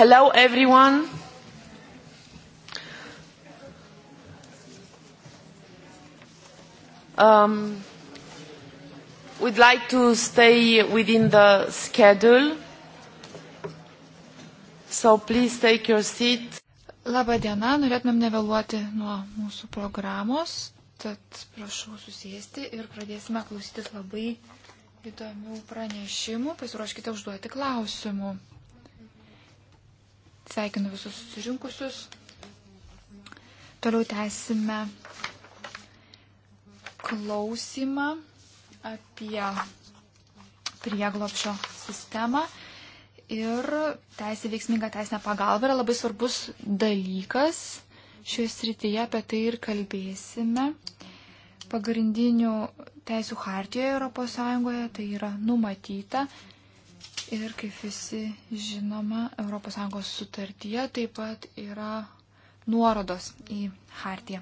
Hello, everyone. Um, we'd like to stay within the schedule, so please take your seat. Labą dieną, norėtumėm nevėluoti nuo mūsų programos, tad prašau susėsti ir pradėsime klausytis labai įdomių pranešimų. Pasiruoškite užduoti klausimų. Sveikinu visus susirinkusius. Toliau tęsime klausimą apie prieglopšio sistemą. Ir teisė veiksminga teisinė pagalba yra labai svarbus dalykas. Šioje srityje apie tai ir kalbėsime. Pagrindinių teisų hartijoje ES tai yra numatyta. Ir kaip visi žinoma, ES sutartyje taip pat yra nuorodos į hartiją.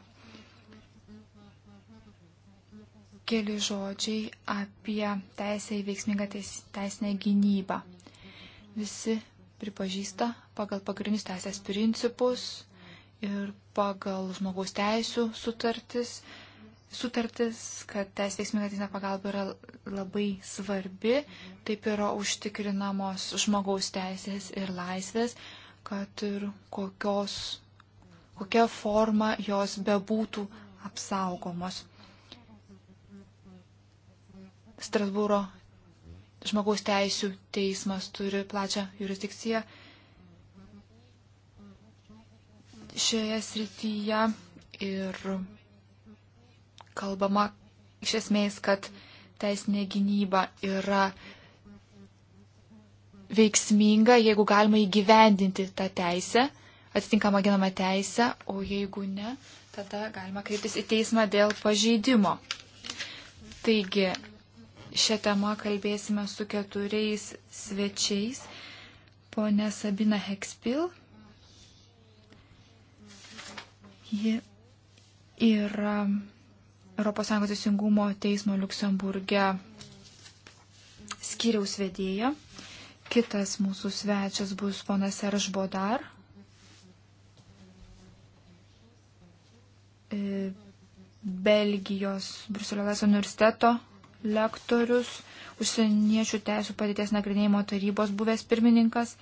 Keli žodžiai apie teisę į veiksmingą teis, teisinę gynybą. Visi pripažįsta pagal pagrindinius teisės principus ir pagal žmogaus teisų sutartis sutartis, kad teisės veiksminga teisinė pagalba yra labai svarbi, taip yra užtikrinamos žmogaus teisės ir laisvės, kad ir kokios, kokia forma jos bebūtų apsaugomos. Strasbūro žmogaus teisų teismas turi plačią jurisdikciją. Šioje srityje ir kalbama iš esmės, kad teisinė gynyba yra veiksminga, jeigu galima įgyvendinti tą teisę, atitinkamą ginamą teisę, o jeigu ne, tada galima kreiptis į teismą dėl pažeidimo. Taigi, šią temą kalbėsime su keturiais svečiais. Pone Sabina Hekspil. Ji yra ES teisingumo teismo Luksemburge skyriaus vedėja. Kitas mūsų svečias bus ponas Serž Bodar. E, Belgijos Bruselio Laisvo universiteto lektorius, užsieniečių teisų padėties nagrinėjimo tarybos buvęs pirmininkas,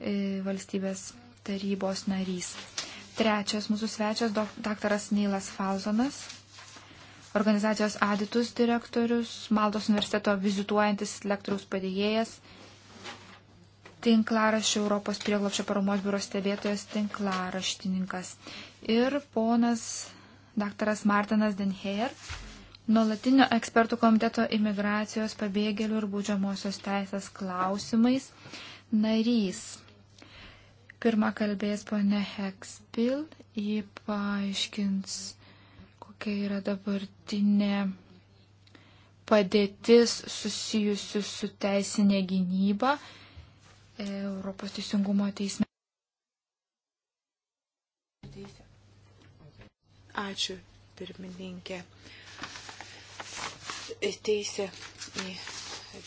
e, valstybės tarybos narys. Trečias mūsų svečias, daktaras Neilas Falzonas, organizacijos Aditus direktorius, Maltos universiteto vizituojantis lektoriaus padėjėjas, tinklaraščių Europos prieglopščio paramos biuro stebėtojas tinklaraštininkas ir ponas daktaras Martinas Denheer, nuolatinio ekspertų komiteto imigracijos pabėgėlių ir būdžiamosios teisės klausimais narys. Pirmą kalbės ponė Hekspil, ji paaiškins kokia yra dabartinė padėtis susijusi su teisinė gynyba e, Europos teisingumo teisme. Ačiū, pirmininkė. Teisė į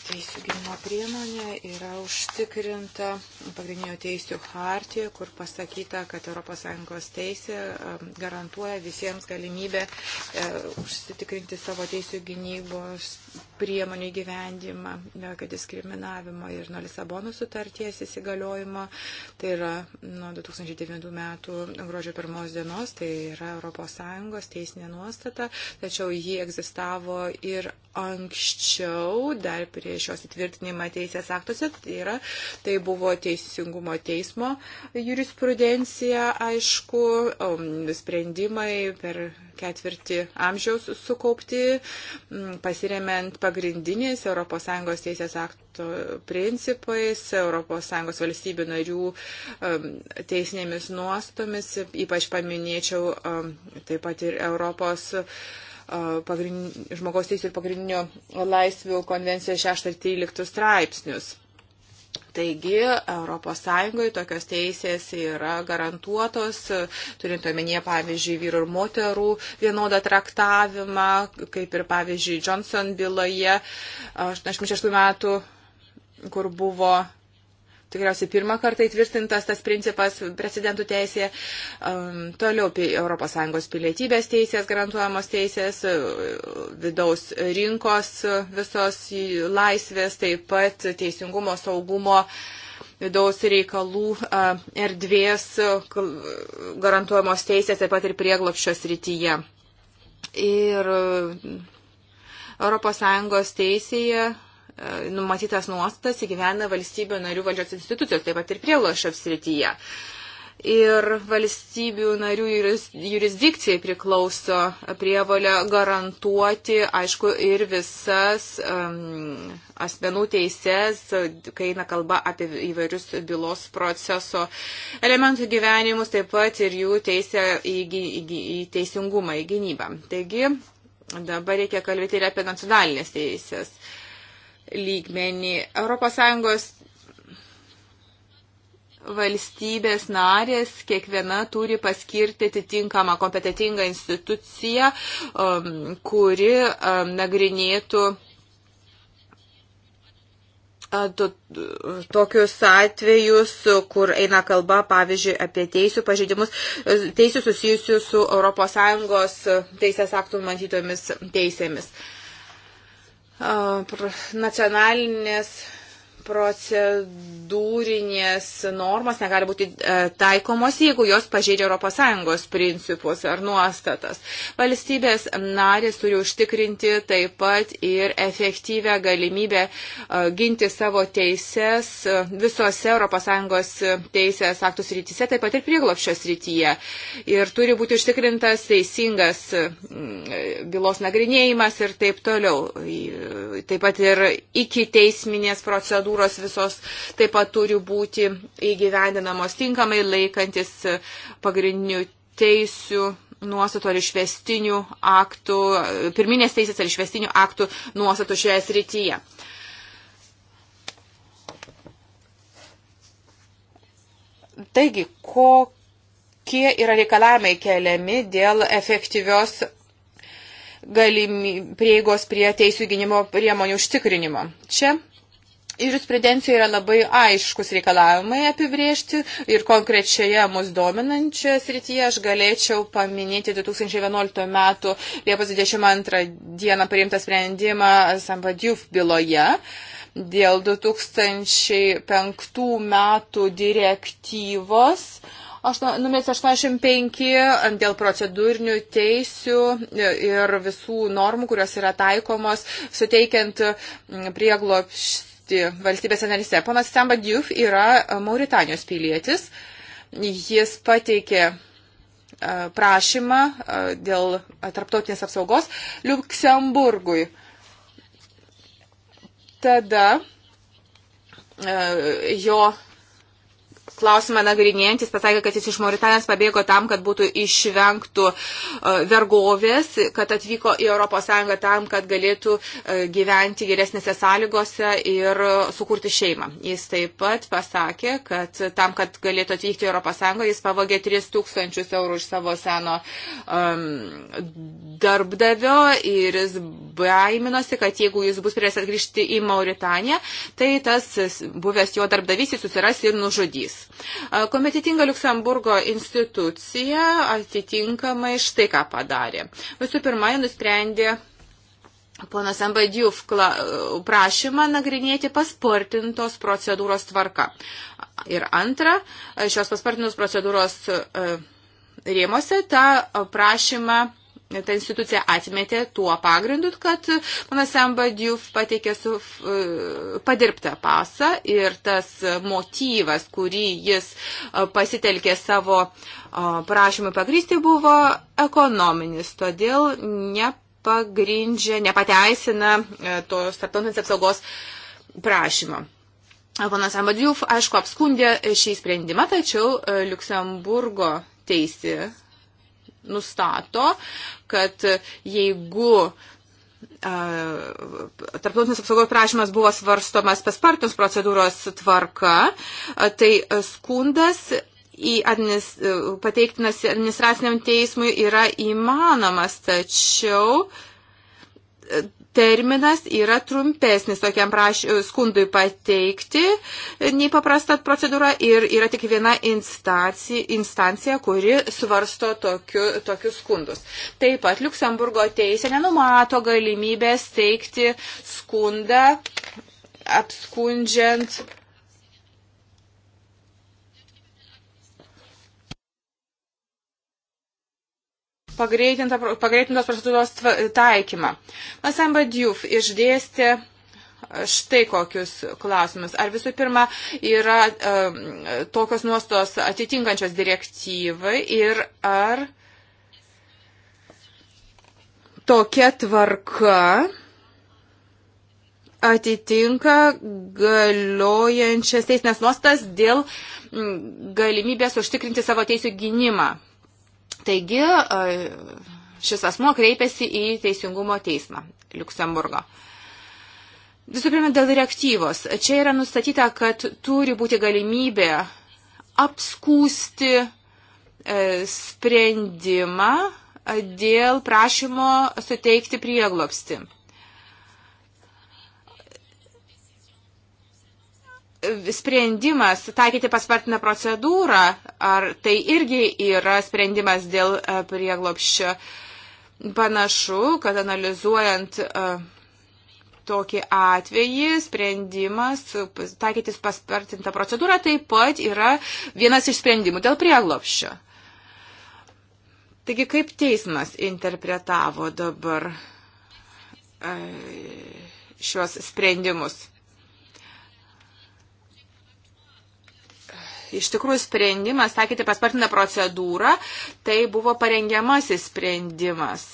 teisų gynimo priemonė yra užtikrinta pagrindinio teisų hartijoje, kur pasakyta, kad ES teisė um, garantuoja visiems galimybę e, užsitikrinti savo teisų gynybos priemonių įgyvendimą, kad diskriminavimo ir nuo Lisabono sutarties įsigaliojimo, tai yra nuo 2009 metų gruodžio pirmos dienos, tai yra ES teisinė nuostata, tačiau ji egzistavo ir anksčiau, dar prie šios įtvirtinimą teisės aktuose. Tai, yra, tai buvo teisingumo teismo jurisprudencija, aišku, um, sprendimai per ketvirtį amžiaus sukaupti, mm, pasiremiant pagrindiniais ES teisės akto principais, ES valstybių narių um, teisinėmis nuostomis, ypač paminėčiau um, taip pat ir Europos pagrind, žmogaus teisų ir pagrindinių laisvių konvencijos 6 ir 13 straipsnius. Taigi ES tokios teisės yra garantuotos, turint omenyje, pavyzdžiui, vyrų ir moterų vienodą traktavimą, kaip ir, pavyzdžiui, Johnson byloje 86 metų kur buvo tikriausiai pirmą kartą įtvirtintas tas principas precedentų teisėje. Um, toliau ES pilietybės teisės, garantuojamos teisės, vidaus rinkos visos laisvės, taip pat teisingumo, saugumo vidaus reikalų erdvės garantuojamos teisės, taip pat ir prieglopščios rytyje. Ir e, ES teisėje numatytas nuostatas įgyvena valstybių narių valdžios institucijos, taip pat ir prieglošio srityje. Ir valstybių narių jurisdikcijai priklauso prievalė garantuoti, aišku, ir visas um, asmenų teises, kai eina kalba apie įvairius bylos proceso elementų gyvenimus, taip pat ir jų teisę į, į, į teisingumą, į gynybą. Taigi, dabar reikia kalbėti ir apie nacionalinės teisės. Uh, lygmenį. ES valstybės narės kiekviena turi paskirti atitinkamą kompetitingą instituciją, um, kuri um, nagrinėtų tokius atvejus, kur eina kalba, pavyzdžiui, apie teisų pažeidimus, teisų susijusių su ES teisės aktų matytomis teisėmis. Uh, nacionalinės procedūrinės normos negali būti e, taikomos, jeigu jos pažeidžia ES principus ar nuostatas. Valstybės narės turi užtikrinti taip pat ir efektyvę galimybę e, ginti savo teises e, visose ES teisės aktų srityse, taip pat ir prieglopščio srityje. Ir turi būti užtikrintas teisingas bylos nagrinėjimas ir taip toliau. Taip pat ir iki teisminės procedūros procedūros visos taip pat turi būti įgyvendinamos tinkamai, laikantis pagrindinių teisių nuostatų ar išvestinių aktų, pirminės teisės ar išvestinių aktų nuostatų šioje srityje. Taigi, kokie yra reikalavimai keliami dėl efektyvios galimy, prieigos prie teisų gynimo priemonių užtikrinimo? Čia jurisprudencijoje yra labai aiškus reikalavimai apibriežti ir konkrečioje mus dominančioje srityje aš galėčiau paminėti 2011 metų Liepos 22 dieną priimtą sprendimą Sambadiuf byloje dėl 2005 metų direktyvos numeris 85 dėl procedūrinių teisių ir visų normų, kurios yra taikomos, suteikiant prieglopšį rasti valstybėse narise. Ponas Samba Diouf yra e, Mauritanijos pilietis. Jis pateikė e, prašymą e, dėl tarptautinės apsaugos Luksemburgui. Tada jo klausimą nagrinėjantis pasakė, kad jis iš Mauritanijos pabėgo tam, kad būtų išvengtų e, vergovės, kad atvyko į ES tam, kad galėtų e, gyventi geresnėse sąlygose ir sukurti šeimą. Jis taip pat pasakė, kad tam, kad galėtų atvykti į ES, jis pavogė 3000 eurų iš savo seno um, darbdavio ir jis baiminosi, kad jeigu jis bus prieš atgrįžti į Mauritaniją, tai tas buvęs jo darbdavys jis susiras ir nužudys. Kometitinga Luksemburgo institucija atitinkamai štai ką padarė. Visų pirma, nusprendė ponas Ambadiuf prašymą nagrinėti paspartintos procedūros tvarka. Ir antra, šios paspartintos procedūros e, rėmose tą prašymą ta institucija atmetė tuo pagrindu, kad panas Ambadiuf pateikė su e, padirbtą pasą ir tas motyvas, kurį jis e, pasitelkė savo e, prašymui pagrysti, buvo ekonominis, todėl nepagrindžia, nepateisina tos tarptautinės apsaugos prašymo. Panas Ambadiuf, aišku, apskundė šį sprendimą, tačiau Luksemburgo teisė nustato, kad jeigu tarptautinės apsaugos prašymas buvo svarstomas paspartos procedūros tvarka, tai skundas į administ, pateiktinas administraciniam teismui yra įmanomas, tačiau terminas yra trumpesnis tokiam praš... skundui pateikti nei paprasta procedūra ir yra tik viena instancija, instancija kuri svarsto tokiu, tokius skundus. Taip pat Luksemburgo teisė nenumato galimybės teikti skundą apskundžiant pagreitintos procedūros taikymą. Masamba Djuf išdėstė e, štai kokius klausimus. Ar visų pirma yra um, tokios nuostos atitinkančios direktyvai ir ar tokia tvarka atitinka galiojančias teisinės nuostas dėl galimybės užtikrinti savo teisų gynimą. Taigi šis asmo kreipėsi į Teisingumo teismą Luksemburgo. Visų pirma, dėl direktyvos. Čia yra nustatyta, kad turi būti galimybė apskūsti e, sprendimą dėl prašymo suteikti prieglopsti. sprendimas taikyti paspartiną procedūrą, ar tai irgi yra sprendimas dėl e, prieglopščio? Panašu, kad analizuojant e, tokį atvejį sprendimas taikytis paspartintą procedūrą taip pat yra vienas iš sprendimų dėl prieglopščio. Taigi kaip teismas interpretavo dabar e, šiuos sprendimus? iš tikrųjų sprendimas taikyti paspartiną procedūrą, tai buvo parengiamasis sprendimas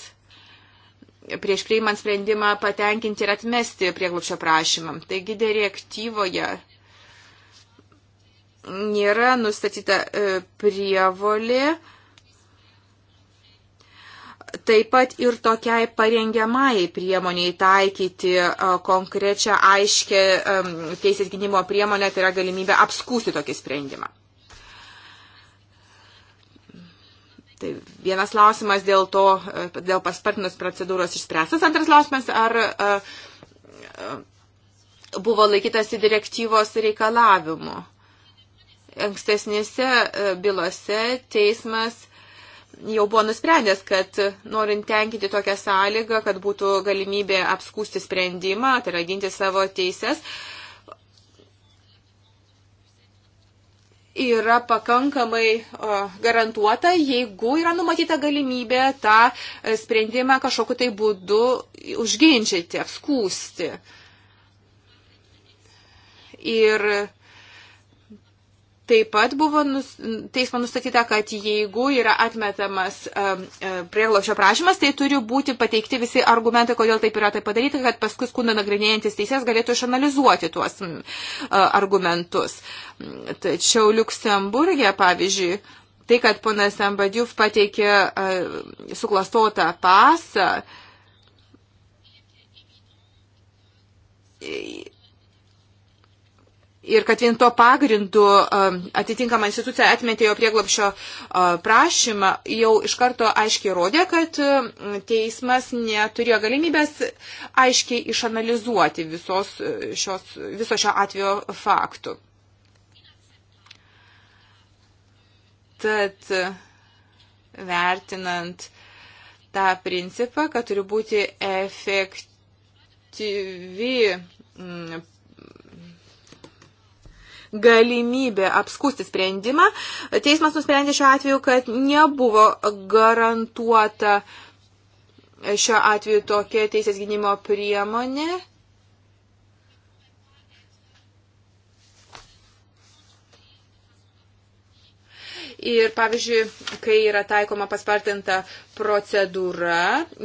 prieš priimant sprendimą patenkinti ir atmesti prieglupščio prašymą. Taigi direktyvoje nėra nustatyta e, prievolė taip pat ir tokiai parengiamai priemoniai taikyti konkrečią aiškę teisės gynimo priemonę, tai yra galimybė apskūsti tokį sprendimą. Tai vienas klausimas dėl to, e, dėl paspartinus procedūros išspręstas. Antras klausimas, ar a, a, buvo laikytasi direktyvos reikalavimu. Ankstesnėse e, bylose teismas jau buvo nusprendęs, kad norint tenkinti tokią sąlygą, kad būtų galimybė apskūsti sprendimą, tai yra ginti savo teises, yra pakankamai garantuota, jeigu yra numatyta galimybė tą sprendimą kažkokiu tai būdu užginčyti, apskūsti. Ir Taip pat buvo nus, teismo nustatyta, kad jeigu yra atmetamas um, um prieglobšio prašymas, tai turi būti pateikti visi argumentai, kodėl taip yra tai padaryta, kad paskui skundą nagrinėjantis teisės galėtų išanalizuoti tuos um, argumentus. Tačiau Luksemburgė, pavyzdžiui, tai, kad ponas Ambadjuf pateikė uh, suklastotą pasą, uh, ir kad vien to pagrindu atitinkama institucija atmetė jo prieglapšio prašymą, jau iš karto aiškiai rodė, kad teismas neturėjo galimybės aiškiai išanalizuoti visos šios, viso šio atvejo faktų. Tad vertinant tą principą, kad turi būti efektyvi galimybė apskusti sprendimą. Teismas nusprendė šiuo atveju, kad nebuvo garantuota šiuo atveju tokia teisės gynimo priemonė Ir pavyzdžiui, kai yra taikoma paspartinta procedūra,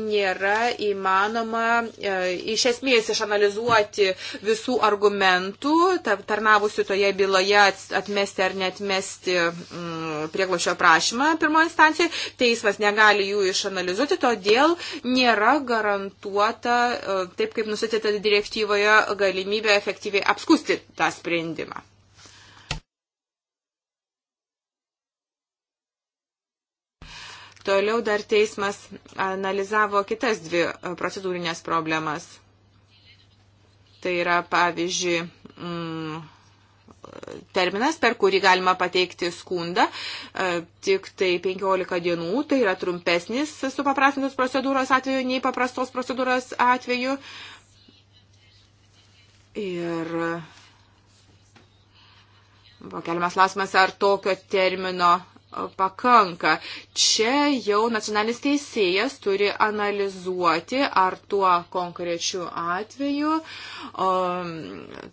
nėra įmanoma e, iš esmės išanalizuoti visų argumentų, tarnavusių toje byloje atmesti ar netmesti mm, prieglošio prašymą pirmoje instancijoje. Teismas negali jų išanalizuoti, todėl nėra garantuota, e, taip kaip nusityta direktyvoje, galimybė efektyviai apskusti tą sprendimą. Toliau dar teismas analizavo kitas dvi e, procedūrinės problemas. Tai yra, pavyzdžiui, mm, terminas, per kurį galima pateikti skundą, e, tik tai 15 dienų, tai yra trumpesnis supaprastintos procedūros atveju nei paprastos procedūros atveju. Ir e, buvo keliamas klausimas, ar tokio termino pakanka. Čia jau nacionalinis teisėjas turi analizuoti, ar tuo konkrečiu atveju um,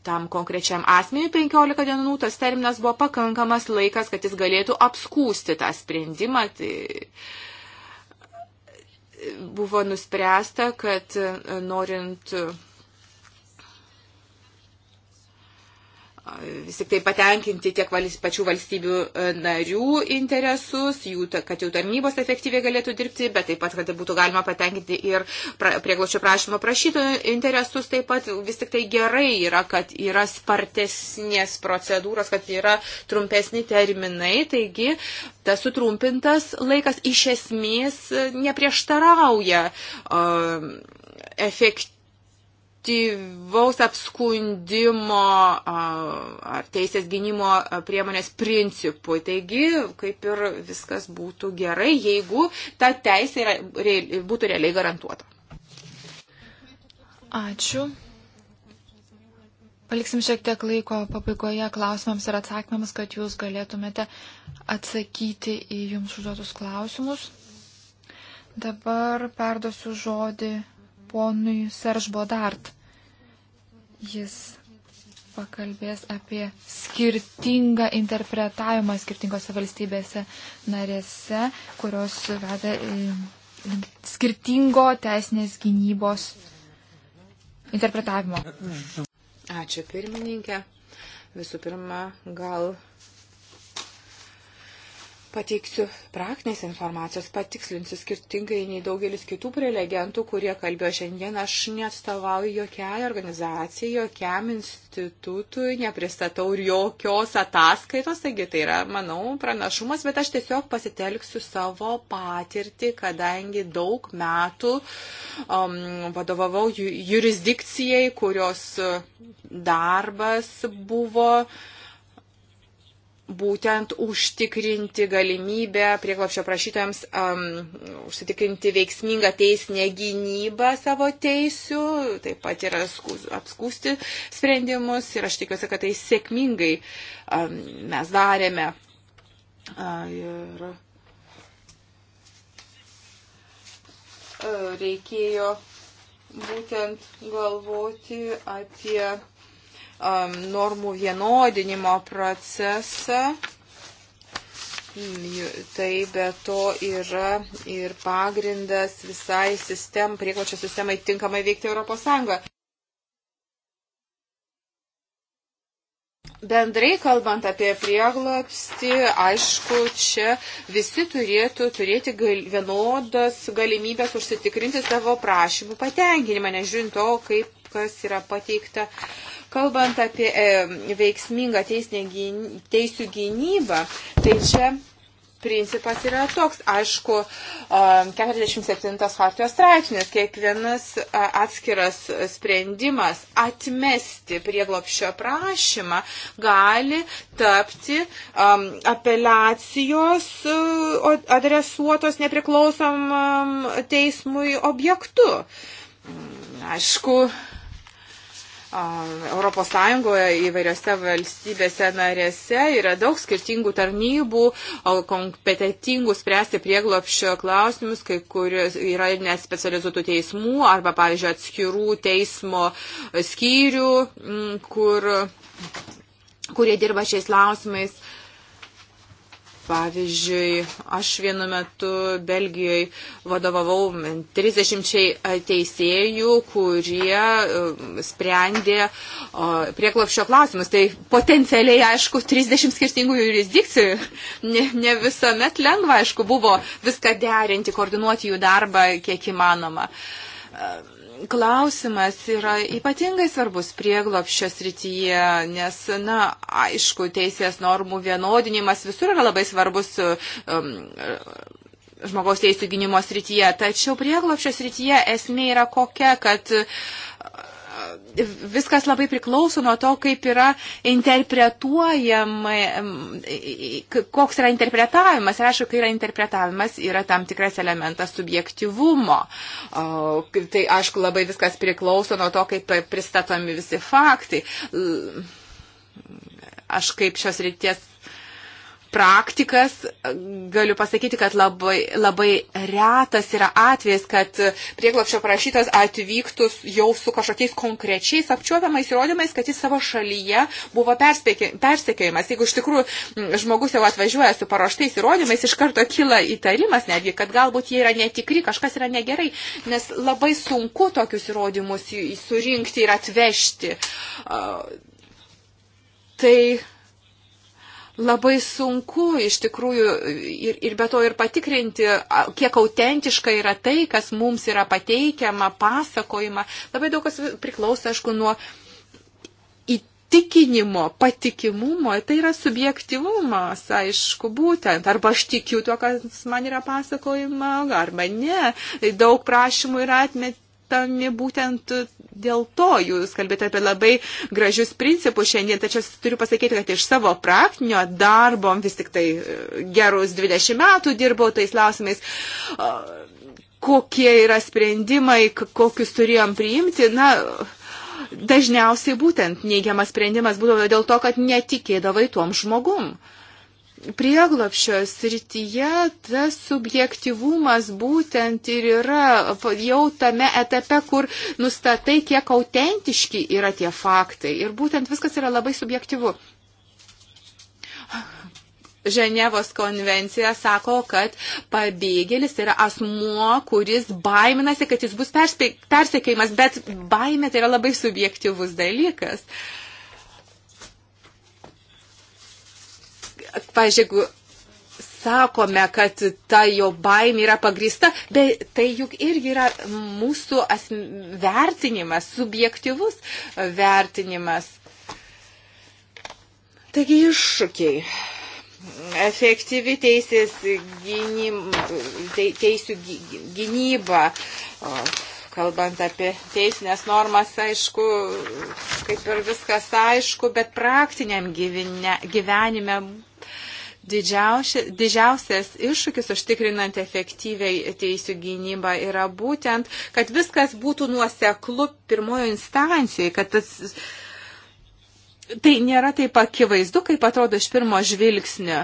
tam konkrečiam asmeniui 15 dienų tas terminas buvo pakankamas laikas, kad jis galėtų apskūsti tą sprendimą. Tai, e, buvo nuspręsta, kad e, norint vis tik tai patenkinti tiek pačių valstybių e, narių interesus, jų, kad jų tarnybos efektyviai galėtų dirbti, bet taip pat, kad būtų galima patenkinti ir priegločio prašymo prašytojų interesus, taip pat vis tik tai gerai yra, kad yra spartesnės procedūros, kad yra trumpesni terminai, taigi tas sutrumpintas laikas iš esmės neprieštarauja e, efektyviai kolektyvaus apskundimo ar teisės gynimo priemonės principui. Taigi, kaip ir viskas būtų gerai, jeigu ta teisė yra, real, būtų realiai garantuota. Ačiū. Paliksim šiek tiek laiko pabaigoje klausimams ir atsakymams, kad jūs galėtumėte atsakyti į jums užduotus klausimus. Dabar perduosiu žodį ponui Serž Bodart. Jis pakalbės apie skirtingą interpretavimą skirtingose valstybėse narėse, kurios veda skirtingo teisinės gynybos interpretavimo. Ačiū pirmininkė. Visų pirma, gal pateiksiu praktinės informacijos, patikslinsiu skirtingai nei daugelis kitų prelegentų, kurie kalbėjo šiandien. Aš neatstovauju jokiai organizacijai, jokiam institutui, nepristatau ir jokios ataskaitos, taigi tai yra, manau, pranašumas, bet aš tiesiog pasitelksiu savo patirtį, kadangi daug metų um, vadovavau jurisdikcijai, kurios darbas buvo uh, būtent užtikrinti galimybę prieglopšio prašytojams um, užsitikrinti veiksmingą teisinę gynybą savo teisių, taip pat yra apskūsti sprendimus ir aš tikiuosi, kad tai sėkmingai um, mes darėme. Uh, ir reikėjo būtent galvoti apie Um, normų vienodinimo procesą. Mm, tai be to yra ir pagrindas visai sistem, priekločio sistemai tinkamai veikti Europos Sąjungą. Bendrai kalbant apie prieglobstį, aišku, čia visi turėtų turėti gal, vienodas galimybės užsitikrinti savo prašymų patenkinimą, nežiūrint to, kaip kas yra pateikta uh, Kalbant apie e, veiksmingą teisinę teisų gynybą, tai čia principas yra toks. Aišku, 47 hartijos straipsnis, kiekvienas atskiras sprendimas atmesti prieglopščio prašymą gali tapti apeliacijos adresuotos nepriklausomam teismui objektu. Aišku, Europos Sąjungoje įvairiose valstybėse narėse yra daug skirtingų tarnybų, kompetentingų spręsti prieglopščio klausimus, kai kurios yra net specializuotų teismų arba, pavyzdžiui, atskirų teismo skyrių, kur, kurie dirba šiais klausimais. Uh, Pavyzdžiui, aš vienu metu Belgijoje vadovavau 30 teisėjų, kurie um, sprendė prieklopščio klausimus. Tai potencialiai, aišku, 30 skirtingų jurisdikcijų. Ne, ne visuomet lengva, aišku, buvo viską derinti, koordinuoti jų darbą kiek įmanoma um, klausimas yra ypatingai svarbus prieglopščio srityje, nes, na, aišku, teisės normų vienodinimas visur yra labai svarbus. Um, žmogaus teisų gynimo srityje. Tačiau prieglopščio srityje esmė yra kokia, kad uh, viskas labai priklauso nuo to, kaip yra interpretuojama, koks yra interpretavimas. Ir aišku, kai yra interpretavimas, yra tam tikras elementas subjektivumo. Tai aišku, labai viskas priklauso nuo to, kaip pristatomi visi faktai. Aš kaip šios ryties praktikas, galiu pasakyti, kad labai, labai retas yra atvejis, kad prieglapšio prašytas atvyktų jau su kažkokiais konkrečiais apčiuopiamais įrodymais, kad jis savo šalyje buvo persekiojimas. Jeigu iš tikrųjų žmogus jau atvažiuoja su paruoštais įrodymais, iš karto kyla įtarimas netgi, kad galbūt jie yra netikri, kažkas yra negerai, nes labai sunku tokius įrodymus surinkti ir atvežti. Tai labai sunku iš tikrųjų ir, ir be to ir patikrinti, kiek autentiška yra tai, kas mums yra pateikiama, pasakojama. Labai daug kas priklauso, aišku, nuo įtikinimo, patikimumo. Tai yra subjektivumas, aišku, būtent. Arba aš tikiu tuo, kas man yra pasakojama, arba ne. Daug prašymų yra atmet atmetami būtent dėl to. Jūs kalbėte apie labai gražius principus šiandien, tačiau turiu pasakyti, kad iš savo praktinio darbo vis tik tai e, gerus 20 metų dirbau tais klausimais e, kokie yra sprendimai, kokius turėjom priimti, na, dažniausiai būtent neigiamas sprendimas būdavo dėl to, kad netikėdavai tuom žmogum. Uh, prieglopšio srityje tas subjektivumas būtent ir yra jau tame etape, kur nustatai, kiek autentiški yra tie faktai. Ir būtent viskas yra labai subjektivu. Ženevos konvencija sako, kad pabėgėlis tai yra asmuo, kuris baiminasi, kad jis bus persekėjimas, bet baimė tai yra labai subjektivus dalykas. Uh, pažiūrėk, jeigu sakome, kad ta jo baimė yra pagrįsta, bet tai juk irgi yra mūsų asm... vertinimas, subjektivus vertinimas. Taigi iššūkiai. Efektyvi teisės teisų gynyba, kalbant apie teisinės normas, aišku, kaip ir viskas aišku, bet praktiniam gyvenime didžiausias iššūkis užtikrinant efektyviai teisų gynybą yra būtent, kad viskas būtų nuoseklu pirmojo instancijai, kad tas, tai nėra taip akivaizdu, kaip atrodo iš pirmo žvilgsnio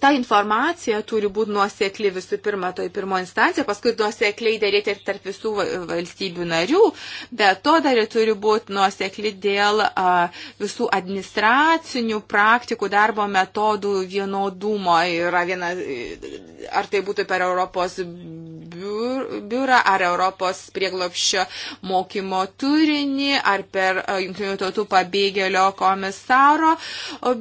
ta informacija turi būti nuosekli visų pirma toj pirmo instancija, paskui nuosekliai dėrėti ir tarp visų valstybių narių, bet to dar turi būti nuosekli dėl a, visų administracinių praktikų darbo metodų vienodumo. Yra viena, ar tai būtų per Europos biurą, ar Europos prieglopščio mokymo turinį, ar per Junktinių tautų pabėgėlio komisaro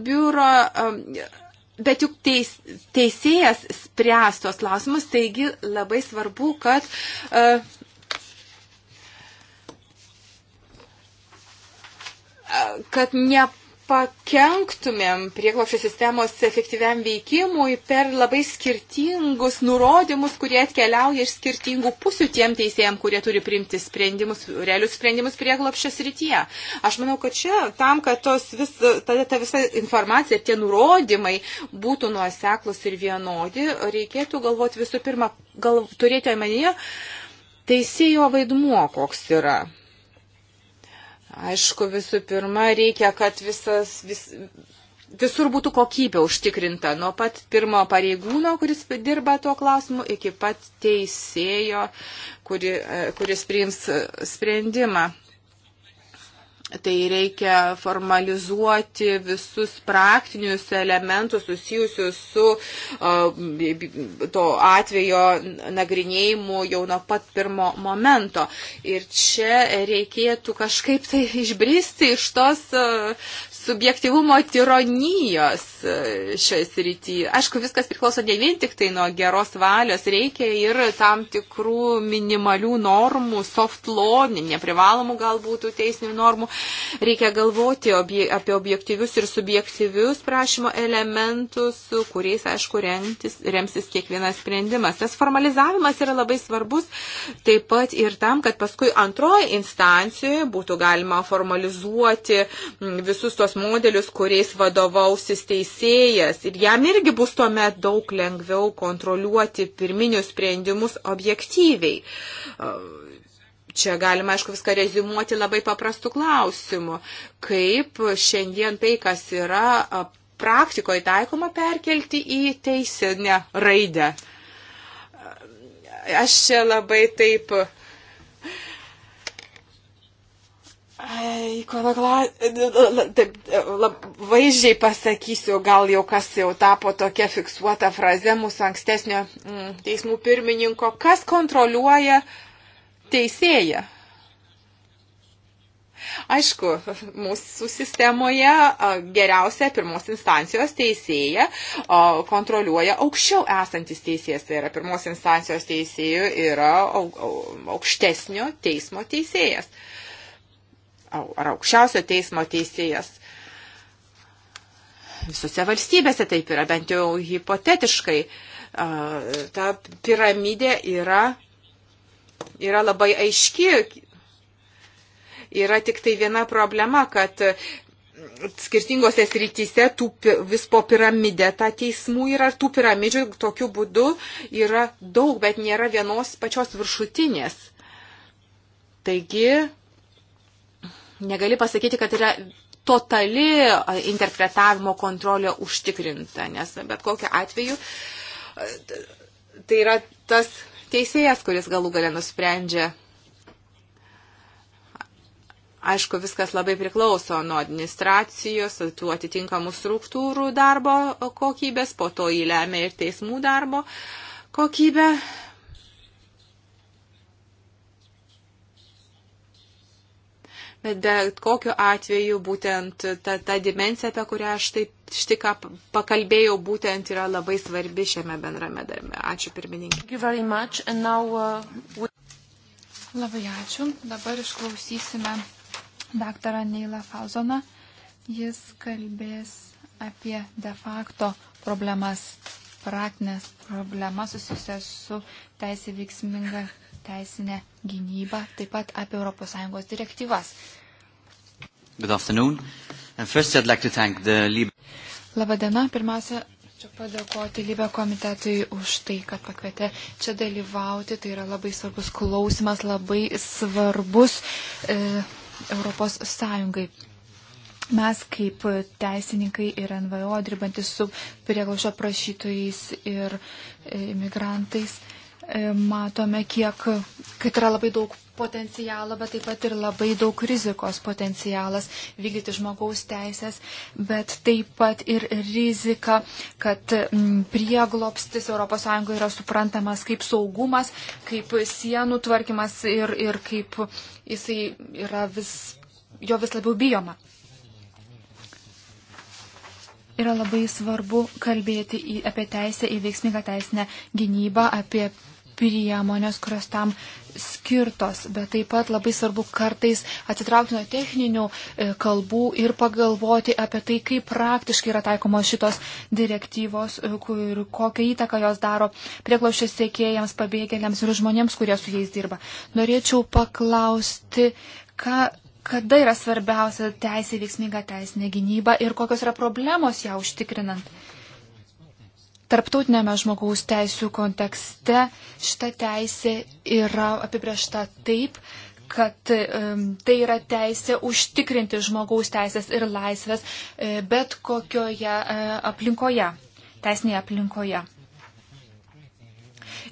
biuro. A, Bet juk teis, teisėjas spręs tos klausimus, taigi labai svarbu, kad uh, kad ne, pakenktumėm prieglopšio sistemos efektyviam veikimui per labai skirtingus nurodymus, kurie atkeliauja iš skirtingų pusių tiem teisėjim, kurie turi priimti sprendimus, realius sprendimus prieglopšio srityje. Aš manau, kad čia tam, kad tos vis, tada ta visa informacija ir tie nurodymai būtų nuoseklus ir vienodi, reikėtų galvoti visų pirma, gal turėti omenyje teisėjo vaidmuo, koks yra. Aišku, visų pirma, reikia, kad visas, vis, visur būtų kokybė užtikrinta, nuo pat pirmo pareigūno, kuris dirba tuo klausimu, iki pat teisėjo, kuri, e, kuris priims sprendimą. Tai reikia formalizuoti visus praktinius elementus susijusius su uh, to atvejo nagrinėjimu jau nuo pat pirmo momento. Ir čia reikėtų kažkaip tai išbristi iš tos uh, subjektivumo tironijos e, šioje srityje. Aišku, viskas priklauso ne vien tik tai nuo geros valios, reikia ir tam tikrų minimalių normų, soft law, neprivalomų galbūt teisinių normų. Reikia galvoti obje, apie objektyvius ir subjektyvius prašymo elementus, kuriais, aišku, remtis, remsis kiekvienas sprendimas. Tas formalizavimas yra labai svarbus taip pat ir tam, kad paskui antroje instancijoje būtų galima formalizuoti visus tos modelius, kuriais vadovausis teisėjas. Ir jam irgi bus tuomet daug lengviau kontroliuoti pirminius sprendimus objektyviai. Čia galima, aišku, viską rezimuoti labai paprastų klausimų. Kaip šiandien tai, kas yra praktikoje taikoma, perkelti į teisinę raidę aš čia labai taip Ikonokla... Taip, lab, vaizdžiai pasakysiu, gal jau kas jau tapo tokia fiksuota fraze mūsų ankstesnio mm, teismų pirmininko, kas kontroliuoja teisėją. Aišku, mūsų sistemoje geriausia pirmos instancijos teisėja kontroliuoja aukščiau esantis teisėjas, tai yra pirmos instancijos teisėjų yra aukštesnio teismo teisėjas ar aukščiausio teismo teisėjas. Visose valstybėse taip yra, bent jau hipotetiškai. Ta piramidė yra, yra labai aiški. Yra tik tai viena problema, kad skirtingose srityse tų, vis po piramidę tą teismų yra ir tų piramidžių tokiu būdu yra daug, bet nėra vienos pačios viršutinės. Taigi negali pasakyti, kad yra totali interpretavimo kontrolė užtikrinta, nes bet kokiu atveju tai yra tas teisėjas, kuris galų galę nusprendžia. Aišku, viskas labai priklauso nuo administracijos, tų atitinkamų struktūrų darbo kokybės, po to įlemia ir teismų darbo kokybę, bet bet kokiu atveju būtent ta, ta dimensija, apie kurią aš taip štik pakalbėjau, būtent yra labai svarbi šiame bendrame darbe. Ačiū pirmininkė. Now, uh, we... Labai ačiū. Dabar išklausysime daktarą Neilą Fazoną. Jis kalbės apie de facto problemas praktinės problemas susijusias su teisė veiksminga teisinę gynybą, taip pat apie ES direktyvas. Good afternoon. And first I'd like to thank the Libe. Labadiena. Pirmiausia, čia padėkoti Libe komitetui už tai, kad pakvietė čia dalyvauti. Tai yra labai svarbus klausimas, labai svarbus e, Europos Sąjungai. Mes kaip teisininkai ir NVO dirbantis su prieglaušio prašytojais ir e, imigrantais. E, E, matome, kiek, kad yra labai daug potencialo, bet taip pat ir labai daug rizikos potencialas vykdyti žmogaus teisės, bet taip pat ir rizika, kad prieglopstis ES yra suprantamas kaip saugumas, kaip sienų tvarkymas ir, ir kaip jisai yra vis, jo vis labiau bijoma yra labai svarbu kalbėti į, apie teisę į veiksmingą teisinę gynybą, apie priemonės, kurios tam skirtos, bet taip pat labai svarbu kartais atsitraukti nuo techninių e, kalbų ir pagalvoti apie tai, kaip praktiškai yra taikomos šitos direktyvos e, ir kokią įtaką jos daro prieklaušės siekėjams, pabėgėliams ir žmonėms, kurie su jais dirba. Norėčiau paklausti, ką. Kada yra svarbiausia teisė veiksminga teisinė gynyba ir kokios yra problemos ją užtikrinant? Tarptautinėme žmogaus teisų kontekste šita teisė yra apibriešta taip, kad um, tai yra teisė užtikrinti žmogaus teisės ir laisvės e, bet kokioje e, aplinkoje, teisinėje aplinkoje.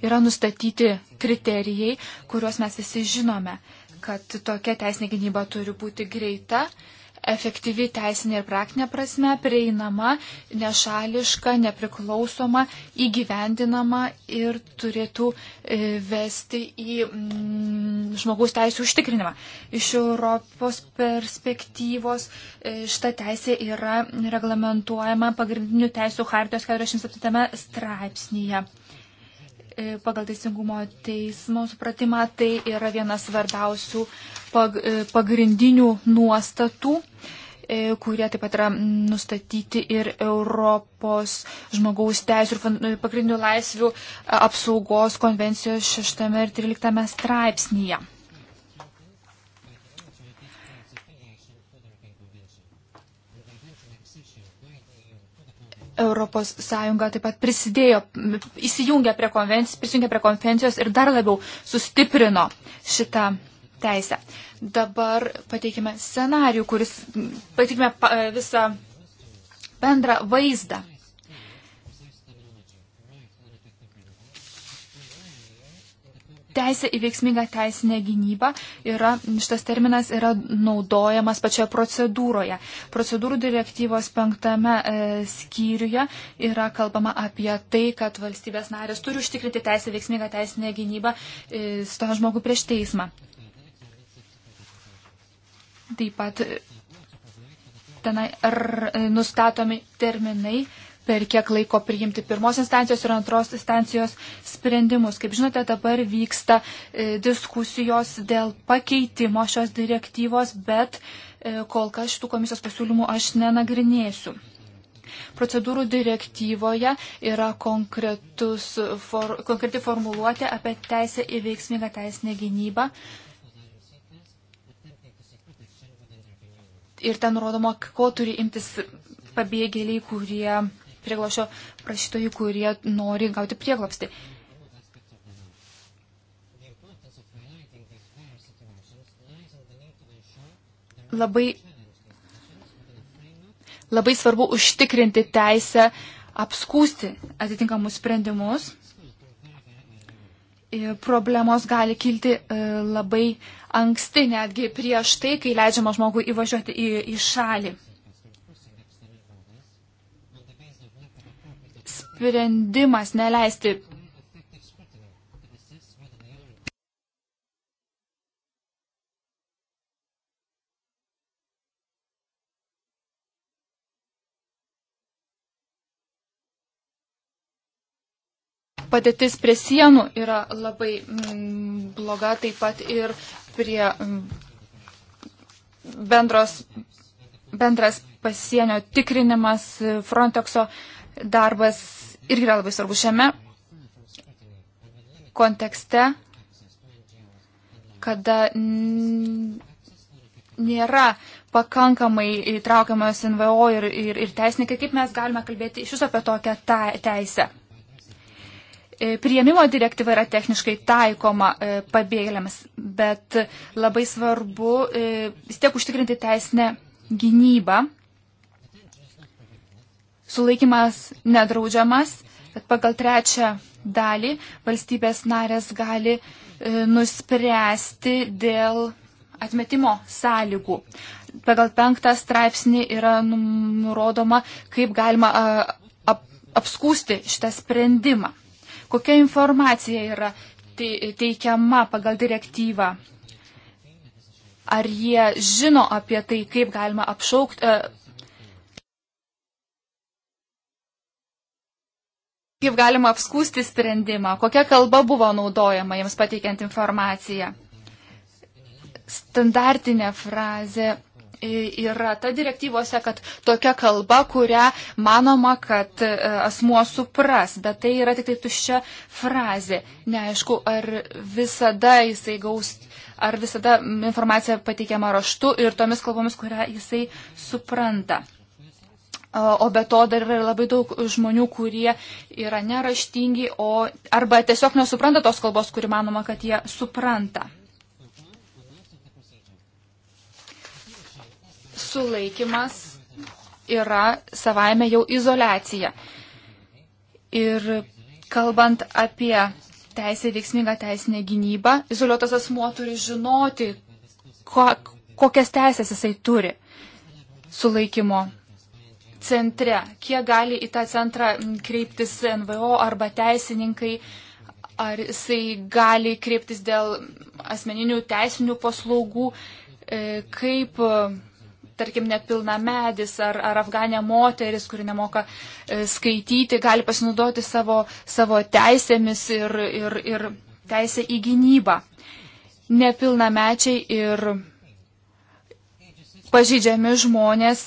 Yra nustatyti kriterijai, kuriuos mes visi žinome, kad tokia teisinė gynyba turi būti greita, e, efektyvi teisinė ir praktinė prasme, prieinama, nešališka, nepriklausoma, įgyvendinama ir turėtų e, vesti į mm, žmogaus teisų užtikrinimą. Iš Europos perspektyvos e, šita teisė yra reglamentuojama pagrindinių teisų hartijos 47 straipsnėje e, pagal teisingumo teismo supratimą tai yra vienas svarbiausių E, pagrindinių nuostatų, e, kurie taip pat yra nustatyti ir Europos žmogaus teisų ir e, pagrindinių laisvių apsaugos konvencijos 6 ir 13 straipsnyje. Europos Sąjunga taip pat prisidėjo, įsijungė prie konvencijos, prisijungė prie konvencijos ir dar labiau sustiprino šitą teisę. Dabar pateikime scenarių, kuris pateikime e, visą bendrą vaizdą. Teisė į veiksmingą teisinę gynybą yra, šitas terminas yra naudojamas pačioje procedūroje. Procedūrų direktyvos penktame e, skyriuje yra kalbama apie tai, kad valstybės narės turi užtikrinti teisę veiksmingą teisinę gynybą e, su to žmogu prieš teismą. Taip pat tenai e, nustatomi terminai, per kiek laiko priimti pirmos instancijos ir antros instancijos sprendimus. Kaip žinote, dabar vyksta e, diskusijos dėl pakeitimo šios direktyvos, bet e, kol kas šitų komisijos pasiūlymų aš nenagrinėsiu. Procedūrų direktyvoje yra for, konkreti formuluotė apie teisę į veiksmingą teisinę gynybą. ir ten nurodoma, ko turi imtis pabėgėliai, kurie prieglošio prašytojai, kurie nori gauti prieglopstį. Labai, labai svarbu užtikrinti teisę apskūsti atitinkamus sprendimus E, problemos gali kilti e, labai anksti, netgi prieš tai, kai leidžiama žmogui įvažiuoti į, į šalį. Sprendimas neleisti padėtis prie sienų yra labai mm, bloga, taip pat ir prie mm, bendros, bendras pasienio tikrinimas, Frontexo darbas irgi yra labai svarbu šiame kontekste, kada nėra pakankamai įtraukiamas NVO ir, ir, ir teisininkai, kaip mes galime kalbėti iš viso apie tokią ta, teisę. E, prieimimo direktyva yra techniškai taikoma e, pabėgėliams, bet labai svarbu e, vis tiek užtikrinti teisinę gynybą. Sulaikimas nedraudžiamas, bet pagal trečią dalį valstybės narės gali nuspręsti dėl atmetimo sąlygų. Pagal penktą straipsnį yra nurodoma, kaip galima apskūsti šitą sprendimą. Kokia informacija yra teikiama pagal direktyvą? Ar jie žino apie tai, kaip galima apšaukti, e, kaip galima apskūsti sprendimą, kokia kalba buvo naudojama jiems pateikiant informaciją. Standartinė frazė yra ta direktyvose, kad tokia kalba, kurią manoma, kad e, asmuo supras, bet tai yra tik tai tuščia frazė. Neaišku, ar visada jisai gaus, ar visada informacija pateikiama raštu ir tomis kalbomis, kurią jisai supranta. O be to dar yra labai daug žmonių, kurie yra neraštingi, o, arba tiesiog nesupranta tos kalbos, kuri manoma, kad jie supranta. sulaikimas yra savaime jau izolacija. Ir kalbant apie teisę veiksmingą teisinę gynybą, izoliuotas asmuo turi žinoti, ko, kokias teisės jisai turi sulaikymo centre, kiek gali į tą centrą kreiptis NVO arba teisininkai, ar jisai gali kreiptis dėl asmeninių teisinių paslaugų, e, kaip tarkim, nepilnamedis ar, ar afganė moteris, kuri nemoka e, skaityti, gali pasinaudoti savo, savo teisėmis ir, ir, ir teisę į gynybą. Nepilnamečiai ir pažydžiami žmonės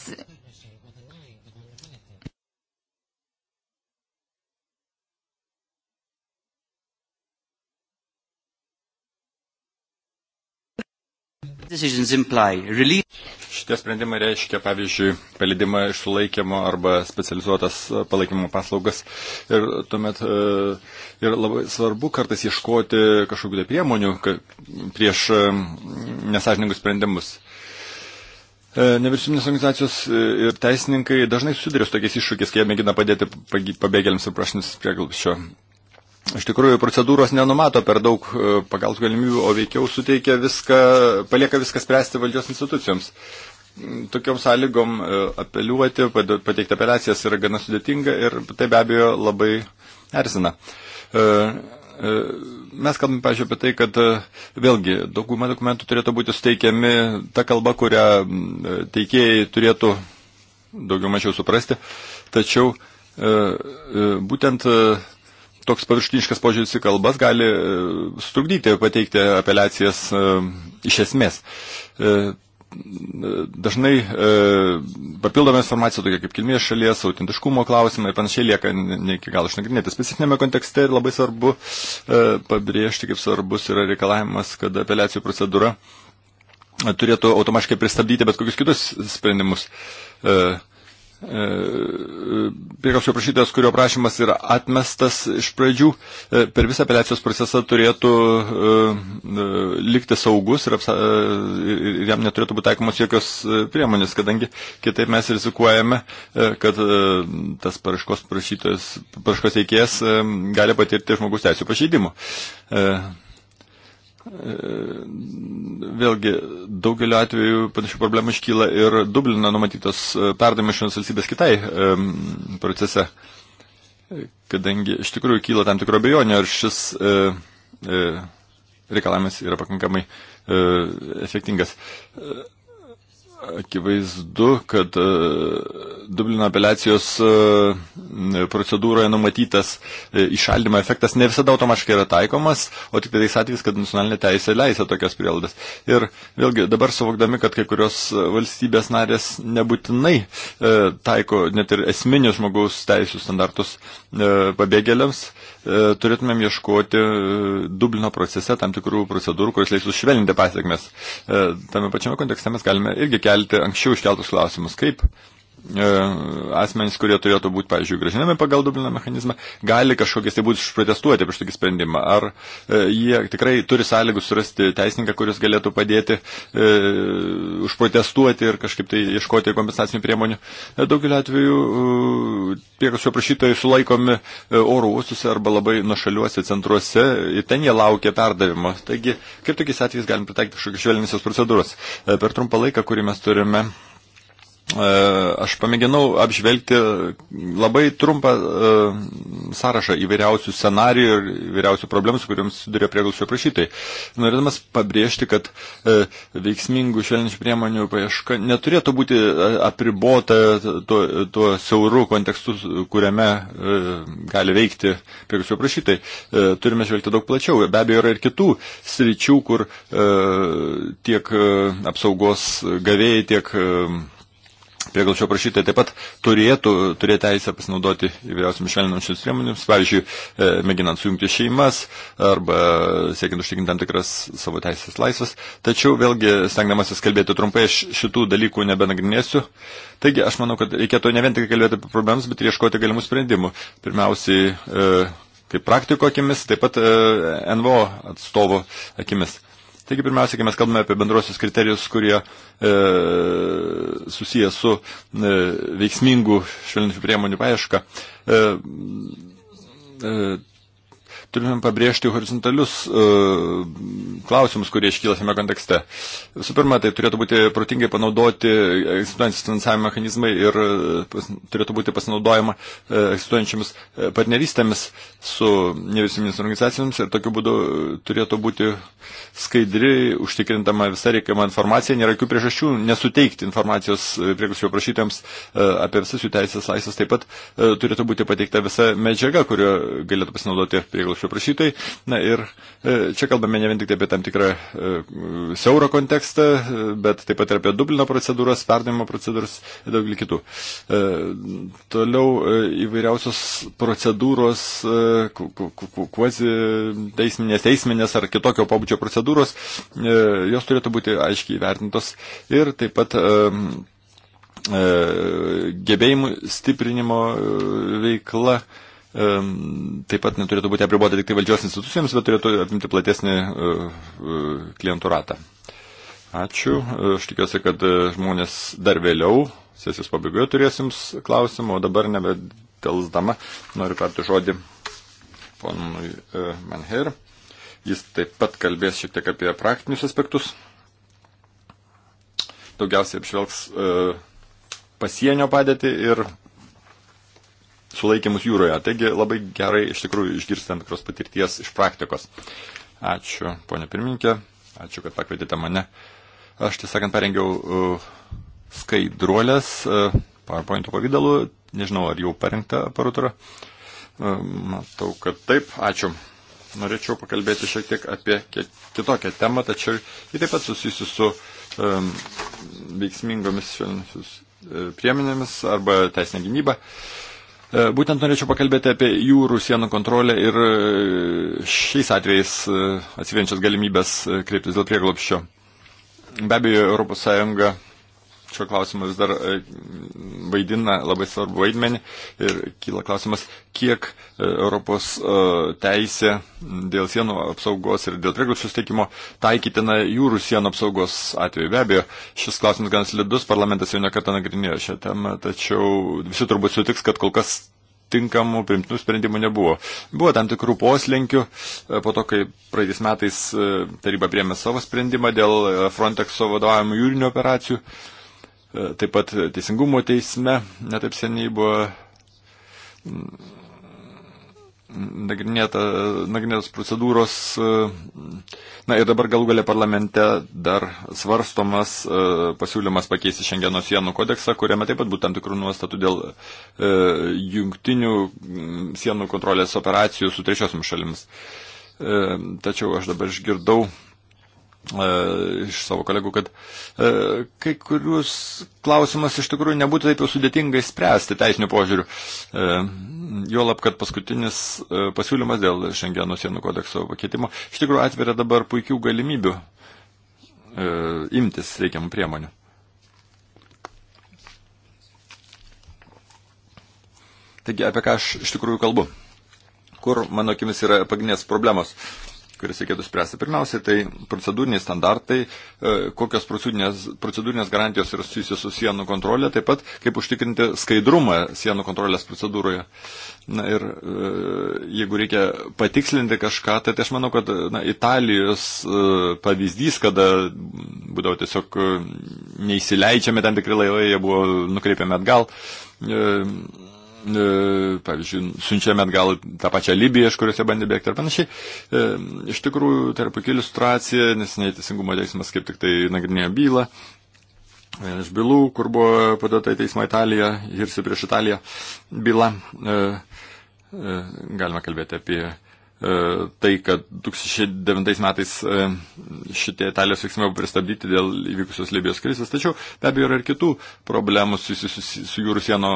decisions imply release. Šitie sprendimai reiškia, pavyzdžiui, palidimą iš sulaikymo arba specializuotas e, palaikymo paslaugas. Ir tuomet e, ir labai svarbu kartais ieškoti kažkokių tai priemonių prieš e, nesažininkus sprendimus. Nevyriausybinės organizacijos ir teisininkai dažnai susiduria su tokiais iššūkiais, kai jie mėgina padėti pabėgėliams ir prašintis prieglupščio. Iš tikrųjų, procedūros nenumato per daug e, pagal galimybių, o veikiau suteikia viską, palieka viską spręsti valdžios institucijoms. Mm, tokiom sąlygom e, apeliuoti, pateikti apeliacijas yra gana sudėtinga ir tai be abejo labai erzina. E, mes kalbame, pažiūrėjau, apie tai, kad vėlgi dauguma dokumentų turėtų būti suteikiami ta kalba, kurią mm, teikėjai turėtų daugiau mažiau suprasti, tačiau būtent toks paviršutiniškas požiūris į kalbas gali e, sutrukdyti pateikti apeliacijas e, iš esmės. E, dažnai papildoma informacija, tokia kaip kilmės šalies, autentiškumo klausimai ir panašiai lieka ne iki galo išnagrinėti. Specifinėme kontekste ir labai svarbu pabrėžti, kaip svarbus yra reikalavimas, kad apeliacijų procedūra turėtų automatiškai pristabdyti bet kokius kitus sprendimus. Uh, E, e, prieglapščio prašytojas, kurio prašymas yra atmestas iš pradžių, e, per visą apeliacijos procesą turėtų likti saugus ir, apsa, ir jam neturėtų būti taikomos jokios priemonės, kadangi kitaip mes rizikuojame, kad tas paraškos prašytojas, paraškos teikėjas gali patirti žmogus teisų pažeidimų. E, vėlgi, daugeliu atveju panašių problemų iškyla ir Dublino numatytos e, perdavimo iš vienos valstybės kitai e, procese, kadangi iš tikrųjų kyla tam tikro bejonio, ar šis reikalavimas yra pakankamai efektingas. Akivaizdu, kad e, Dublino apeliacijos e, procedūroje numatytas išaldymo e, efektas ne visada automatiškai yra taikomas, o tik tais atvejais, kad nacionalinė teisė leisė tokias prielaidas. Ir vėlgi dabar suvokdami, kad kai kurios valstybės narės nebūtinai taiko net ir esminius žmogaus teisų standartus pabėgėliams, E, turėtumėm ieškoti e, Dublino procese tam tikrų procedūrų, kuris leistų švelninti pasiekmes. E, tame pačiame kontekste mes galime irgi kelti anksčiau iškeltus klausimus, kaip E, asmenys, kurie turėtų būti, pavyzdžiui, gražinami pagal Dublino mechanizmą, gali kažkokiais tai būti išprotestuoti prieš tokį sprendimą. Ar e, jie tikrai turi sąlygų surasti teisininką, kuris galėtų padėti e, užprotestuoti ir kažkaip tai ieškoti kompensacinių priemonių. E, daugeliu atveju e, priekašio prašytojai sulaikomi e, oro uostuose arba labai nuošaliuose centruose ir ten jie laukia perdavimo. Taigi, kaip tokiais atvejais galim pritaikyti kažkokias švelninės procedūras? E, per trumpą laiką, kurį mes turime E, aš pamėginau apžvelgti labai trumpą e, sąrašą įvairiausių scenarijų ir įvairiausių problemų, su kuriuoms sudarė prieglūšio prašytojai. Norėdamas pabrėžti, kad e, veiksmingų švelninčių priemonių paieška neturėtų būti apribota tuo, tuo siauru kontekstu, kuriame gali veikti prieglūšio prašytojai. Turime žvelgti daug plačiau. Be abejo, yra ir kitų sričių, kur tiek apsaugos gavėjai, tiek prieglaučio prašytojai taip pat turėtų turėti teisę pasinaudoti įvairiausiams švelninančiams priemonėms, pavyzdžiui, e, mėginant sujungti šeimas arba siekiant užtikrinti tam tikras savo teisės laisvas. Tačiau vėlgi, stengdamasis kalbėti trumpai, aš šitų dalykų nebenagrinėsiu. Taigi, aš manau, kad reikėtų ne vien tik kalbėti apie problemas, bet ir ieškoti galimų sprendimų. Pirmiausiai, e, kaip praktiko akimis, taip pat e, NVO atstovo akimis. Taigi pirmiausia, kai mes kalbame apie bendrosius kriterijus, kurie e, susiję su e, veiksmingų švelninčių priemonių paieška, e, e, turime pabrėžti horizontalius e, klausimus, kurie iškyla šiame kontekste. Visų pirma, tai turėtų būti protingai panaudoti egzistuojantis finansavimo mechanizmai ir e, pas, turėtų būti pasinaudojama e, egzistuojančiamis e, partnerystėmis su nevyriausybinėmis organizacijomis ir tokiu būdu turėtų būti skaidri, užtikrintama visa reikiama informacija, nėra jokių priežasčių nesuteikti informacijos priekusio prašytėms apie visas jų teisės laisvės, taip pat turėtų būti pateikta visa medžiaga, kurio galėtų pasinaudoti prieglus prieglopšio prašytojai. Na ir e, čia kalbame ne vien tik apie tam tikrą e, siauro kontekstą, e, bet taip pat ir apie Dublino procedūras, perdavimo procedūras ir daugelį kitų. Toliau įvairiausios procedūros, kvazi teisminės, teisminės ar kitokio pobūdžio procedūros, jos turėtų būti aiškiai įvertintos ir taip pat gebėjimų stiprinimo veikla taip pat neturėtų būti apribota tik tai valdžios institucijoms, bet turėtų apimti platesnį e, e, klientų ratą. Ačiū. E, aš tikiuosi, kad žmonės dar vėliau, sesijos pabaigoje turės jums klausimų, o dabar nebedelsdama noriu perti žodį ponui Manher. Jis taip pat kalbės šiek tiek apie praktinius aspektus. Daugiausiai apžvelgs pasienio padėtį ir sulaikymus jūroje. Taigi labai gerai iš tikrųjų išgirsti tam tikros patirties iš praktikos. Ačiū, ponė pirmininkė, ačiū, kad pakvietėte mane. Aš tiesą sakant parengiau uh, skaidruolės uh, PowerPoint'o pavydalu, nežinau, ar jau parengta aparatūra. Uh, matau, kad taip, ačiū. Norėčiau pakalbėti šiek tiek apie kitokią temą, tačiau ji taip pat susijusi su um, veiksmingomis uh, priemonėmis arba teisinė gynyba. Uh, E, būtent norėčiau pakalbėti apie jūrų sienų kontrolę ir e, šiais atvejais e, atsivėjančias galimybės kreiptis dėl prieglopščio. Be abejo, ES šio klausimo vis dar e, vaidina labai svarbu vaidmenį ir kyla klausimas, kiek e, Europos e, teisė dėl sienų apsaugos ir dėl prieglobščio steikimo taikytina jūrų sienų apsaugos atveju. Be abejo, šis klausimas gan slidus, parlamentas jau nekartą nagrinėjo šią temą, tačiau visi turbūt sutiks, kad kol kas tinkamų, primtinų sprendimų nebuvo. Buvo tam tikrų poslinkių, po to, kai praeitais metais taryba priemė savo sprendimą dėl Frontexo vadovavimo jūrinių operacijų. Taip pat teisingumo teisme netaip seniai buvo nagrinėta, nagrinėtos procedūros. Na ir dabar galų galę parlamente dar svarstomas pasiūlymas pakeisti Šengeno sienų kodeksą, kuriame taip pat būtų tam tikrų nuostatų dėl e, jungtinių sienų kontrolės operacijų su trečiosiomis šalimis. E, tačiau aš dabar išgirdau E, iš savo kolegų, kad e, kai kurius klausimas iš tikrųjų nebūtų taip jau sudėtingai spręsti teisinių požiūrių. E, Juolab, kad paskutinis e, pasiūlymas dėl Šengeno sienų kodekso pakeitimo iš tikrųjų atveria dabar puikių galimybių e, imtis reikiamų priemonių. Taigi, apie ką aš iš tikrųjų kalbu? Kur, mano akimis, yra pagrindinės problemos? kuris reikėtų spręsti. Pirmiausia, tai procedūriniai standartai, e, kokios procedūrinės, procedūrinės garantijos yra susijusios su sienų kontrolė, taip pat kaip užtikrinti skaidrumą sienų kontrolės procedūroje. Na ir e, jeigu reikia patikslinti kažką, tai, tai aš manau, kad na, Italijos e, pavyzdys, kada būdavo tiesiog neįsileidžiami tam tikri laivai, jie buvo nukreipiami atgal. E, E, pavyzdžiui, siunčiame atgal tą pačią Libiją, iš kuriuose bandė bėgti ir panašiai. E, iš tikrųjų, tai yra puikia iliustracija, nes neteisingumo teismas kaip tik tai nagrinėjo bylą. Iš bylų, kur buvo padata į teismą Italiją, Hirsi prieš Italiją byla. E, galima kalbėti apie E, tai, kad 2009 metais e, šitie Italijos veiksmai buvo pristabdyti dėl įvykusios Libijos krizės, tačiau be abejo yra ir kitų problemų susijusių su, su jūrų sieno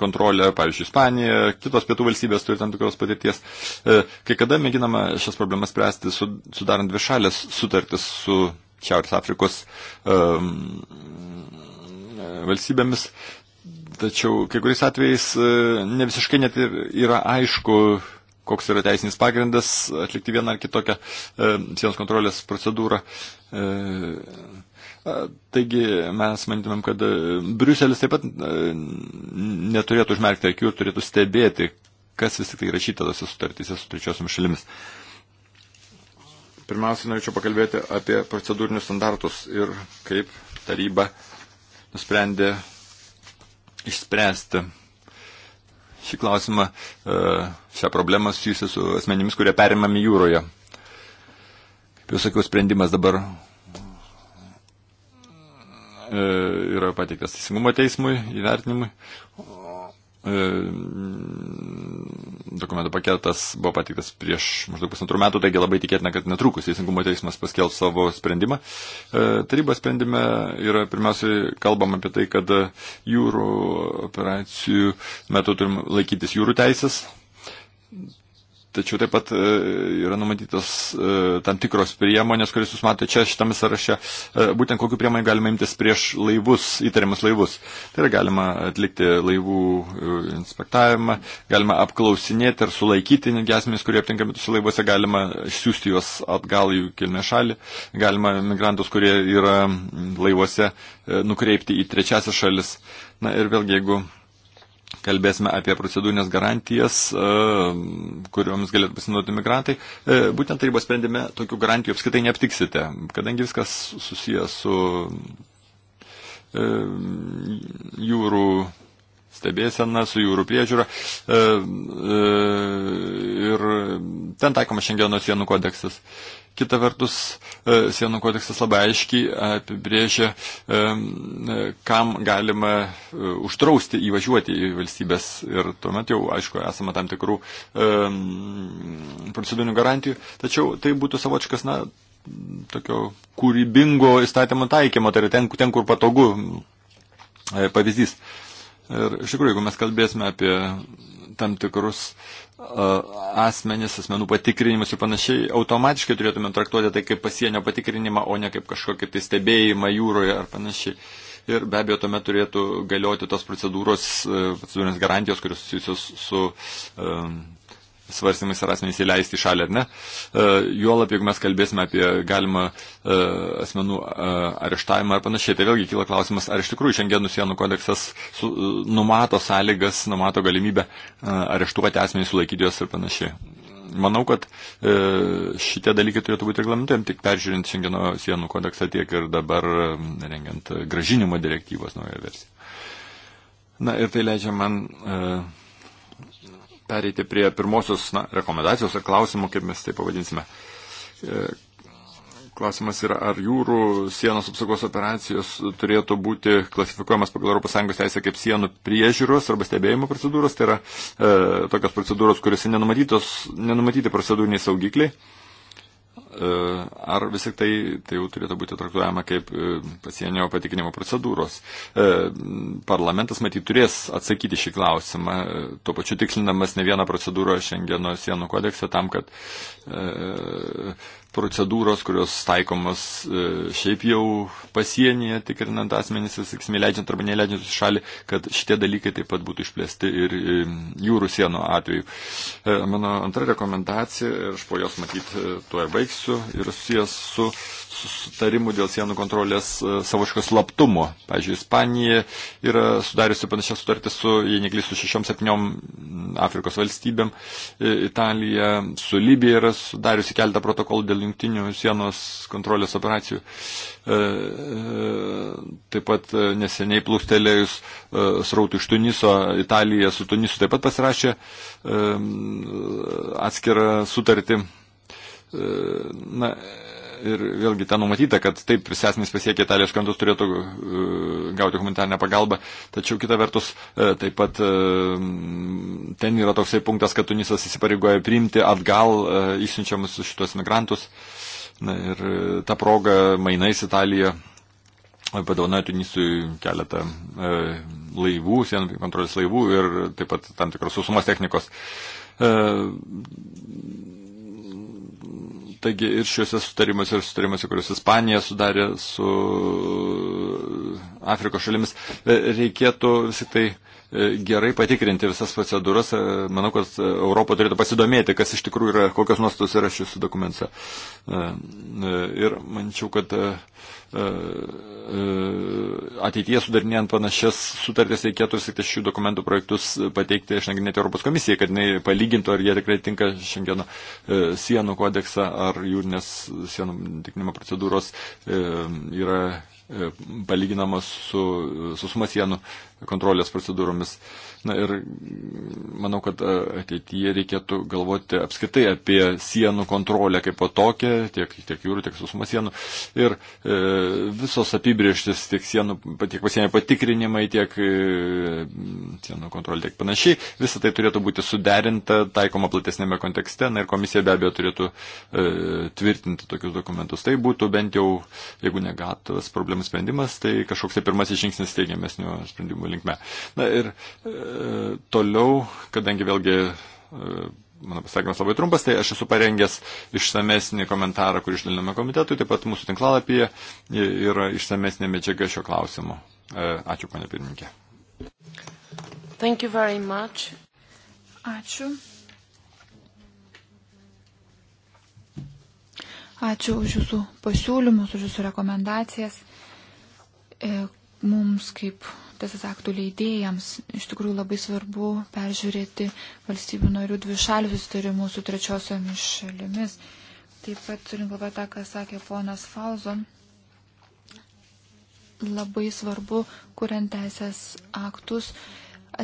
kontrolė, pavyzdžiui, Ispanija, kitos pietų valstybės turi tam tikros patirties. E, kai kada mėginama šias problemas spręsti, sudarant dvišalės sutartis su Šiaurės Afrikos um, valstybėmis, tačiau kai kuriais atvejais ne visiškai net ir yra aišku, koks yra teisinis pagrindas atlikti vieną ar kitokią e, sienos kontrolės procedūrą. E, taigi mes manytumėm, kad e, Briuselis taip pat neturėtų užmerkti akių ir turėtų stebėti, kas vis tik tai rašyta tose sutartyse su trečiosiomis šalimis. Pirmiausia, norėčiau pakalbėti apie procedūrinius standartus ir kaip taryba nusprendė išspręsti šį klausimą, e, šią problemą susijusią su asmenimis, kurie perimami jūroje. Kaip jau sakiau, sprendimas dabar e, yra pateiktas teisingumo teismui įvertinimui, E, dokumentų paketas buvo patiktas prieš maždaug pusantrų metų, taigi labai tikėtina, kad netrukus Teisingumo teismas paskelbs savo sprendimą. E, tarybos sprendime yra pirmiausiai kalbam apie tai, kad jūrų operacijų metu turim laikytis jūrų teisės. Tačiau taip pat e, yra numatytos e, tam tikros priemonės, kuris jūs matote čia šitame sąraše, e, būtent kokiu priemonė galima imtis prieš laivus, įtariamus laivus. Tai yra galima atlikti laivų inspektavimą, galima apklausinėti ir sulaikyti netgi asmenys, kurie aptinkami tuose laivuose, galima siūsti juos atgal į kilmės šalį, galima migrantus, kurie yra laivuose, nukreipti į trečiasias šalis. Na ir vėlgi, jeigu kalbėsime apie procedūrinės garantijas, e, kuriomis galėtų pasinaudoti migrantai. E, būtent tarybos sprendime tokių garantijų apskaitai neaptiksite, kadangi viskas susijęs su e, jūrų stebėsena, su jūrų priežiūra. E, e, ir ten taikoma šiandieno sienų kodeksas. Kita vertus, e, sienų kodeksas labai aiškiai apibrėžia, e, e, kam galima e, uždrausti įvažiuoti į valstybės. Ir tuomet jau, aišku, esama tam tikrų e, procedūrinių garantijų. Tačiau tai būtų savočkas, na, tokio kūrybingo įstatymo taikymo, tai yra ten, ten kur patogu e, pavyzdys. E, Ir iš tikrųjų, jeigu mes kalbėsime apie tam tikrus asmenis, asmenų patikrinimus ir panašiai, automatiškai turėtume traktuoti tai kaip pasienio patikrinimą, o ne kaip kažkokį tai stebėjimą jūroje ar panašiai. Ir be abejo, tuomet turėtų galioti tos procedūros, e, procedūrinės garantijos, kurios susijusios su um, svarstymais, ar asmenys įleisti į šalį ar ne. E, Juolap, jeigu mes kalbėsime apie galimą e, asmenų e, areštavimą ar panašiai, tai vėlgi kyla klausimas, ar iš tikrųjų šiandienų sienų kodeksas su, numato sąlygas, numato galimybę areštuoti asmenys, sulaikyti juos ir panašiai. Manau, kad šitie dalykai turėtų būti reglamentuojami tik peržiūrint šiandieno sienų kodeksą tiek ir dabar rengiant gražinimo direktyvos naują versiją. Na ir tai leidžia man uh, pereiti prie pirmosios na, rekomendacijos ar klausimo, kaip mes tai pavadinsime. E, klausimas yra, ar jūrų sienos apsaugos operacijos turėtų būti klasifikuojamas pagal ES teisę kaip sienų priežiūros arba stebėjimo procedūros, tai yra e, tokios procedūros, kuriuose nenumati procedūriniai saugikliai. E, E, ar vis tik tai, tai jau turėtų būti traktuojama kaip e, pasienio patikinimo procedūros. E, parlamentas matyt turės atsakyti šį klausimą, tuo pačiu tikslindamas ne vieną procedūrą Šengeno sienų kodekse tam, kad procedūros, kurios taikomos e, šiaip jau pasienyje, tikrinant asmenys, sakysime, leidžiant arba neleidžiant į šalį, kad šitie dalykai taip pat būtų išplėsti ir e, jūrų sienų atveju. E, mano antra rekomendacija, ir aš po jos matyt tuo ir baigsiu, yra susijęs su susitarimų dėl sienų kontrolės e, savoškos slaptumo. Pavyzdžiui, Ispanija yra sudariusi panašią sutartį su, jei neklystu, šešiom, septyniom Afrikos valstybėm. E, Italija su Libija yra sudariusi keletą protokolų dėl jungtinių sienos kontrolės operacijų. E, taip pat neseniai plūstelėjus srautų iš Tuniso, Italija su Tunisu taip pat pasirašė atskirą sutartį. Na, Ir vėlgi ten numatyta, kad taip visi asmenys pasiekia Italiją, iškantus turėtų e, gauti humanitarinę pagalbą, tačiau kita vertus e, taip pat e, ten yra toksai punktas, kad Tunisas įsipareigoja priimti atgal e, išsiunčiamus šitos migrantus Na, ir tą progą mainais Italija padovanojo Tunisui keletą e, laivų, sienų kontrolės laivų ir taip pat tam tikros sausumos technikos. E, Taigi ir šiuose sutarimuose, ir sutarimuose, kuriuos Ispanija sudarė su Afrikos šalimis, e, reikėtų vis tik tai e, gerai patikrinti visas procedūras. E, manau, kad Europą turėtų pasidomėti, kas iš tikrųjų yra, kokios nuostatos yra šiuose dokumentuose. Ir mančiau, kad E, e, ateityje sudarinėjant panašias sutartis reikėtų tik tai šių dokumentų projektus pateikti išnagrinėti Europos komisijai, kad jinai palygintų, ar jie tikrai tinka šiandieno e, sienų kodeksą, ar jūrinės sienų tikrinimo procedūros yra palyginamas su susumasienų kontrolės procedūromis. E, Na ir mm, manau, kad e, ateityje reikėtų galvoti apskritai apie sienų kontrolę kaip po tokią, tiek, tiek jūrų, tiek susumos sienų. Ir e, visos apibrieštis, tiek, sienų, tiek pasienio patikrinimai, tiek e, sienų kontrolė, tiek panašiai, visą tai turėtų būti suderinta, taikoma platesnėme kontekste. Na ir komisija be abejo turėtų e, tvirtinti tokius dokumentus. Tai būtų bent jau, jeigu negatas problemų sprendimas, tai kažkoks tai pirmasis žingsnis teigiamesnio sprendimo linkme. Na ir e, toliau, kadangi vėlgi e, mano pasakymas labai trumpas, tai aš esu parengęs išsamesnį komentarą, kurį išdaliname komitetui, taip pat mūsų tinklalapyje yra išsamesnė medžiaga šio klausimu. E, ačiū, ponė pirmininkė. Ačiū. Ačiū už Jūsų pasiūlymus, už Jūsų rekomendacijas. E, mums kaip teisės aktų leidėjams. Iš tikrųjų labai svarbu peržiūrėti valstybių narių dvišalių sustarimų su trečiosiomis šalimis. Taip pat turint galvoje tą, ką sakė ponas Fauzon, labai svarbu, kuriant teisės aktus,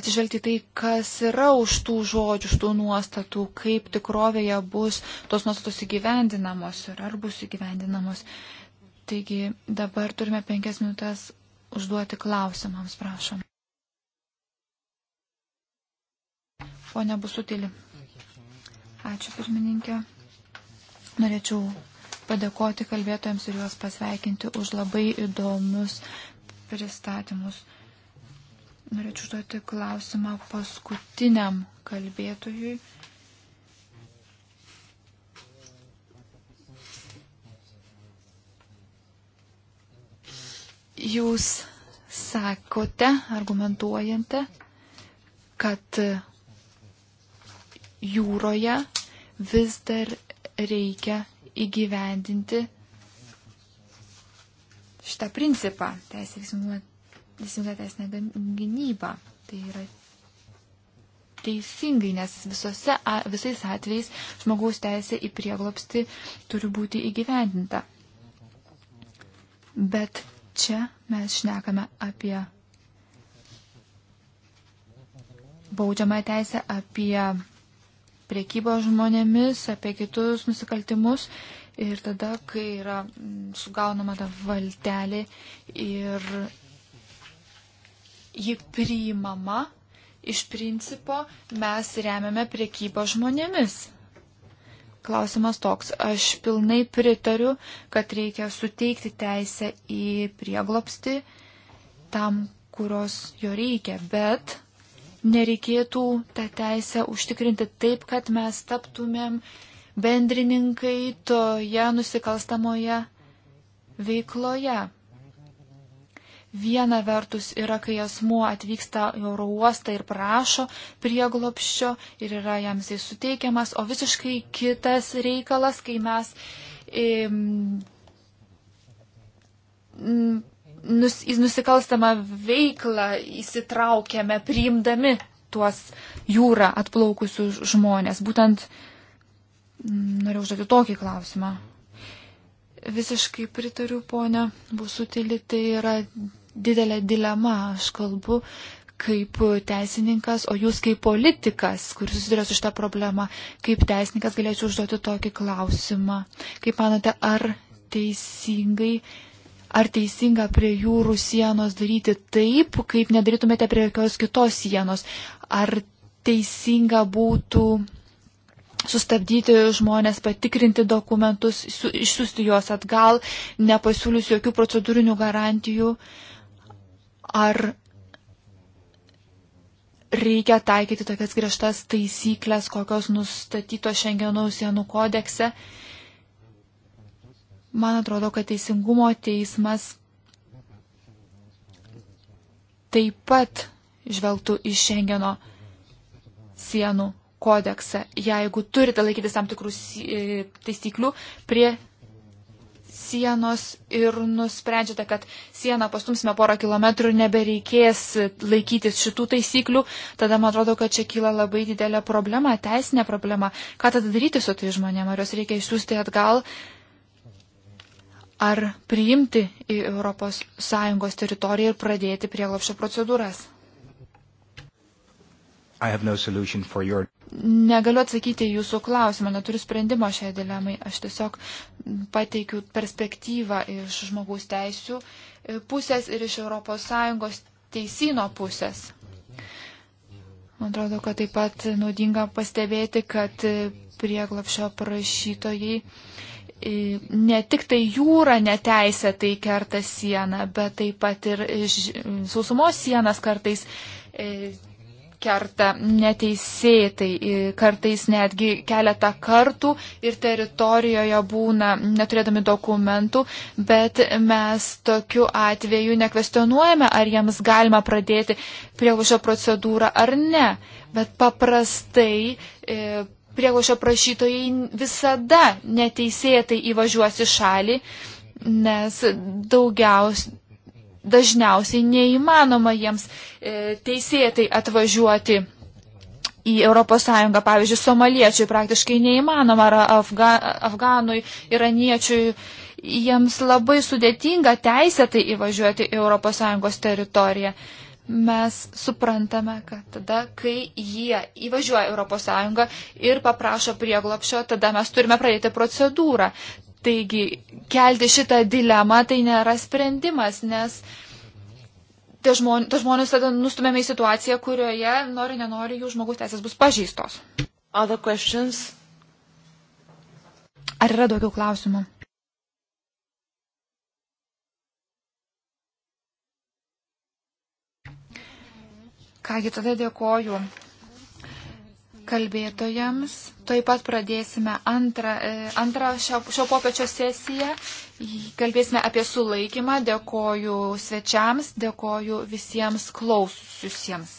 atsižvelgti tai, kas yra už tų žodžių, už tų nuostatų, kaip tikrovėje bus tos nuostatos įgyvendinamos ir ar bus įgyvendinamos. Taigi dabar turime penkias minutės užduoti klausimams, prašom. Pone Busutėlį. Ačiū pirmininkė. Norėčiau padėkoti kalbėtojams ir juos pasveikinti už labai įdomius pristatymus. Norėčiau užduoti klausimą paskutiniam kalbėtojui. Jūs sakote, argumentuojate, kad jūroje vis dar reikia įgyvendinti šitą principą teisė teisinga teisinė gynyba. Tai yra teisingai, nes visose, visais atvejais žmogaus teisė į prieglopsti turi būti įgyvendinta. Bet Čia mes šnekame apie baudžiamą teisę, apie priekybą žmonėmis, apie kitus nusikaltimus. Ir tada, kai yra mm, sugaunama ta valtelė ir ji priimama, iš principo mes remiame priekybą žmonėmis. Klausimas toks. Aš pilnai pritariu, kad reikia suteikti teisę į prieglopsti tam, kurios jo reikia, bet nereikėtų tą teisę užtikrinti taip, kad mes taptumėm bendrininkai toje nusikalstamoje veikloje. Viena vertus yra, kai asmuo atvyksta į oro uostą ir prašo prieglopščio ir yra jam jisai suteikiamas, o visiškai kitas reikalas, kai mes im, nus, į nusikalstamą veiklą įsitraukėme, priimdami tuos jūrą atplaukusius žmonės. Būtent mm, norėjau užduoti tokį klausimą. Visiškai pritariu, ponia, bus sutili, tai yra didelė dilema. Aš kalbu kaip teisininkas, o jūs kaip politikas, kuris susiduria su šitą problemą, kaip teisininkas galėčiau užduoti tokį klausimą. Kaip manote, ar teisingai, ar teisinga prie jūrų sienos daryti taip, kaip nedarytumėte prie jokios kitos sienos? Ar teisinga būtų sustabdyti žmonės, patikrinti dokumentus, išsiųsti juos atgal, nepasiūlius jokių procedūrinių garantijų? Uh, ar reikia taikyti tokias griežtas taisyklės, kokios nustatytos Šengeno sienų kodekse. Man atrodo, kad teisingumo teismas taip pat žvelgtų į Šengeno sienų kodeksą. Jeigu turite laikytis tam tikrų e, taisyklių, prie sienos ir nusprendžiate, kad sieną pastumsime porą kilometrų ir nebereikės laikytis šitų taisyklių, tada man atrodo, kad čia kyla labai didelė problema, teisinė problema. Ką tada daryti su tai žmonėm? Ar juos reikia išsiųsti atgal? Ar priimti į ES teritoriją ir pradėti prieglopšio procedūras? I have no solution for your negaliu atsakyti jūsų klausimą, neturiu sprendimo šiai dilemai. Aš tiesiog pateikiu perspektyvą iš žmogaus teisų e, pusės ir iš ES teisino pusės. Man atrodo, kad taip pat naudinga pastebėti, kad prieglapšio prašytojai e, ne tik tai jūra neteisė tai kerta sieną, bet taip pat ir sausumos sienas kartais e, kerta neteisėtai, kartais netgi keletą kartų ir teritorijoje būna neturėdami dokumentų, bet mes tokiu atveju nekvestionuojame, ar jiems galima pradėti prieglaušio procedūrą ar ne. Bet paprastai. E, Prieglošio prašytojai visada neteisėtai įvažiuos į šalį, nes daugiausiai dažniausiai neįmanoma jiems e, teisėtai atvažiuoti į ES. Pavyzdžiui, somaliečiui praktiškai neįmanoma, ar Afga, afganui, iraniečiui, jiems labai sudėtinga teisėtai įvažiuoti į ES teritoriją. Mes suprantame, kad tada, kai jie įvažiuoja ES ir paprašo prieglopšio, tada mes turime pradėti procedūrą. Taigi, kelti šitą dilemą tai nėra sprendimas, nes tie žmon, to žmonės tada nustumėme į situaciją, kurioje nori, nenori, jų žmogus teisės bus pažįstos. Ar yra daugiau klausimų? Kągi tada dėkoju kalbėtojams. Taip pat pradėsime antrą, e, antrą šio, šio popiečio sesiją. Kalbėsime apie sulaikymą. Dėkoju svečiams, dėkoju visiems klaususiems.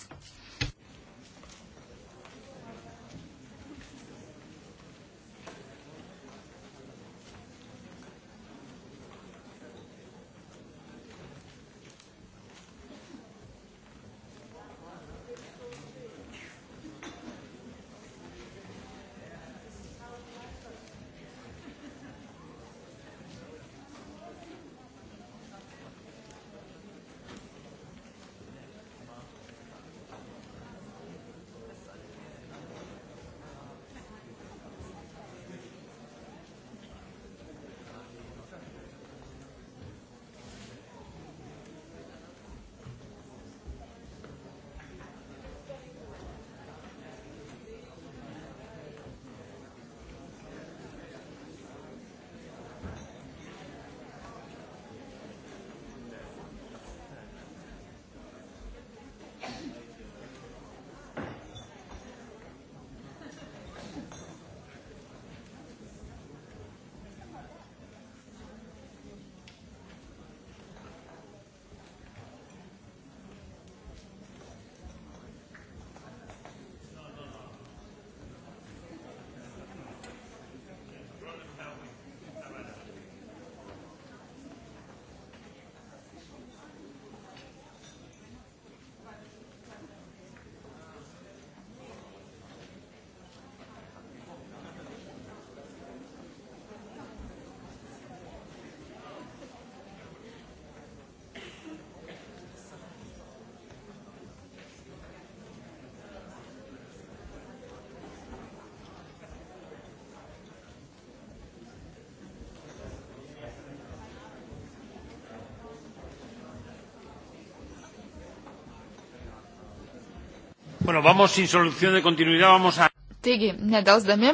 Bueno, vamos sin solución de continuidad, vamos a. Taigi, nedelsdami,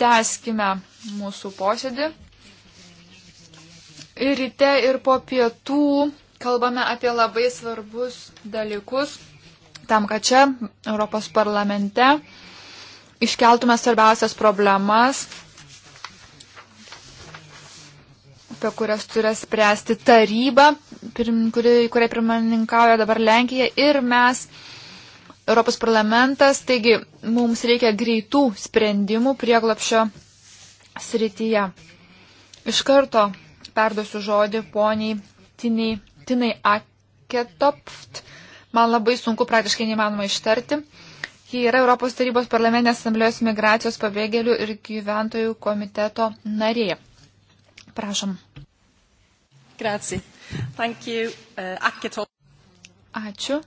tęskime mūsų posėdį. Ir ryte ir po pietų kalbame apie labai svarbus dalykus, tam, kad čia Europos parlamente iškeltume svarbiausias problemas, apie kurias turi spręsti taryba, kuri, kuria pirmininkauja dabar Lenkija ir mes Europos parlamentas, taigi mums reikia greitų sprendimų prieglapšio srityje. Iš karto perduosiu žodį poniai Tiniai, tinai Aketopft. Man labai sunku, praktiškai neįmanoma ištarti. Ji yra Europos tarybos parlamentinės asamblėjos migracijos pabėgėlių ir gyventojų komiteto narė. Prašom. Grazie. Thank you. Uh, Aketo. Ačiū.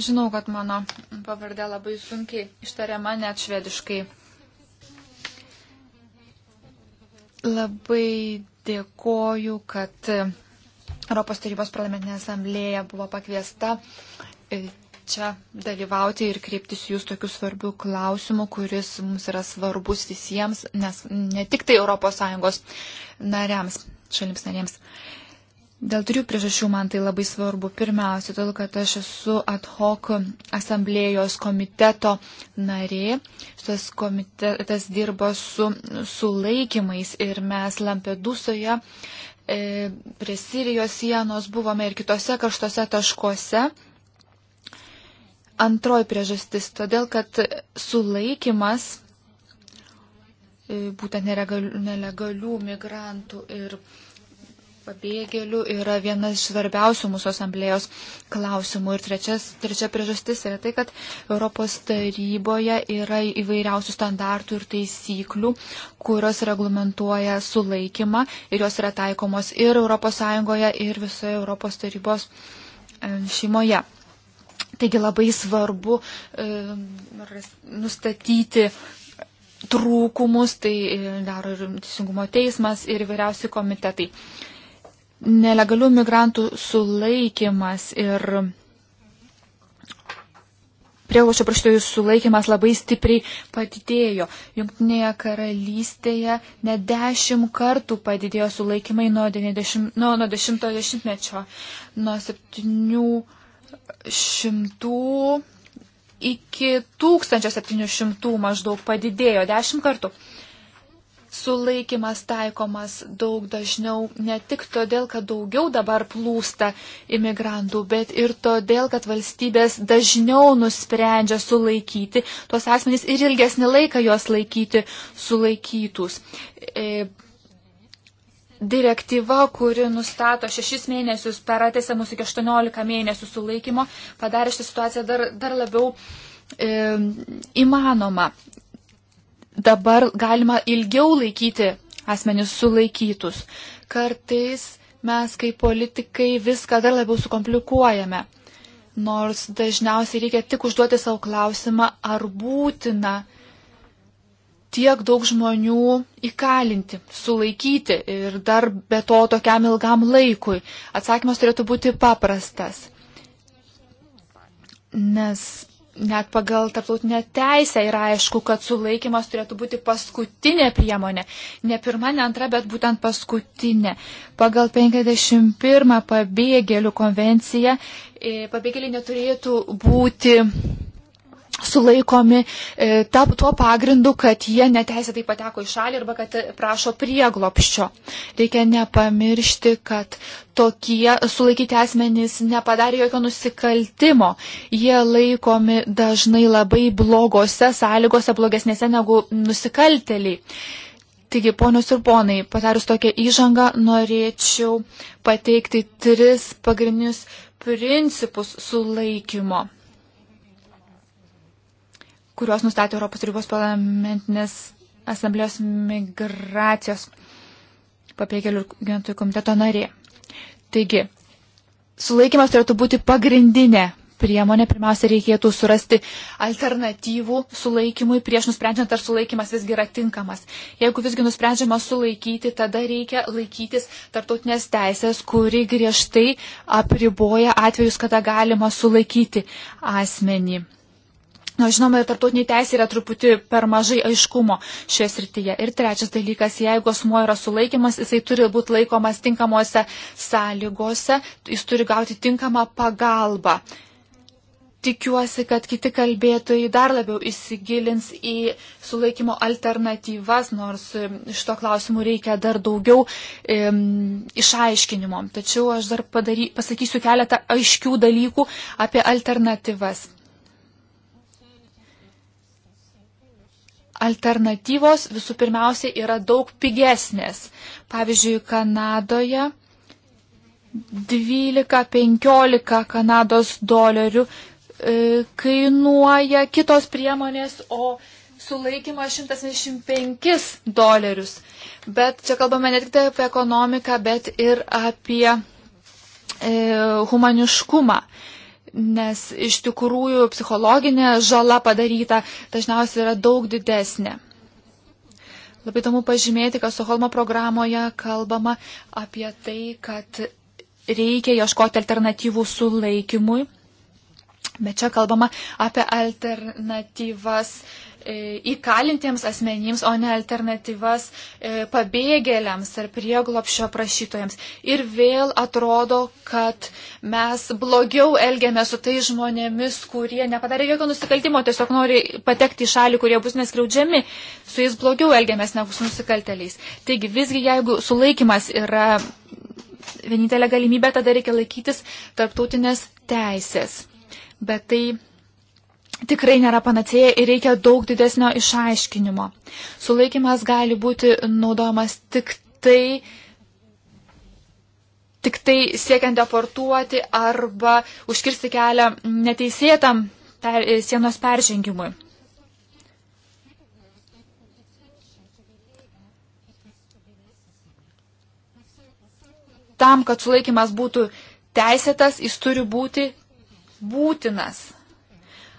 Žinau, kad mano pavardė labai sunkiai ištariama net švediškai. Labai dėkoju, kad Europos tarybos parlamentinė asamblėja buvo pakviesta e, čia dalyvauti ir kreiptis jūs tokių svarbių klausimų, kuris mums yra svarbus visiems, nes ne tik tai ES nariams, šalims narėms. Dėl trijų priežasčių man tai labai svarbu. Pirmiausia, todėl, kad aš esu ad hoc asamblėjos komiteto narė. Šitas komitetas dirba su sulaikymais ir mes Lampedusoje e, prie Sirijos sienos buvome ir kitose karštose taškuose. Antroji priežastis, todėl, kad sulaikimas e, būtent nelegalių migrantų ir pabėgėlių yra vienas iš svarbiausių mūsų asamblėjos klausimų. Ir trečias, trečia priežastis yra tai, kad Europos taryboje yra įvairiausių standartų ir taisyklių, kurios reglamentuoja sulaikymą ir jos yra taikomos ir ES, ir visoje Europos tarybos e, šeimoje. Taigi labai svarbu e, nustatyti trūkumus, tai e, daro ir teisingumo teismas ir vairiausi komitetai. E, nelegalių migrantų sulaikimas ir prieglošio prašytojų sulaikimas labai stipriai padidėjo. Junktinėje karalystėje net dešimt kartų padidėjo sulaikimai nuo 90-mečio, nuo, nuo, 10 nuo 700 iki 1700 maždaug padidėjo dešimt kartų sulaikimas taikomas daug dažniau ne tik todėl, kad daugiau dabar plūsta imigrantų, bet ir todėl, kad valstybės dažniau nusprendžia sulaikyti tuos asmenys ir ilgesnį laiką juos laikyti sulaikytus. E, direktyva, kuri nustato šešis mėnesius per atėsiamus iki 18 mėnesių sulaikymo, padarė šitą situaciją dar, dar labiau e, įmanoma dabar galima ilgiau laikyti asmenis sulaikytus. Kartais mes kaip politikai viską dar labiau sukomplikuojame. Nors dažniausiai reikia tik užduoti savo klausimą, ar būtina tiek daug žmonių įkalinti, sulaikyti ir dar be to tokiam ilgam laikui. Atsakymas turėtų būti paprastas. Nes net pagal tarptautinę teisę yra aišku, kad sulaikimas turėtų būti paskutinė priemonė. Ne pirma, ne antra, bet būtent paskutinė. Pagal 51 pabėgėlių konvenciją e, pabėgėliai neturėtų būti sulaikomi e, ta, tuo pagrindu, kad jie neteisėtai pateko į šalį arba kad prašo prieglopščio. Reikia nepamiršti, kad tokie sulaikyti asmenys nepadarė jokio nusikaltimo. Jie laikomi dažnai labai blogose sąlygose, blogesnėse negu nusikalteliai. Taigi, ponios ir ponai, patarius tokią įžangą, norėčiau pateikti tris pagrindinius principus sulaikymo kuriuos nustatė Europos tarybos parlamentinės asamblėjos migracijos papėgėlių gyventojų komiteto narė. Taigi, sulaikimas turėtų būti pagrindinė priemonė. Pirmiausia, reikėtų surasti alternatyvų sulaikimui prieš nusprendžiant, ar sulaikimas visgi yra tinkamas. Jeigu visgi nusprendžiama sulaikyti, tada reikia laikytis tartutinės teisės, kuri griežtai apriboja atvejus, kada galima sulaikyti asmenį. Na, žinoma, ir tarptautinė teisė yra truputį per mažai aiškumo šioje srityje. Ir trečias dalykas, jeigu asmuo yra sulaikimas, jisai turi būti laikomas tinkamuose sąlygose, jis turi gauti tinkamą pagalbą. Tikiuosi, kad kiti kalbėtojai dar labiau įsigilins į sulaikymo alternatyvas, nors šito klausimu reikia dar daugiau im, išaiškinimo. Tačiau aš dar padary, pasakysiu keletą aiškių dalykų apie alternatyvas. alternatyvos visų pirmiausia yra daug pigesnės. Pavyzdžiui, Kanadoje 12-15 Kanados dolerių e, kainuoja kitos priemonės, o sulaikymas 125 dolerius. Bet čia kalbame ne tik tai apie ekonomiką, bet ir apie e, humaniškumą. E, nes iš tikrųjų psichologinė žala padaryta dažniausiai yra daug didesnė. Labai įdomu pažymėti, kad Soholmo programoje kalbama apie tai, kad reikia ieškoti alternatyvų sulaikymui, bet čia kalbama apie alternatyvas E, įkalintiems asmenims, o ne alternatyvas e, pabėgėliams ar prieglopšio prašytojams. Ir vėl atrodo, kad mes blogiau elgiame su tai žmonėmis, kurie nepadarė jokio nusikaltimo, tiesiog nori patekti į šalį, kurie bus neskriaudžiami. Su jais blogiau elgiamės negu su nusikalteliais. Taigi visgi, jeigu sulaikimas yra vienintelė galimybė, tada reikia laikytis tarptautinės teisės. Bet tai tikrai nėra panacėja ir reikia daug didesnio išaiškinimo. Sulaikimas gali būti naudojamas tik tai, tik tai siekiant deportuoti arba užkirsti kelią neteisėtam per, e, sienos peržengimui. Tam, kad sulaikimas būtų teisėtas, jis turi būti būtinas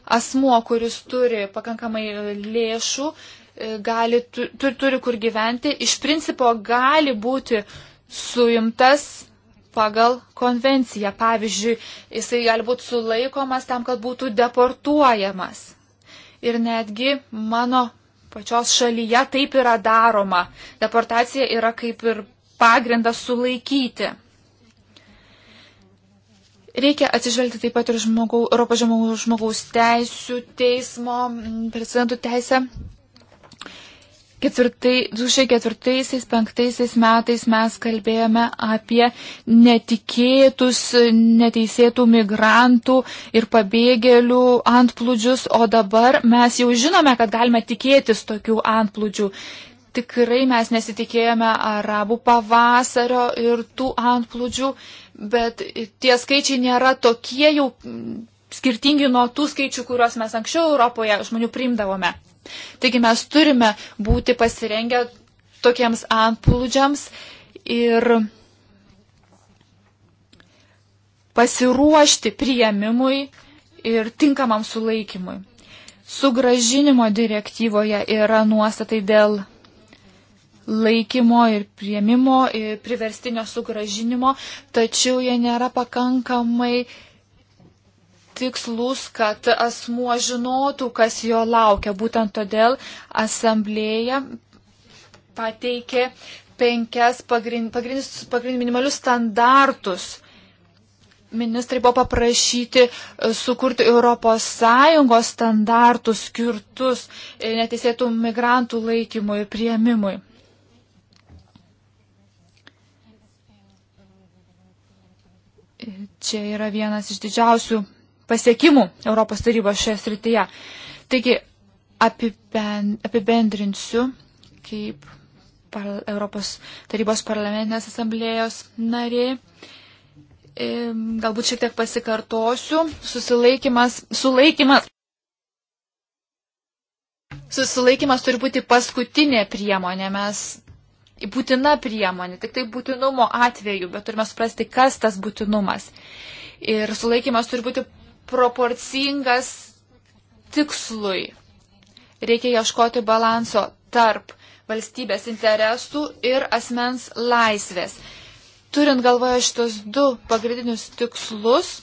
asmuo, kuris turi pakankamai lėšų, e, gali, turi, turi kur gyventi, iš principo gali būti suimtas pagal konvenciją. Pavyzdžiui, jisai gali būti sulaikomas tam, kad būtų deportuojamas. Ir netgi mano pačios šalyje taip yra daroma. Deportacija yra kaip ir pagrindas sulaikyti. Reikia atsižvelgti taip pat ir žmogau, Europos žmogaus teisų teismo mm, precedentų teisę. 2004-2005 metais mes kalbėjome apie netikėtus, neteisėtų migrantų ir pabėgėlių antplūdžius, o dabar mes jau žinome, kad galime tikėtis tokių antplūdžių. Tikrai mes nesitikėjome arabų pavasario ir tų antplūdžių, bet tie skaičiai nėra tokie jau skirtingi nuo tų skaičių, kuriuos mes anksčiau Europoje žmonių priimdavome. Taigi mes turime būti pasirengę tokiems antplūdžiams ir pasiruošti prieimimui ir tinkamam sulaikymui. Sugražinimo direktyvoje yra nuostatai dėl laikymo ir prieimimo, ir priverstinio sugražinimo, tačiau jie nėra pakankamai tikslus, kad asmuo žinotų, kas jo laukia. Būtent todėl asamblėja pateikė penkias pagrindinius pagrind, pagrind, minimalius standartus. Ministrai buvo paprašyti e, sukurti ES standartus skirtus e, neteisėtų migrantų laikymui ir prieimimui. Čia yra vienas iš didžiausių pasiekimų Europos tarybos šioje srityje. Taigi apibendrinsiu kaip par, Europos tarybos parlamentinės asamblėjos narė. Galbūt šiek tiek pasikartosiu. Susilaikimas, sulaikimas. Susilaikimas turi būti paskutinė priemonė. Mes būtina priemonė, tik tai būtinumo atveju, bet turime suprasti, kas tas būtinumas. Ir sulaikimas turi būti proporcingas tikslui. Reikia ieškoti balanso tarp valstybės interesų ir asmens laisvės. Turint galvoje šitos du pagrindinius tikslus,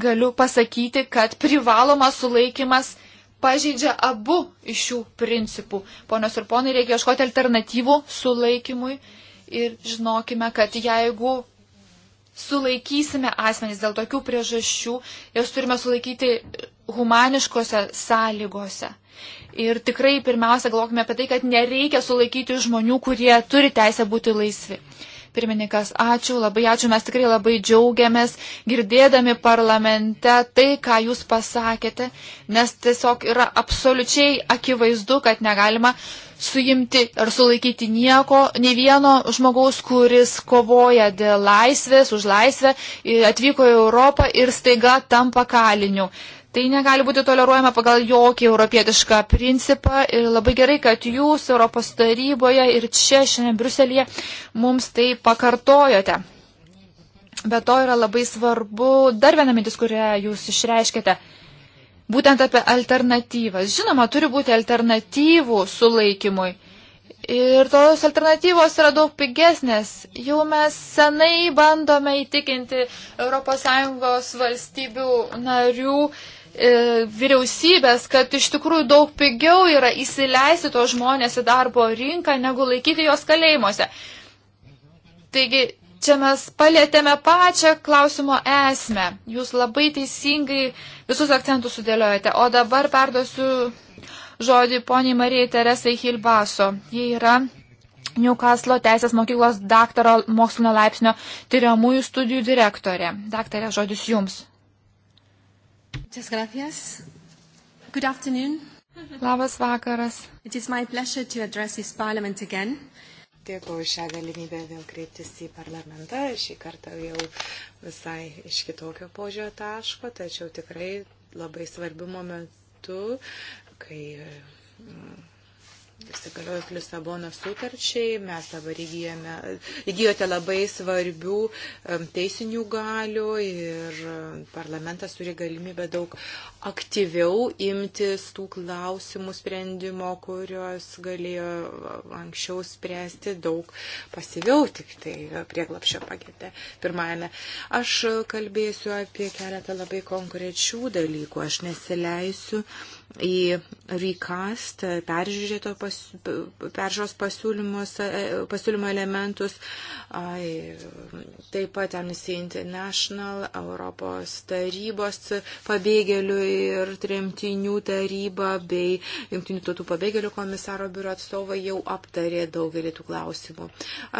galiu pasakyti, kad privalomas sulaikimas pažeidžia abu iš šių principų. Ponios ir ponai, reikia ieškoti alternatyvų sulaikymui ir žinokime, kad jeigu sulaikysime asmenys dėl tokių priežasčių, jos turime sulaikyti humaniškose sąlygose. Ir tikrai pirmiausia galvokime apie tai, kad nereikia sulaikyti žmonių, kurie turi teisę būti laisvi. Pirmininkas, ačiū, labai ačiū, mes tikrai labai džiaugiamės girdėdami parlamente tai, ką jūs pasakėte, nes tiesiog yra absoliučiai akivaizdu, kad negalima suimti ar sulaikyti nieko, ne vieno žmogaus, kuris kovoja dėl laisvės, už laisvę, atvyko į Europą ir staiga tampa kaliniu. Tai negali būti toleruojama pagal jokį europietišką principą ir labai gerai, kad jūs Europos taryboje ir čia šiandien Bruselėje mums tai pakartojote. Be to yra labai svarbu dar viena mintis, kurią jūs išreiškite. Būtent apie alternatyvas. Žinoma, turi būti alternatyvų sulaikymui. Ir tos alternatyvos yra daug pigesnės. Jau mes senai bandome įtikinti ES valstybių narių, E, vyriausybės, kad iš tikrųjų daug pigiau yra įsileisti tos žmonės į darbo rinką, negu laikyti juos kalėjimuose. Taigi, čia mes palėtėme pačią klausimo esmę. Jūs labai teisingai visus akcentus sudėliojate. O dabar perduosiu žodį poniai Marijai Teresai Hilbaso. Jie yra Newcastle teisės mokyklos daktaro mokslinio laipsnio tyriamųjų studijų direktorė. Daktarė, žodis jums. Muchas gracias. Good afternoon. Labas vakaras. It is my pleasure to address this parliament again. Dėkuoju šią galimybę vėl kreiptis į parlamentą. Šį kartą jau visai iš kitokio požiūrio taško, tačiau tikrai labai svarbiu momentu, kai mm, įsigaliojus Lisabono sutarčiai, mes dabar įgyjame, įgyjote labai svarbių teisinių galių ir parlamentas turi galimybę daug aktyviau imtis tų klausimų sprendimo, kurios galėjo anksčiau spręsti daug pasyviau tik tai prieglapšio pakete pirmajame. Aš kalbėsiu apie keletą labai konkrečių dalykų, aš nesileisiu į recast, peržiūrėto pas, peržiūros e, pasiūlymo elementus, ai, taip pat Amnesty International, Europos tarybos pabėgėlių ir tremtinių taryba bei Junktinių tautų pabėgėlių komisaro biuro atstovai jau aptarė daugelį tų klausimų.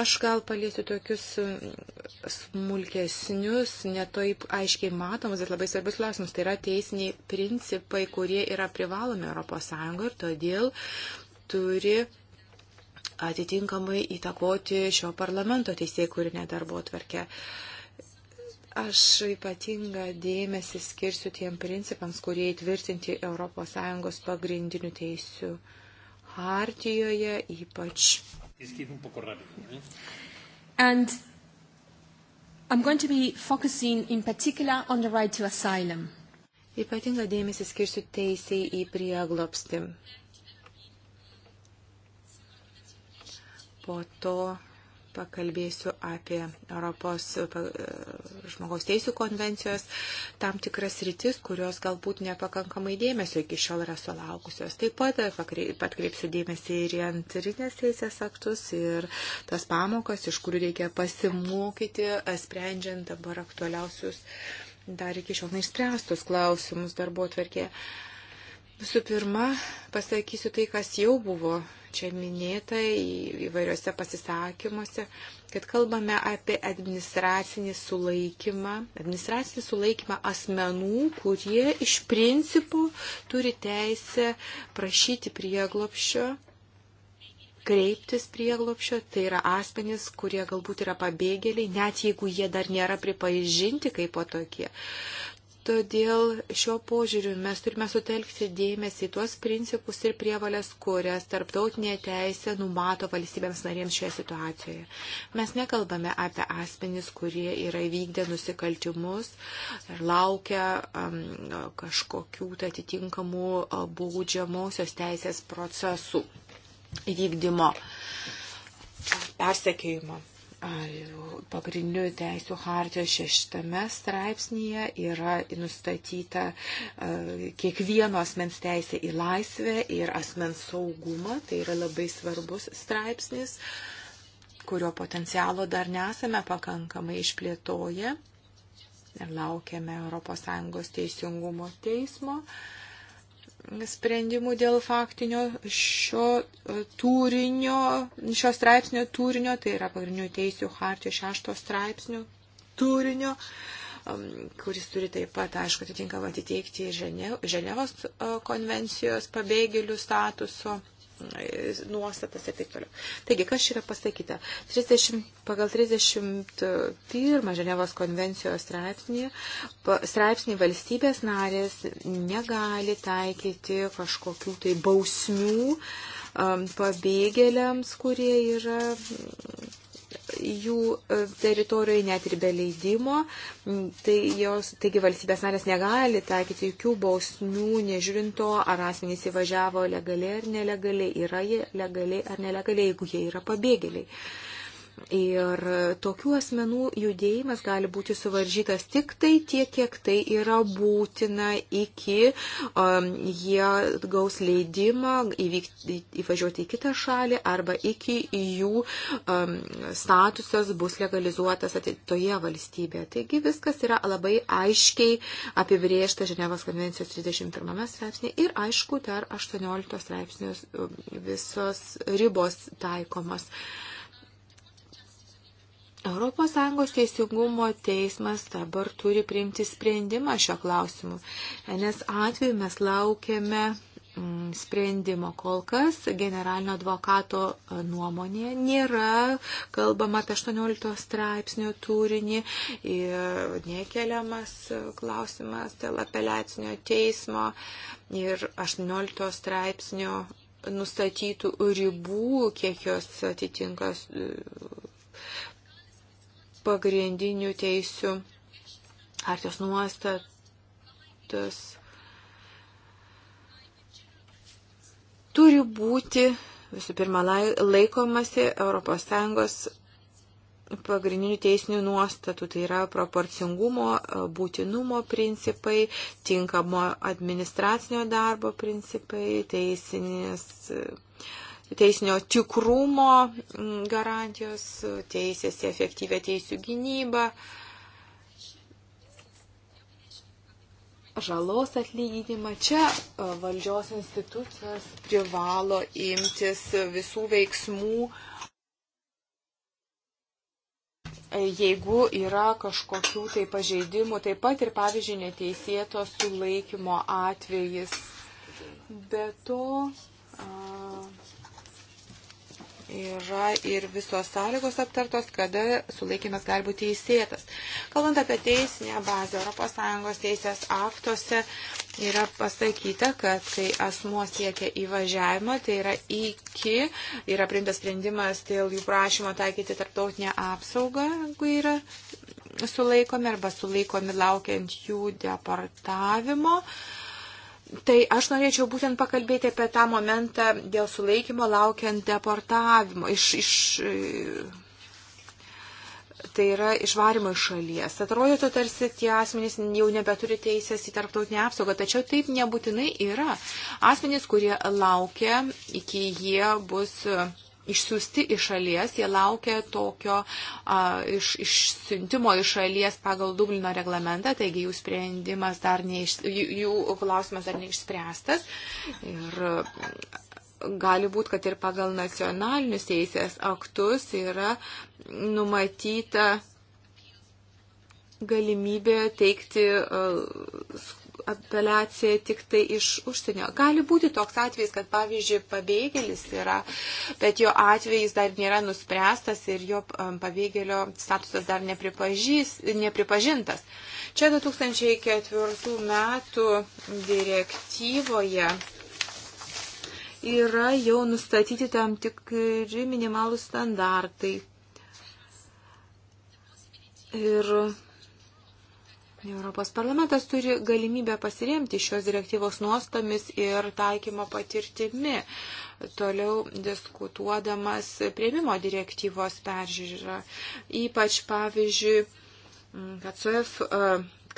Aš gal paliesiu tokius mm, smulkesnius, netaip aiškiai matomus, bet labai svarbius klausimus. Tai yra teisiniai principai, kurie yra privalomi ES ir todėl turi atitinkamai įtakoti šio parlamento teisėkūrinę darbo tvarkę. Aš ypatingą dėmesį skirsiu tiem principams, kurie įtvirtinti ES pagrindinių teisių hartijoje ypač. ¿eh? And I'm going to be focusing in particular on the right to asylum. Ypatingą dėmesį skirsiu teisiai į prieglopstį. Po to pakalbėsiu apie Europos žmogaus teisų konvencijos tam tikras rytis, kurios galbūt nepakankamai dėmesio iki šiol yra sulaukusios. Taip pat atkreipsiu dėmesį ir į antrinės teisės aktus ir tas pamokas, iš kurių reikia pasimokyti, sprendžiant dabar aktualiausius uh, dar iki šiol neįspręstus klausimus darbo atverkė. Visų pirma, pasakysiu tai, kas jau buvo čia minėta įvairiuose pasisakymuose, kad kalbame apie administracinį sulaikymą, administracinį sulaikymą asmenų, kurie iš principų turi teisę prašyti prieglopščio kreiptis prieglopšio, tai yra asmenys, kurie galbūt yra pabėgėliai, net jeigu jie dar nėra pripažinti kaip po tokie. Todėl šiuo požiūriu mes turime sutelkti dėmesį į tuos principus ir prievalės, kurias tarptautinė teisė numato valstybėms narėms šioje situacijoje. Mes nekalbame apie asmenys, kurie yra įvykdę nusikaltimus ir laukia um, kažkokių tai atitinkamų uh, baudžiamosios teisės procesų įvykdymo, persekėjimo pagrindinių teisų hartijos šeštame straipsnėje yra nustatyta e, kiekvieno asmens teisė į laisvę ir asmens saugumą. Tai yra labai svarbus straipsnis, kurio potencialo dar nesame pakankamai išplėtoję. Ir laukiame ES teisingumo teismo. Uh, sprendimų dėl faktinio šio e, turinio, šio straipsnio turinio, tai yra pagrindinių teisių hartijos šešto straipsnio turinio, kuris turi taip pat, aišku, atitinkamą atitikti Ženevos e, konvencijos pabėgėlių statuso nuostatas ir taip toliau. Taigi, kas yra pasakyta? 30, pagal 31 Ženevos konvencijos straipsnį, straipsnį valstybės narės negali taikyti kažkokių tai bausmių um, pabėgėliams, kurie yra jų e, teritorijoje net ir be leidimo. Mm, tai jos, taigi valstybės narės negali taikyti jokių bausmių, nežiūrinto, ar asmenys įvažiavo legaliai ar nelegaliai, yra jie legaliai ar nelegaliai, jeigu jie yra pabėgėliai. Uh, Ir tokių asmenų judėjimas gali būti suvaržytas tik tai tiek, kiek tai yra būtina iki um, jie gaus leidimą įvykti, įvažiuoti į kitą šalį arba iki jų um, statusas bus legalizuotas toje valstybėje. Taigi viskas yra labai aiškiai apibriešta Ženevos konvencijos 31 straipsnė ir aišku dar 18 straipsnius um, visos ribos taikomas. Uh, ES teisingumo teismas dabar turi priimti sprendimą šio klausimu, nes atveju mes laukiame mm, sprendimo. Kol kas generalinio advokato e, nuomonė nėra kalbama apie 18 straipsnių turinį ir nekeliamas e, klausimas dėl apeliacinio teismo ir 18 straipsnio nustatytų ribų, kiek jos atitinkas pagrindinių teisių, artijos nuostatas turi būti visų pirma laikomasi ES pagrindinių teisinių nuostatų, tai yra proporcingumo, būtinumo principai, tinkamo administracinio darbo principai, teisinės teisinio tikrumo mm, garantijos, teisės į efektyvę teisų gynybą, žalos atlyginimą. Čia e, valdžios institucijos privalo imtis visų veiksmų, e, jeigu yra kažkokių tai pažeidimų, taip pat ir, pavyzdžiui, neteisėto sulaikymo atvejis. Be to, a, e, yra ir visos sąlygos aptartos, kada sulaikimas gali būti teisėtas. Kalbant apie teisinę bazę, ES teisės aktuose yra pasakyta, kad kai asmuo siekia įvažiavimo, tai yra iki, yra priimtas sprendimas dėl jų prašymo taikyti tarptautinę apsaugą, jeigu yra sulaikomi arba sulaikomi laukiant jų deportavimo. Uh, Tai aš norėčiau būtent pakalbėti apie tą momentą dėl sulaikymo laukiant deportavimo, iš, iš, tai yra išvarimo iš šalies. Atrodytų tarsi tie asmenys jau nebeturi teisės į tarptautinę apsaugą, tačiau taip nebūtinai yra. Asmenys, kurie laukia, iki jie bus išsiųsti iš šalies, jie laukia tokio a, iš, išsiuntimo iš šalies pagal Dublino reglamentą, taigi jų sprendimas dar neiš, jų, jų klausimas dar neišspręstas. Ir, Gali būti, kad ir pagal nacionalinius teisės aktus yra numatyta galimybė teikti apeliacija tik tai iš užsienio. Gali būti toks atvejis, kad pavyzdžiui pabėgėlis yra, bet jo atvejis dar nėra nuspręstas ir jo um, pabėgėlio statusas dar nepripažintas. Čia 2004 metų direktyvoje yra jau nustatyti tam tikri minimalų standartai. Ir Europos parlamentas turi galimybę pasiremti šios direktyvos nuostomis ir taikymo patirtimi, toliau diskutuodamas prieimimo direktyvos peržiūrą. Ypač, pavyzdžiui, kad SOF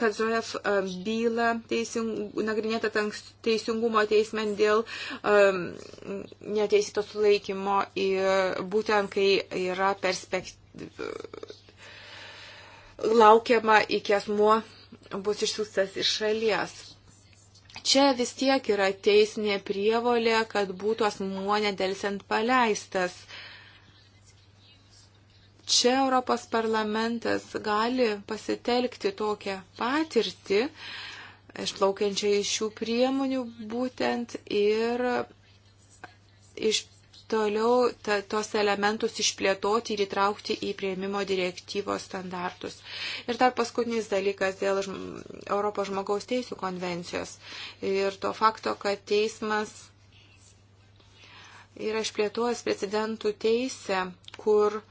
kad ZOEF e, bylą teising, nagrinėta teisingumo teisme dėl um, e, neteisėto sulaikymo ir būtent kai yra perspektyva laukiama, iki asmuo bus išsiųstas iš šalies. Čia vis tiek yra teisinė prievolė, kad būtų asmuo nedelsiant paleistas. Čia Europos parlamentas gali pasitelkti tokią patirtį, išplaukiančią iš šių priemonių būtent ir iš toliau ta, tos elementus išplėtoti ir įtraukti į prieimimo direktyvos standartus. Ir dar paskutinis dalykas dėl žm Europos žmogaus teisų konvencijos ir to fakto, kad teismas yra išplėtojęs precedentų teisę, kur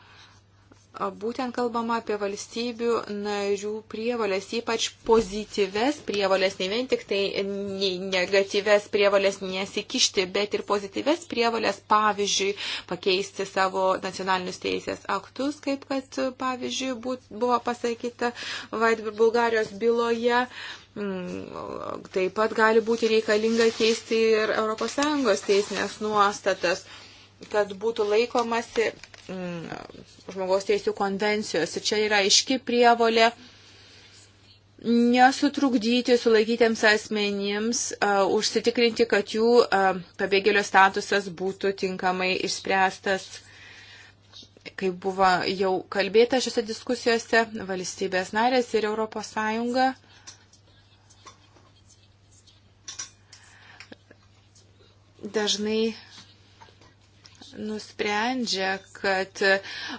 būtent kalbama apie valstybių narių prievalės, ypač pozityves prievalės, ne vien tik tai negatyves prievalės nesikišti, bet ir pozityves prievalės, pavyzdžiui, pakeisti savo nacionalinius teisės aktus, kaip kad, pavyzdžiui, buvo pasakyta Vaidbir Bulgarijos byloje. Mm, taip pat gali būti reikalinga keisti ir ES teisinės nuostatas, kad būtų laikomasi Mm, žmogaus teisų konvencijos. Ir čia yra aiški prievolė nesutrukdyti sulaikytiems asmenims, uh, užsitikrinti, kad jų uh, pabėgėlio statusas būtų tinkamai išspręstas. Kaip buvo jau kalbėta šiose diskusijose, valstybės narės ir ES dažnai nusprendžia, kad,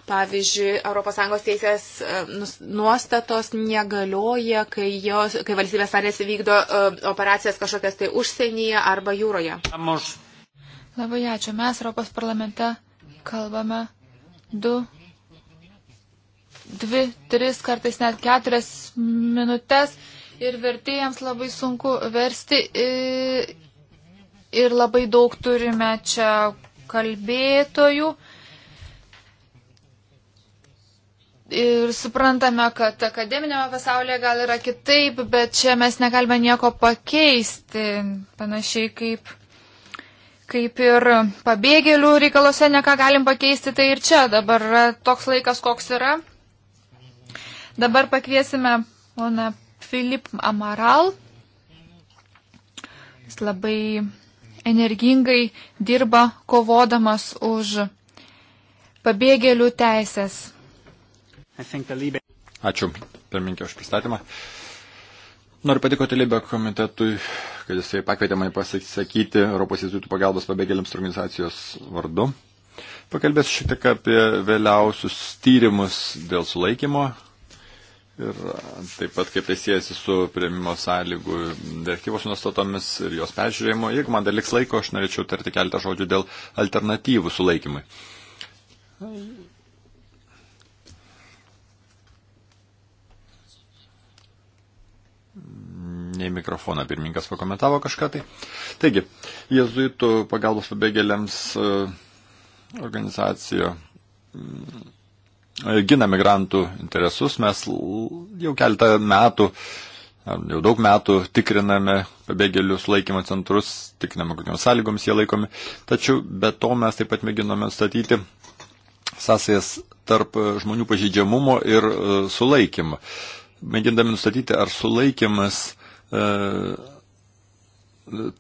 pavyzdžiui, ES teisės e, nuostatos negalioja, kai, jos, kai valstybės narės vykdo e, operacijas kažkokias tai užsienyje arba jūroje. Labai ačiū. Mes Europos parlamente kalbame du, dvi, tris, kartais net keturias minutės ir vertėjams labai sunku versti ir labai daug turime čia kalbėtojų. Ir suprantame, kad akademinėme pasaulyje gal yra kitaip, bet čia mes negalime nieko pakeisti. Panašiai kaip, kaip ir pabėgėlių reikalose neką galim pakeisti, tai ir čia dabar toks laikas, koks yra. Dabar pakviesime poną Filip Amaral. Jis labai energingai dirba kovodamas už pabėgėlių teisės. Ačiū, pirmininkė, už pristatymą. Noriu padėkoti Libė komitetui, kad jisai pakvietė mane pasisakyti Europos institutų pagalbos pabėgėliams organizacijos vardu. Pakalbėsiu šiek tiek apie vėliausius tyrimus dėl sulaikymo, Ir taip pat kaip tai siejasi su prieimimo sąlygų direktyvos nustatomis ir jos peržiūrėjimu. Jeigu man dar liks laiko, aš norėčiau tarti keletą žodžių dėl alternatyvų sulaikymui. Ne į mikrofoną pirmininkas pakomentavo kažką tai. Taigi, jezuitų pagalbos pabėgėliams e, organizacijo E, gina migrantų interesus. Mes jau keletą metų, jau daug metų tikriname pabėgėlių sulaikymo centrus, tikriname, kokiamis sąlygomis jie laikomi. Tačiau be to mes taip pat mėginome statyti sąsajas tarp žmonių pažydžiamumo ir e, sulaikymo. Mėgindami nustatyti, ar sulaikymas e,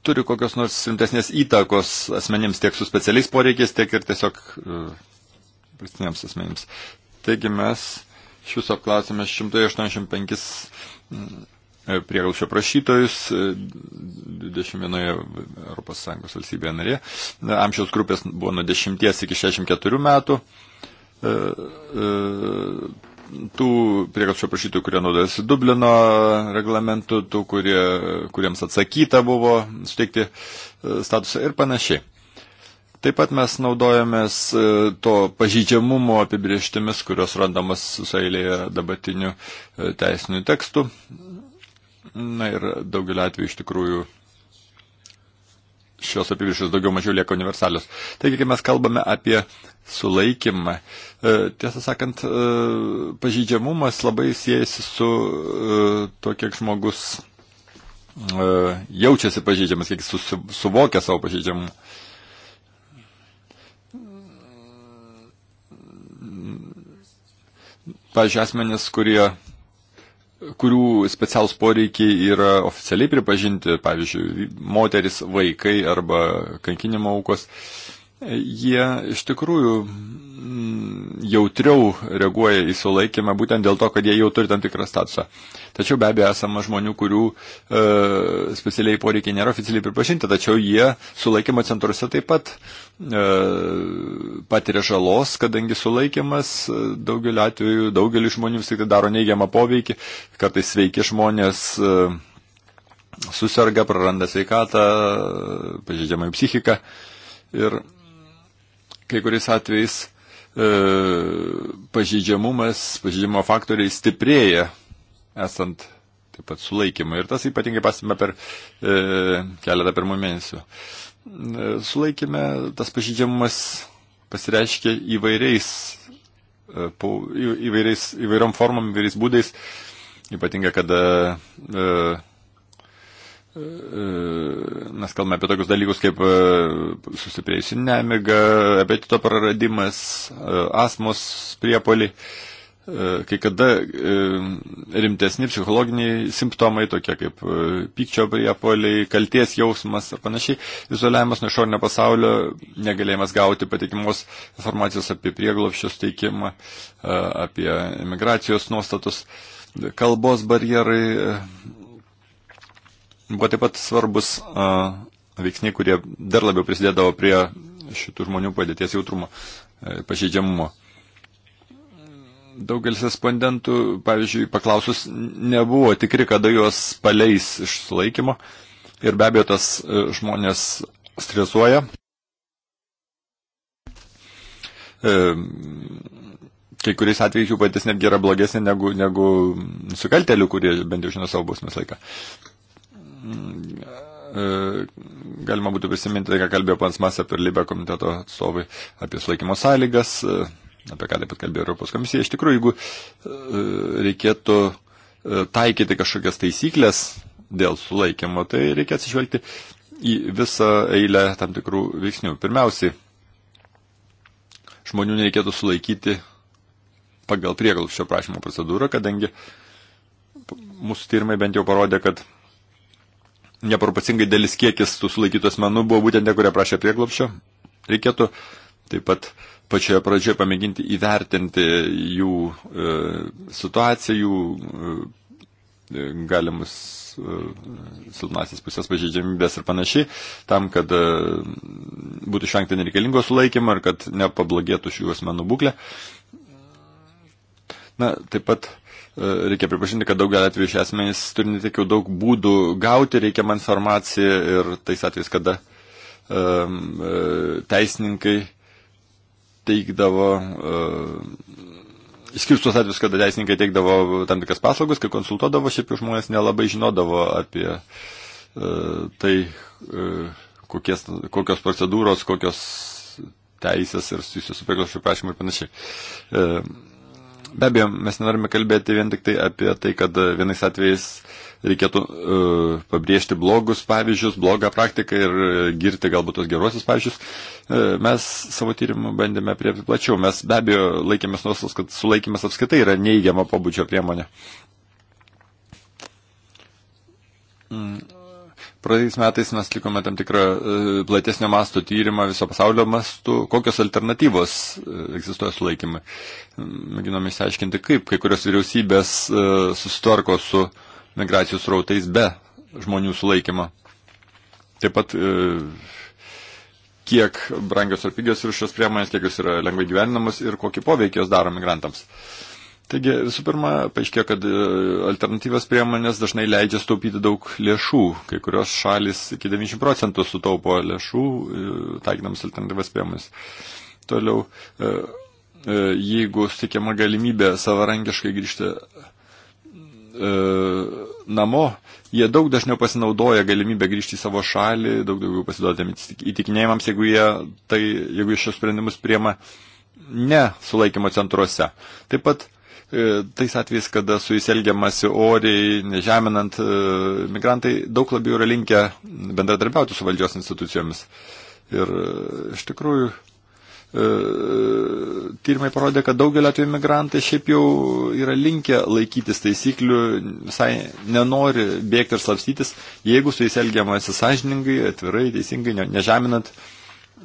turi kokios nors rimtesnės įtakos asmenims tiek su specialiais poreikiais, tiek ir tiesiog e, palestiniams asmenims. Taigi mes iš viso apklausėme 185 mm, prieglaušio prašytojus 21 ES valstybėje narė. Amžiaus grupės buvo nuo 10 iki 64 metų. E, e, tų prieglaušio prašytojų, kurie naudojasi Dublino reglamentu, tų, kurie, kuriems atsakyta buvo suteikti e, statusą ir panašiai. Taip pat mes naudojamės e, to pažydžiamumo apibrieštimis, kurios randamas susailėje dabartinių e, teisinių tekstų. Na ir daugelį atvejų iš tikrųjų šios apibrieštys daugiau mažiau lieka universalios. Taigi, kai mes kalbame apie sulaikymą, e, tiesą sakant, pažydžiamumas labai siejasi su to, kiek žmogus jaučiasi pažydžiamas, kiek susivokia savo pažydžiamumą. pažiūrėjau, asmenys, kurie kurių specialus poreikiai yra oficialiai pripažinti, pavyzdžiui, moteris, vaikai arba kankinimo aukos. Uh, jie iš tikrųjų mm, jautriau reaguoja į sulaikymą, būtent dėl to, kad jie jau turi tam tikrą statusą. Tačiau be abejo esama žmonių, kurių e, specialiai poreikiai nėra oficialiai pripažinti, tačiau jie sulaikymo centruose taip pat e, patiria žalos, kadangi sulaikymas e, daugeliu atveju, daugeliu žmonių vis tik tai daro neigiamą poveikį, kartais sveiki žmonės. E, susirga, praranda sveikatą, pažeidžiama jų psichika. Ir kai kuriais atvejais e, pažydžiamumas, pažydžiamo faktoriai stiprėja, esant taip pat sulaikymui. Ir tas ypatingai pasime per e, keletą pirmų mėnesių. E, sulaikime tas pažydžiamumas pasireiškia įvairiais, e, po, į, įvairiais, įvairiom formom, įvairiais būdais. Ypatingai, kada e, Mes kalbame apie tokius dalykus kaip e, susipriejusi nemiga, apetito praradimas, e, asmos priepolį. E, kai kada rimtesni psichologiniai simptomai, tokie kaip pykčio priepoliai, kalties jausmas ir panašiai, izoliavimas nuo išorinio pasaulio, negalėjimas gauti patikimos informacijos apie prieglopščius teikimą, apie imigracijos nuostatus, kalbos barjerai Buvo taip pat svarbus a, veiksniai, kurie dar labiau prisidėdavo prie šitų žmonių padėties jautrumo, e, pažeidžiamumo. Daugelis respondentų, pavyzdžiui, paklausus, nebuvo tikri, kada juos paleis iš sulaikymo. Ir be abejo, tas e, žmonės stresuoja. E, kai kuriais atvejais jų patys netgi yra blogesnė negu, negu nusikaltelių, kurie bent jau žino savo bausmės laiką. Mm, e, galima būtų prisiminti, tai, ką kalbėjo pans Masė per Libę komiteto atstovai apie sulaikymo sąlygas, e, apie ką taip pat kalbėjo Europos komisija. Iš tikrųjų, jeigu e, reikėtų taikyti kažkokias taisyklės dėl sulaikymo, tai reikia atsižvelgti į visą eilę tam tikrų veiksnių. Pirmiausiai, žmonių nereikėtų sulaikyti pagal prieglupščio prašymo procedūrą, kadangi mūsų tyrimai bent jau parodė, kad neproporcingai dėlis kiekis tų sulaikytų asmenų buvo būtent tie, kurie prašė prieglopščio. Reikėtų taip pat pačioje pradžioje pamėginti įvertinti jų e, situaciją, jų e, e galimus e, silpnasis pusės pažeidžiamybės ir panašiai, tam, kad e, būtų išvengta nereikalingo sulaikymo ir kad nepablogėtų šių asmenų būklė. Na, taip pat E, reikia pripažinti, kad daugelį atvejų šie asmenys turi ne tik jau daug būdų gauti reikiamą informaciją ir tais atvejais, kada um, teisininkai teikdavo, uh, e, išskirus tos atvejus, kada teisininkai teikdavo tam tikras paslaugas, kai konsultuodavo, šiaip jau žmonės nelabai žinodavo apie uh, tai, uh, kokies, kokios procedūros, kokios teisės ir susijusios su prieglobščio prašymu ir panašiai. Uh, Be abejo, mes nenorime kalbėti vien tik tai apie tai, kad vienais atvejais reikėtų uh, pabrėžti blogus pavyzdžius, blogą praktiką ir uh, girti galbūt tos gerosius pavyzdžius. Uh, mes savo tyrimą bandėme priepti plačiau. Mes be abejo laikėmės nuostos, kad sulaikymas apskaitai yra neįgiama pabudžio priemonė. Mm Praėjus metais mes likome tam tikrą e, platesnio masto tyrimą viso pasaulio mastu, kokios alternatyvos e, egzistuoja sulaikymai. Mm, mėginome išsiaiškinti, kaip kai kurios vyriausybės e, susitvarko su migracijos rautais be žmonių sulaikymo. Taip pat kiek brangios ar pigios ir šios priemonės, kiek jos yra lengvai gyvenamos ir kokį poveikį jos daro migrantams. Uh, Taigi, visų pirma, paaiškėjo, kad e, alternatyvas priemonės dažnai leidžia staupyti daug lėšų. Kai kurios šalis iki 90 procentų sutaupo lėšų, e, taikinams alternatyvas priemonės. Toliau, e, jeigu sutikiama galimybė savarankiškai grįžti namo, jie daug dažniau pasinaudoja galimybę grįžti į savo šalį, daug daugiau pasiduoda įtikinėjimams, jeigu jie tai, jeigu šios sprendimus priema ne sulaikymo centruose. Taip pat E, tais atvejais, kada su jais elgiamasi oriai, nežeminant, e, migrantai daug labiau yra linkę bendradarbiauti su valdžios institucijomis. Ir e, iš tikrųjų, tyrimai parodė, kad daugelio atveju migrantai šiaip jau yra linkę laikytis taisyklių, visai nenori bėgti ir slapstytis, jeigu su jais elgiamasi sąžiningai, atvirai, teisingai, nežeminant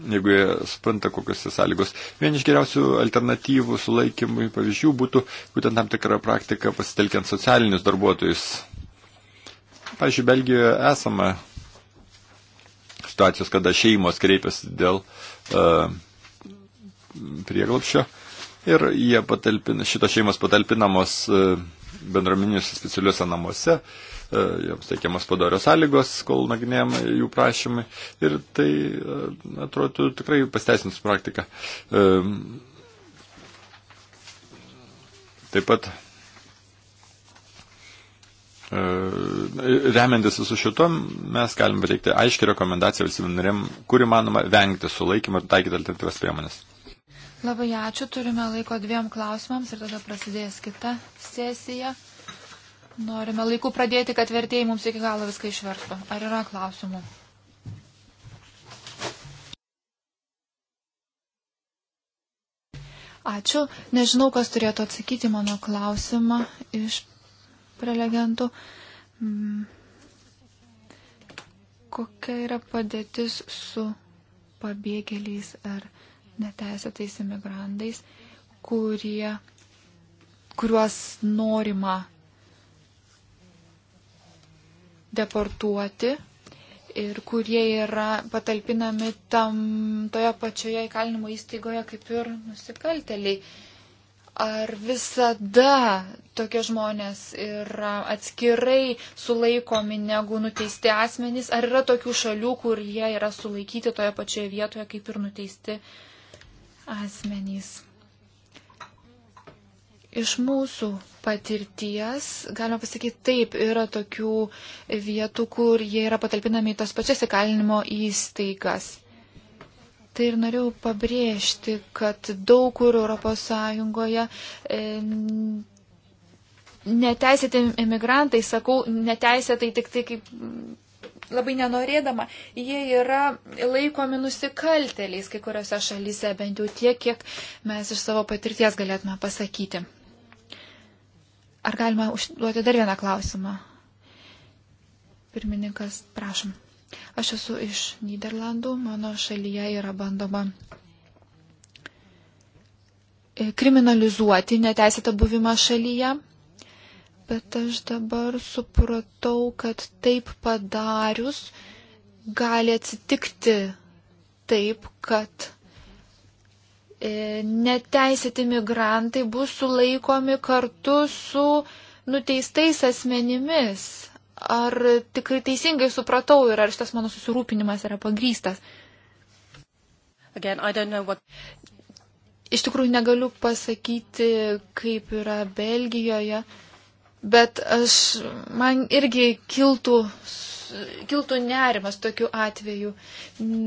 jeigu jie supranta, kokios yra sąlygos. Vieni iš geriausių alternatyvų sulaikymui pavyzdžių būtų būtent tam tikra praktika pasitelkiant socialinius darbuotojus. Pavyzdžiui, Belgijoje esama situacijos, kada šeimos kreipiasi dėl uh, e, prieglapščio ir jie patalpina, šitos šeimos patalpinamos uh, e, bendraminiuose specialiuose namuose. Uh, E, joms teikiamas padarios sąlygos, kol nagrinėjom jų prašymai. Ir tai, e, atrodo, tikrai pasteisins praktiką. E, taip pat remiantis visu šitu, mes galim pateikti aiškį rekomendaciją valstybėm narėm, kuri manoma vengti sulaikymą ir taikyti alternatyvas priemonės. Labai ačiū, turime laiko dviem klausimams ir tada prasidės kita sesija. Norime laiku pradėti, kad vertėjai mums iki galo viską išverstų. Ar yra klausimų? Ačiū. Nežinau, kas turėtų atsakyti mano klausimą iš prelegentų. Mm. Kokia yra padėtis su pabėgėliais ar neteisėtais imigrantais, kurie, kuriuos norima deportuoti ir kurie yra patalpinami tam, toje pačioje įkalinimo įstaigoje kaip ir nusikalteliai. Ar visada tokie žmonės yra atskirai sulaikomi negu nuteisti asmenys, ar yra tokių šalių, kur jie yra sulaikyti toje pačioje vietoje kaip ir nuteisti asmenys? Iš mūsų patirties, galima pasakyti, taip, yra tokių vietų, kur jie yra patalpinami į tos pačias įkalinimo įstaigas. Tai ir norėjau pabrėžti, kad daug kur Europos Sąjungoje e, neteisėti imigrantai, sakau, neteisėtai tik tai kaip labai nenorėdama, jie yra laikomi nusikalteliais kai kuriuose šalyse, bent jau tiek, kiek mes iš savo patirties galėtume pasakyti. Ar galima užduoti dar vieną klausimą? Pirmininkas, prašom. Aš esu iš Niderlandų, mano šalyje yra bandoma e, kriminalizuoti neteisėtą buvimą šalyje, bet aš dabar supratau, kad taip padarius gali atsitikti taip, kad E, neteisėti migrantai bus sulaikomi kartu su nuteistais asmenimis. Ar tikrai teisingai supratau ir ar šitas mano susirūpinimas yra pagrystas? Again, what... Iš tikrųjų negaliu pasakyti, kaip yra Belgijoje, bet aš, man irgi kiltų kiltų nerimas tokiu atveju.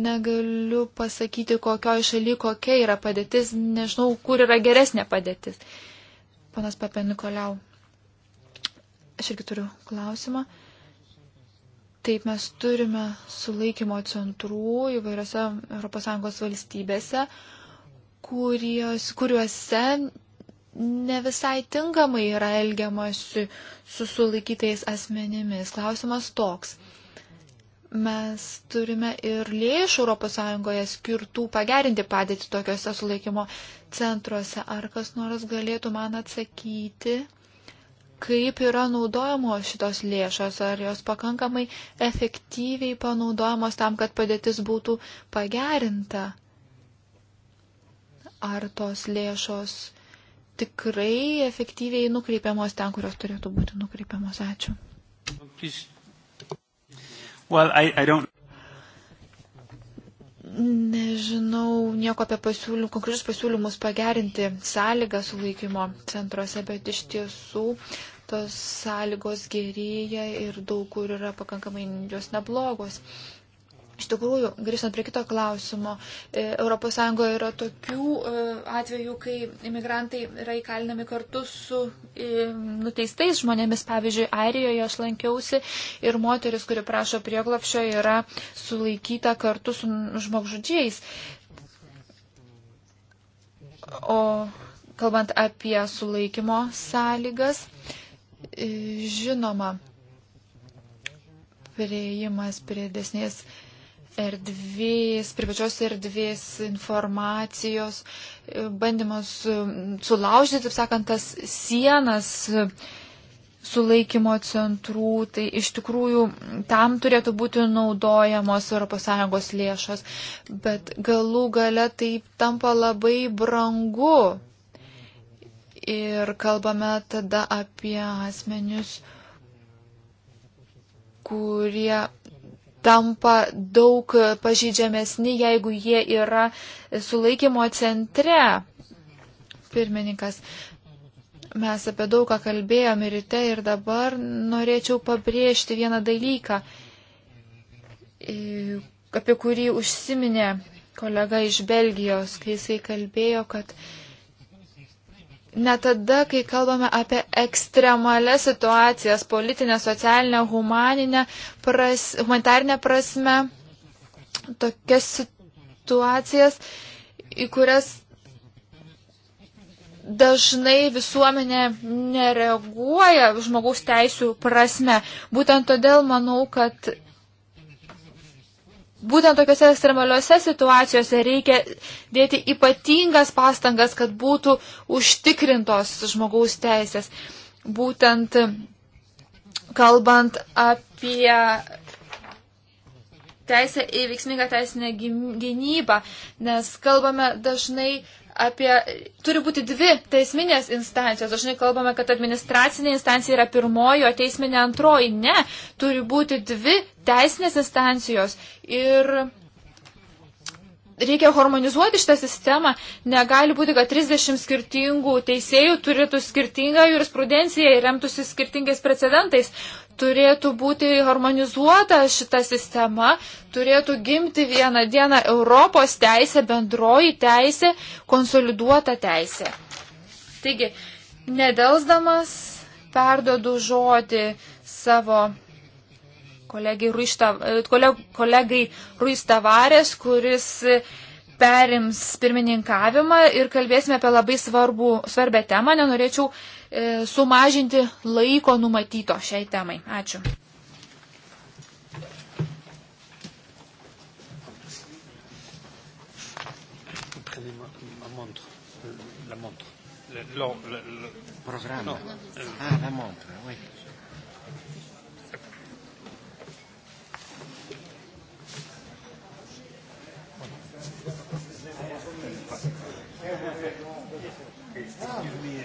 Negaliu pasakyti, kokioj šaly kokia yra padėtis, nežinau, kur yra geresnė padėtis. Panas Papė Nikoliau, aš irgi turiu klausimą. Taip mes turime sulaikymo centrų įvairiose ES valstybėse, kurios, kuriuose ne visai tinkamai yra elgiamasi su sulaikytais asmenimis. Klausimas toks mes turime ir lėšų ES skirtų pagerinti padėtį tokiuose sulaikymo centruose. Ar kas nors galėtų man atsakyti, kaip yra naudojamos šitos lėšos, ar jos pakankamai efektyviai panaudojamos tam, kad padėtis būtų pagerinta? Ar tos lėšos tikrai efektyviai nukreipiamos ten, kurios turėtų būti nukreipiamos? Ačiū. Please. Well, I, I don't... Nežinau nieko apie pasiūlym, konkrečius pasiūlymus pagerinti sąlygą sulaikymo centruose, bet iš tiesų tos sąlygos gerėja ir daug kur yra pakankamai jos neblogos. Uh, Iš tikrųjų, grįžtant prie kito klausimo, ES yra tokių e, atvejų, kai imigrantai yra įkalinami kartu su e, nuteistais žmonėmis. Pavyzdžiui, Airijoje aš lankiausi ir moteris, kuri prašo prieglapšio, yra sulaikyta kartu su žmogžudžiais. O kalbant apie sulaikymo sąlygas, e, žinoma, prieimas prie desnės. Prie erdvės, privačios erdvės informacijos, e, bandymas e, sulaužyti, taip sakant, tas sienas sulaikymo centrų, tai iš tikrųjų tam turėtų būti naudojamos ES lėšos, bet galų gale tai tampa labai brangu. Ir kalbame tada apie asmenius, kurie tampa daug pažydžiamesni, jeigu jie yra sulaikymo centre. Pirmininkas, mes apie daug ką kalbėjome ryte ir dabar norėčiau pabrėžti vieną dalyką, apie kurį užsiminė kolega iš Belgijos, kai jisai kalbėjo, kad ne tada, kai kalbame apie ekstremalias situacijas - politinę, socialinę, humaninę, pras, humanitarinę prasme, tokias situacijas, į kurias dažnai visuomenė nereaguoja žmogaus teisų prasme. Būtent todėl manau, kad būtent tokiuose ekstremaliuose situacijose reikia dėti ypatingas pastangas, kad būtų užtikrintos žmogaus teisės. Būtent kalbant apie teisę į veiksmingą teisinę gynybą, nes kalbame dažnai apie, turi būti dvi teisminės instancijos. Dažnai kalbame, kad administracinė instancija yra pirmoji, o teisminė antroji. Ne, turi būti dvi teisinės instancijos. Ir reikia harmonizuoti šitą sistemą. Negali būti, kad 30 skirtingų teisėjų turėtų skirtingą jurisprudenciją ir remtųsi skirtingais precedentais turėtų būti harmonizuota šita sistema, turėtų gimti vieną dieną Europos teisė, bendroji teisė, konsoliduota teisė. Taigi, nedelsdamas perdodu žodį savo kolegai Ruistavarės, e, kuris perims pirmininkavimą ir kalbėsime apie labai svarbų, svarbę temą. Nenorėčiau e, sumažinti laiko numatyto šiai temai. Ačiū. Euh, programma. No. Ah, la montre.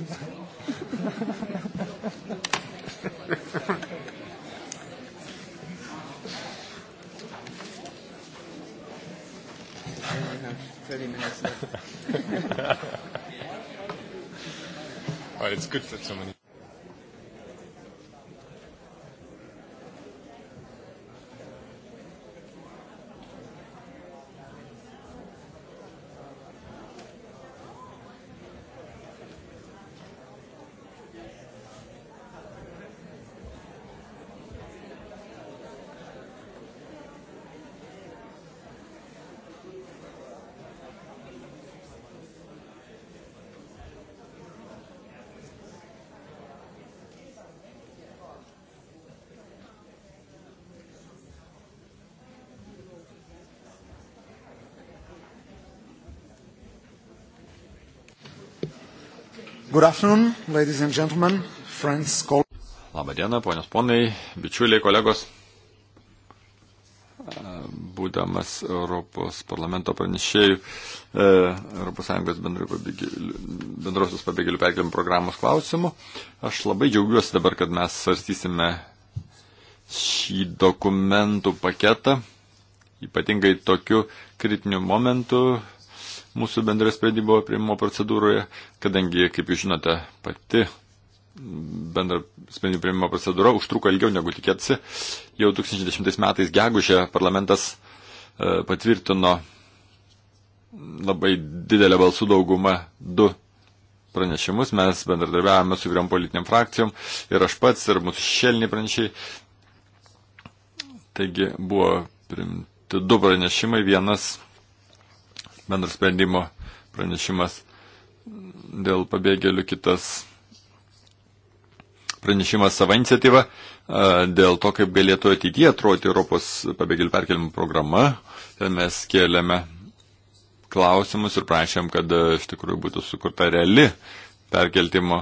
well, it's good that so many Good afternoon, ladies and gentlemen, friends, colleagues. Labą dieną, ponios ponai, bičiuliai, kolegos. E, būdamas Europos parlamento pranešėjų ES bendrosios pabėgėlių perkelimų programos klausimų, aš labai džiaugiuosi dabar, kad mes svarstysime šį dokumentų paketą, ypatingai tokiu kritiniu momentu, mūsų bendra sprendimo priimimo procedūroje, kadangi, kaip jūs žinote, pati bendra sprendimų priimimo procedūra užtruko ilgiau negu tikėtasi. Jau 2010 metais gegužė parlamentas e, patvirtino labai didelę balsų daugumą du pranešimus. Mes bendradarbiavome su vyriam politiniam frakcijom ir aš pats, ir mūsų šelniai pranešiai. Taigi buvo primti du pranešimai, vienas bendro sprendimo pranešimas dėl pabėgėlių, kitas pranešimas savo iniciatyvą dėl to, kaip galėtų ateityje atrodyti Europos pabėgėlių perkelimų programa. Ten mes kėlėme klausimus ir prašėm, kad iš tikrųjų būtų sukurta reali perkeltimo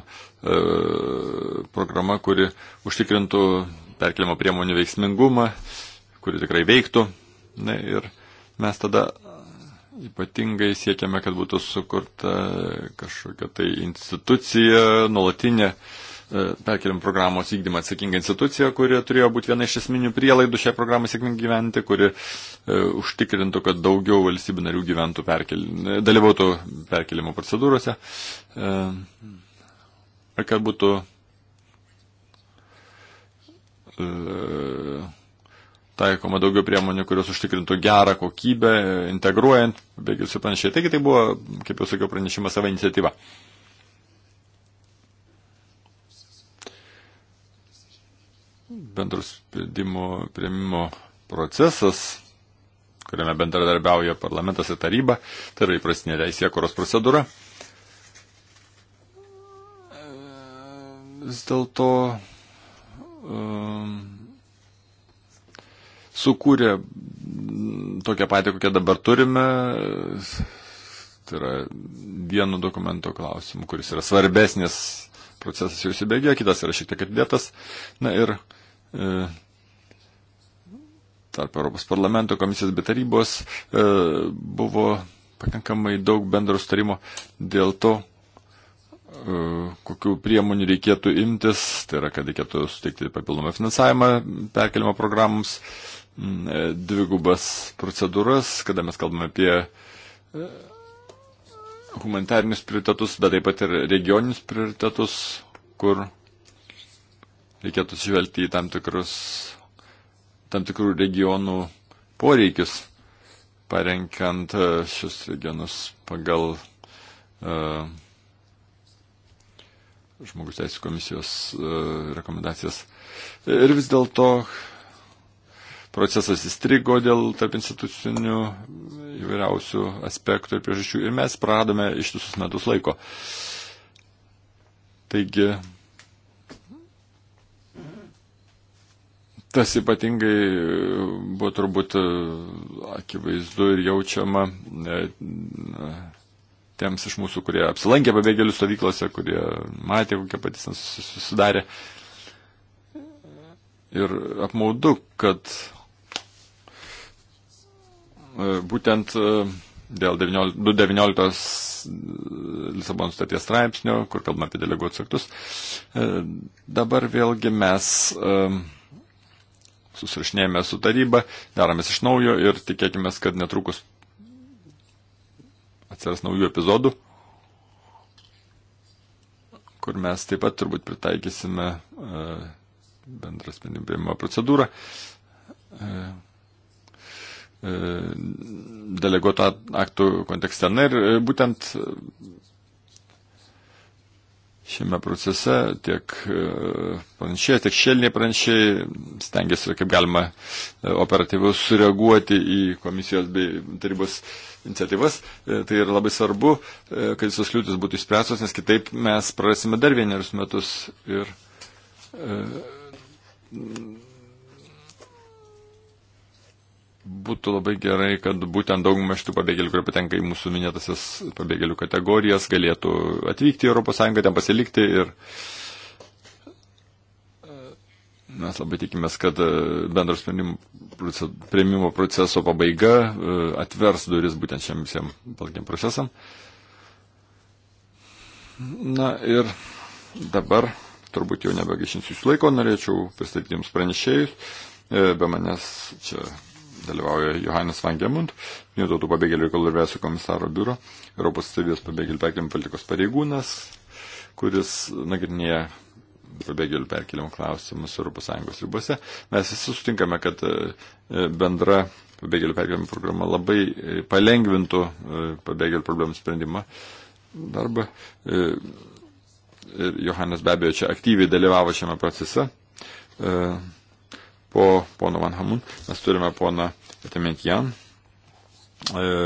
programa, kuri užtikrintų perkelimo priemonių veiksmingumą, kuri tikrai veiktų. Na, ir mes tada Ypatingai siekiame, kad būtų sukurta kažkokia tai institucija, nuolatinė, e, perkeliam programos vykdymą atsakinga institucija, kuri turėjo būti viena iš esminių prielaidų šią programą sėkmingai gyventi, kuri e, užtikrintų, kad daugiau valstybių narių gyventų perkel... dalyvautų perkelimo procedūrose. Ar e, kad būtų taikoma daugiau priemonių, kurios užtikrintų gerą kokybę, integruojant bėgius ir panašiai. Taigi tai buvo, kaip jau sakiau, pranešimas savo iniciatyva. Bendros sprendimo prieimimo procesas, kuriame bendradarbiauja parlamentas ir taryba, tai yra įprastinė teisėkuros procedūra. Vis dėlto um, sukūrė tokią patį, kokią dabar turime. Tai yra vieno dokumento klausimų, kuris yra svarbesnis procesas jau įsibėgėjo, kitas yra šiek tiek atidėtas. Na ir e, tarp Europos parlamento komisijos bei tarybos e, buvo pakankamai daug bendro starimo dėl to, e, kokiu priemonių reikėtų imtis, tai yra, kad reikėtų suteikti papildomą finansavimą perkelimo programams, Mm, dvigubas procedūras, kada mes kalbame apie e, humanitarinius prioritetus, bet taip pat ir regioninius prioritetus, kur reikėtų žvelgti į tam, tikrus, tam tikrų regionų poreikius, parenkant e, šius regionus pagal uh, žmogus teisų komisijos uh, rekomendacijas. Ir vis dėlto procesas įstrigo dėl tarp institucinių įvairiausių aspektų ir priežasčių ir mes praradome ištisus metus laiko. Taigi, tas ypatingai buvo turbūt e, akivaizdu ir jaučiama e, tiems iš mūsų, kurie apsilankė pabėgėlių stovyklose, kurie matė, kokia patys susidarė. Ir apmaudu, kad E, būtent e, dėl 219 e, Lisabono staties straipsnio, kur kalbame apie deleguotus aktus. Dabar vėlgi mes susirašinėjame su taryba, daromės iš naujo ir tikėkime, kad netrukus atsiras naujų epizodų, kur mes taip pat turbūt pritaikysime bendrą sprendimą procedūrą. E, E, deleguoto aktų kontekste. Na ir e, būtent šiame procese tiek e, pranešėjai, tiek šelniai pranešėjai stengiasi, kaip galima operatyviau sureaguoti į komisijos bei tarybos iniciatyvas. Tai yra labai svarbu, kad visos kliūtis būtų išspręstos, nes kitaip mes prarasime dar vienerius metus ir būtų labai gerai, kad būtent dauguma šitų pabėgėlių, kurie patenka į mūsų minėtasis pabėgėlių kategorijas, galėtų atvykti į ES, ten pasilikti ir e, mes labai tikimės, kad e, bendro sprendimų prieimimo proceso pabaiga e, atvers duris būtent šiam visiems palgiam procesam. Na ir dabar turbūt jau nebegaišinsiu jūsų laiko, norėčiau pristatyti jums pranešėjus. Be manęs čia dalyvauja Johannes Van Gemund, Jungtautų pabėgėlių reikalų ir vėsų komisaro biuro, Europos Sąjungos pabėgėlių perkelimo politikos pareigūnas, kuris nagrinėja pabėgėlių perkelimo klausimus Europos Sąjungos ribose. Mes visi sutinkame, kad e, bendra pabėgėlių perkelimo programa labai e, palengvintų e, pabėgėlių problemų sprendimą darbą. Ir Johannes be abejo čia aktyviai dalyvavo šiame procese. Uh, Po pono Van Hamun mes turime poną Etementian, e,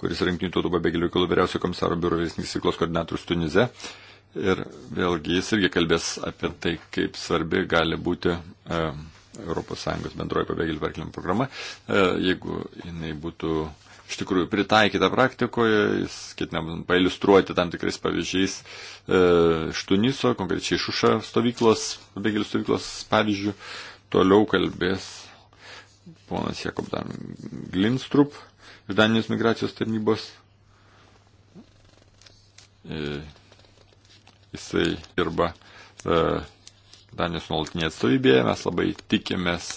kuris yra Junktinių tautų pabėgėlių reikalų vyriausio komisaro biuro vyresnis veiklos koordinatorius Tunize. Ir vėlgi jis irgi kalbės apie tai, kaip svarbi gali būti ES bendroji pabėgėlių verklim programa, e, jeigu jinai būtų iš tikrųjų pritaikyta praktikoje, jis ketina pailustruoti tam tikrais pavyzdžiais e, iš e, Tuniso, konkrečiai iš Uša stovyklos, pabėgėlių stovyklos pavyzdžių. Toliau kalbės ponas Jakobdan Glinstrup iš Danijos migracijos tarnybos. E, jisai dirba e, Danijos nuolatinėje atstovybėje. Mes labai tikimės,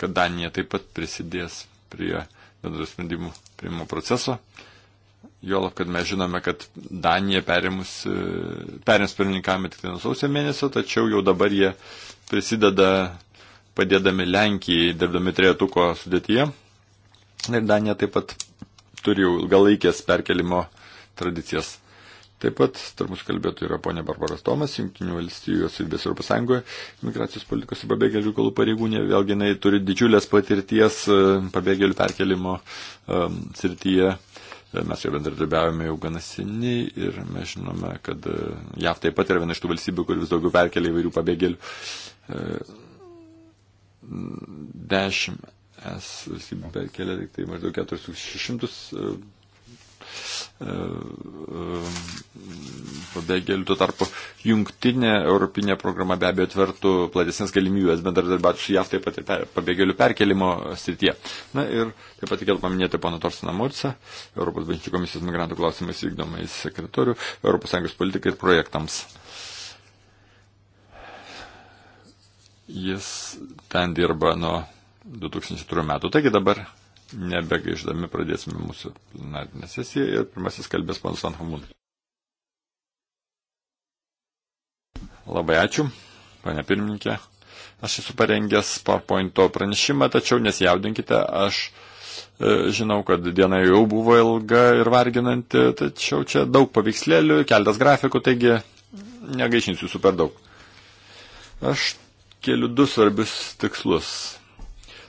kad Danija taip pat prisidės prie bendrų sprendimų priimimo proceso. Juolab, kad mes žinome, kad Danija e, perims pirmininkavimą tik tai nuo sausio mėnesio, tačiau jau dabar jie prisideda padėdami Lenkijai, dirbdami trejetuko sudėtyje. Ir Danija taip pat turi jau ilgalaikės perkelimo tradicijas. Taip pat, tarp mūsų kalbėtų yra ponė Barbaras Tomas, Junktinių valstybių atsivybės Europos Sąjungoje, migracijos politikos ir pabėgėlių kalų pareigūnė, vėlgi jinai turi didžiulės patirties e, pabėgėlių perkelimo um, srityje. E, mes jau bendradarbiavome jau gana seniai ir mes žinome, kad e, JAV taip pat yra viena iš tų valstybių, kur vis daugiau perkelia įvairių pabėgėlių. E, dešimt es valstybių perkelia tik tai maždaug 400 E, e, pabėgėlių. Tuo tarpu jungtinė europinė programa be abejo atvertų platesnės galimybės bendradarbiauti su JAV taip pat ir per, pabėgėlių perkelimo srityje. Na ir taip pat reikėtų paminėti poną Torsiną Murcą, Europos bažnyčių komisijos migrantų klausimais vykdomai sekretorių, ES politikai ir projektams. Jis ten dirba nuo 2002 metų. Taigi dabar nebegaiždami pradėsime mūsų plenarinę sesiją ir pirmasis kalbės panas Anhamun. Labai ačiū, pane pirmininkė. Aš esu parengęs PowerPoint'o pranešimą, tačiau nesijaudinkite, aš e, Žinau, kad diena jau buvo ilga ir varginanti, tačiau čia daug paveikslėlių, keltas grafikų, taigi negaišinsiu super daug. Aš keliu du svarbius tikslus.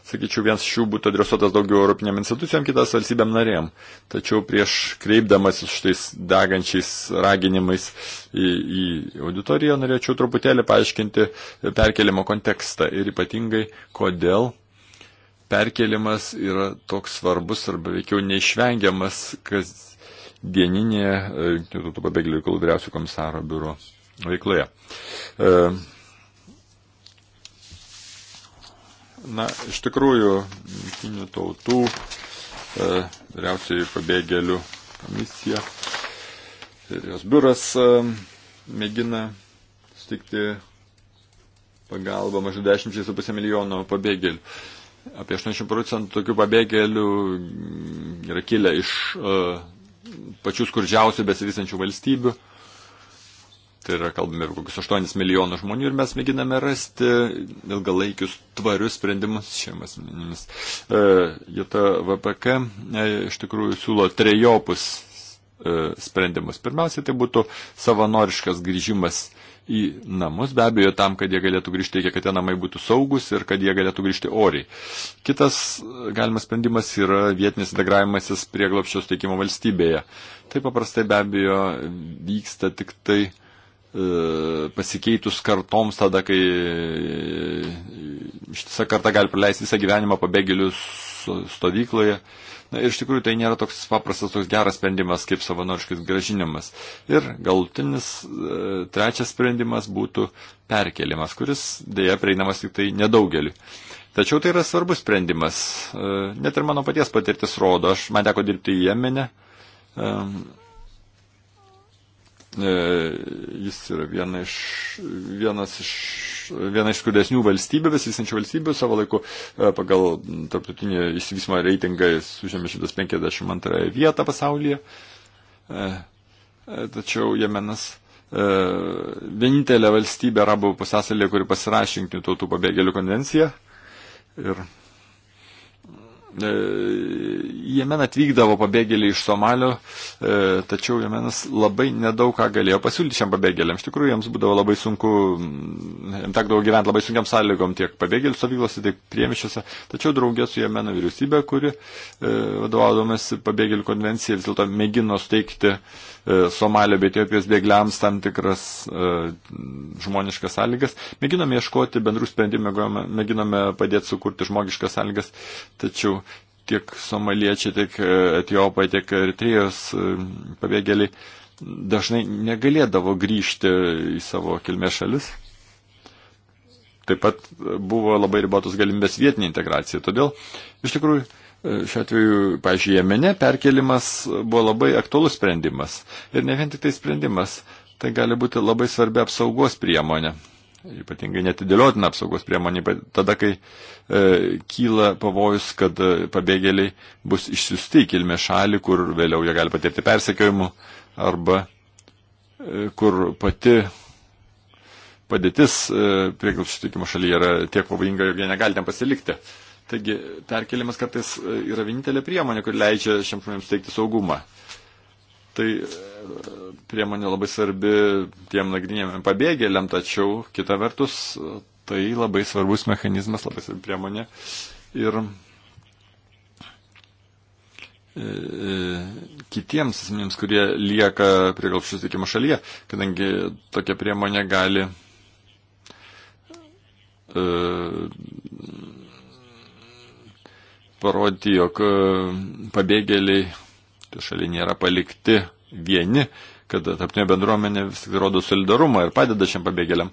Sakyčiau, vienas šių būtų adresuotas daugiau Europinėm institucijom, kitas valstybėm narėm. Tačiau prieš kreipdamas iš tais degančiais raginimais į, į auditoriją norėčiau truputėlį paaiškinti perkelimo kontekstą ir ypatingai, kodėl perkelimas yra toks svarbus arba veikiau neišvengiamas kasdieninėje e, Tautų pabėgėlių reikalų vyriausių komisaro biuro veikloje. E, Na, iš tikrųjų, jungtinių tautų, e, vyriausiai e, pabėgėlių komisija ir jos biuras e, mėgina stikti pagalbą mažai 10,5 milijono pabėgėlių. Apie 80 procentų tokių pabėgėlių yra kilę iš e, pačių skurdžiausių besivysančių valstybių. E, Tai yra, kalbame apie kokius 8 milijonus žmonių ir mes mėginame rasti ilgalaikius tvarius sprendimus šiem asmenimis. E, Jota VPK e, iš tikrųjų siūlo trejopus e, sprendimus. Pirmiausia, tai būtų savanoriškas grįžimas į namus, be abejo, tam, kad jie galėtų grįžti, reikia, kad tie namai būtų saugus ir kad jie galėtų grįžti oriai. Kitas galimas sprendimas yra vietinis integravimasis prieglopščio steikimo valstybėje. Tai paprastai be abejo vyksta tik tai E, pasikeitus kartoms tada, kai e, ištisą kartą gali praleisti visą gyvenimą pabėgėlių stovykloje. Na ir iš tikrųjų tai nėra toks paprastas, toks geras sprendimas kaip savanoriškas gražinimas. Ir galutinis e, trečias sprendimas būtų perkelimas, kuris dėja prieinamas tik tai nedaugeliu. Tačiau tai yra svarbus sprendimas. E, net ir mano paties patirtis rodo, aš man teko dirbti į Jemenę. E, E, jis yra viena iš, vienas iš, viena iš skurdesnių valstybių, besivystančių valstybių savo laiku e, pagal tarptautinį įsivysmą reitingą jis užėmė 152 vietą pasaulyje. E, tačiau Jemenas vienintelė valstybė arabų pusėsalė, kuri pasirašė jungtinių tautų pabėgėlių konvenciją. Ir E, Jemen atvykdavo pabėgėliai iš Somalio, e, tačiau Jemenas labai nedaug ką galėjo pasiūlyti šiam pabėgėliam. Iš tikrųjų, jiems būdavo labai sunku, mm, jiems tekdavo gyventi labai sunkiam sąlygom tiek pabėgėlių stovyklose, tiek priemišiuose. Tačiau draugė su Jemeno vyriausybė, kuri e, vadovaudomasi pabėgėlių konvencija vis dėlto mėgino steigti uh, E, Somalio bei Etiopijos bėgliams tam tikras e, žmoniškas sąlygas. Mėginame ieškoti bendrų sprendimų, mėginame padėti sukurti žmogiškas sąlygas, tačiau tiek somaliečiai, tiek e, etiopai, tiek eritrijos pabėgėliai dažnai negalėdavo grįžti į savo kilmės šalis. Taip pat buvo labai ribotos galimybės vietinė integracija. Todėl, iš tikrųjų, šiuo atveju, pažiūrėjau, Jemene perkelimas buvo labai aktuolus sprendimas. Ir ne vien tik tai sprendimas, tai gali būti labai svarbi apsaugos priemonė. Ypatingai netidėliotina apsaugos priemonė, tada, kai e, kyla pavojus, kad e, pabėgėliai bus išsiusti į kilmę šalį, kur vėliau jie gali patirti persekiojimų, arba e, kur pati padėtis e, prieglapščių teikimo šalyje yra tiek pavojinga, jog jie negali ten pasilikti. E, Taigi perkelimas kartais e, yra vienintelė priemonė, kuri leidžia šiems žmonėms teikti saugumą. Tai e, priemonė labai svarbi tiem nagrinėjimam pabėgėliam, tačiau kita vertus e, tai labai svarbus mechanizmas, labai svarbi priemonė. Ir kitiems asmenims, kurie lieka prie galpščių teikimo šalyje, kadangi tokia priemonė gali e, parodyti, jog e, pabėgėliai šaliai nėra palikti vieni, kad taptinė bendruomenė vis tik rodo solidarumą ir padeda šiam pabėgėliam.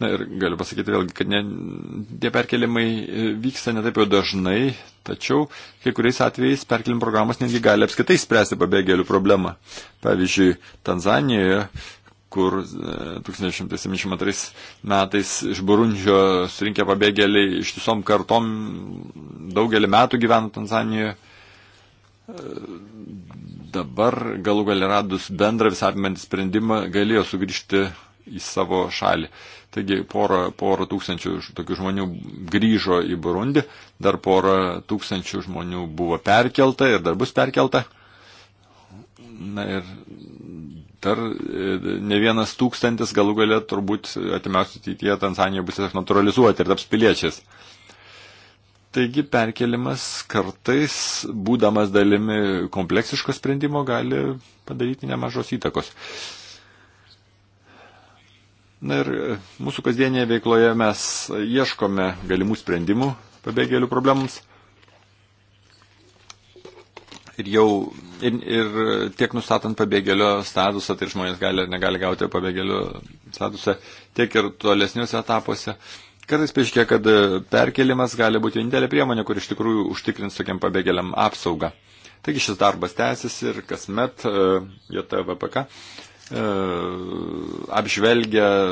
Na ir galiu pasakyti vėlgi, kad ne, tie perkelimai e, vyksta netaip jau dažnai, tačiau kai kuriais atvejais perkelim programos netgi gali apskaitai spręsti pabėgėlių problemą. Pavyzdžiui, Tanzanijoje kur 1972 e, metais iš Burundžio surinkę pabėgėliai ištisom kartom daugelį metų gyveno Tanzanijoje. E, dabar galų gal radus bendrą visapimantį sprendimą galėjo sugrįžti į savo šalį. Taigi porą, porą tūkstančių tokių žmonių grįžo į Burundį, dar porą tūkstančių žmonių buvo perkelta ir dar bus perkelta. Na ir dar e, ne vienas tūkstantis galų galę turbūt atimiausių ateityje Tanzanija bus tiesiog naturalizuoti ir taps piliečiais. Taigi perkelimas kartais, būdamas dalimi kompleksiško sprendimo, gali padaryti nemažos įtakos. Na ir e, mūsų kasdienėje veikloje mes ieškome galimų sprendimų pabėgėlių problemams. Ir jau ir, ir tiek nustatant pabėgėlio statusą, tai žmonės gali ar negali gauti pabėgėlio statusą, tiek ir tolesniuose etapuose. Kartais paaiškėja, kad perkelimas gali būti vienintelė priemonė, kur iš tikrųjų užtikrins tokiam pabėgėliam apsaugą. Taigi šis darbas tęsiasi ir kasmet e, JTVPK e, apžvelgia e,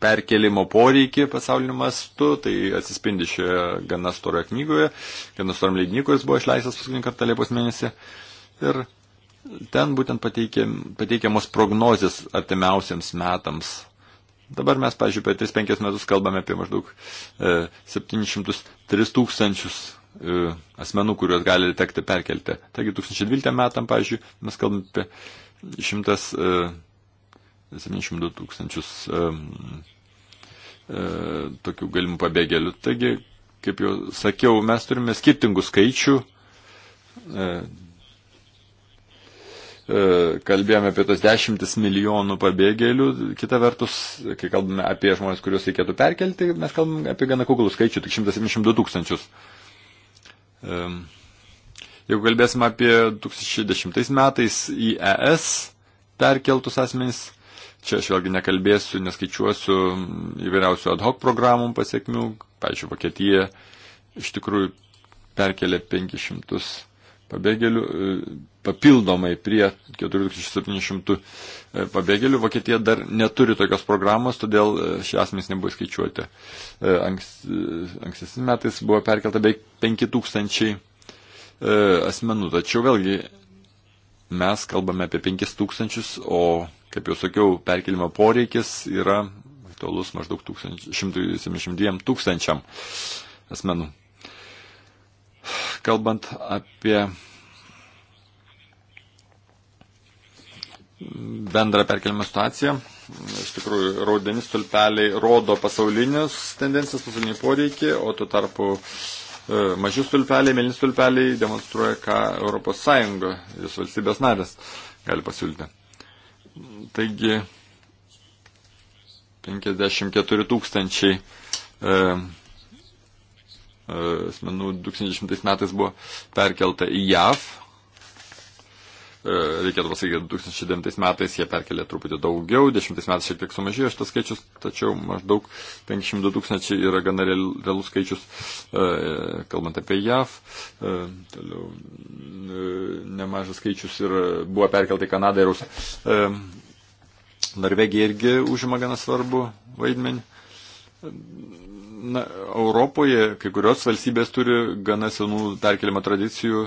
perkelimo poreikį pasauliniu mastu, tai atsispindi šioje gana storoje knygoje, gana storom leidiniu, kuris buvo išleistas paskutinį kartą Liepos mėnesį. Ir ten būtent pateikiam, pateikiamos prognozijas artimiausiams metams. Dabar mes, pažiūrėjau, per 3-5 metus kalbame apie maždaug e, 703 tūkstančius e, asmenų, kuriuos gali tekti perkelti. Taigi 2012 metam, pažiūrėjau, mes kalbame apie 100. E, 72 tūkstančius e, e, tokių galimų pabėgėlių. Taigi, kaip jau sakiau, mes turime skirtingų skaičių. E, e, kalbėjome apie tos dešimtis milijonų pabėgėlių, kita vertus, kai kalbame apie žmonės, kuriuos reikėtų perkelti, mes kalbame apie gana kuklų skaičių, tik 172 tūkstančius. Jeigu kalbėsime apie 2010 metais į ES perkeltus asmenys, Čia aš vėlgi nekalbėsiu, neskaičiuosiu įvairiausių ad hoc programų pasiekmių. Pavyzdžiui, Vokietija iš tikrųjų perkelė 500 pabėgėlių e, papildomai prie 4700 e, pabėgėlių. Vokietija dar neturi tokios programos, todėl e, šie asmenys nebuvo skaičiuoti. Anks, ankstesnis metais buvo perkelta beveik 5000 asmenų, tačiau vėlgi mes kalbame apie 5000, o Kaip jau sakiau, perkelimo poreikis yra aktualus maždaug 172 tūkstančiam asmenų. Kalbant apie bendrą perkelimą situaciją, iš tikrųjų, raudonis tulpeliai rodo pasaulinius tendencijas, pasaulinį poreikį, o tuo tarpu e, mažius stulpeliai, mėlyni stulpeliai demonstruoja, ką ES, jos valstybės narės gali pasiūlyti. Taigi 54 tūkstančiai e, e, asmenų 2010 metais buvo perkelta į JAV. E, reikėtų pasakyti, 2009 metais jie perkelė truputį daugiau, 10 metais šiek tiek sumažėjo šitas skaičius, tačiau maždaug 502 tūkstančiai yra gana realus skaičius, kalbant apie JAV. Toliau nemažas skaičius ir buvo perkelta į Kanadą ir Rusiją. Norvegija irgi užima gana svarbu vaidmenį. Na, Europoje kai kurios valstybės turi gana senų perkelimo tradicijų.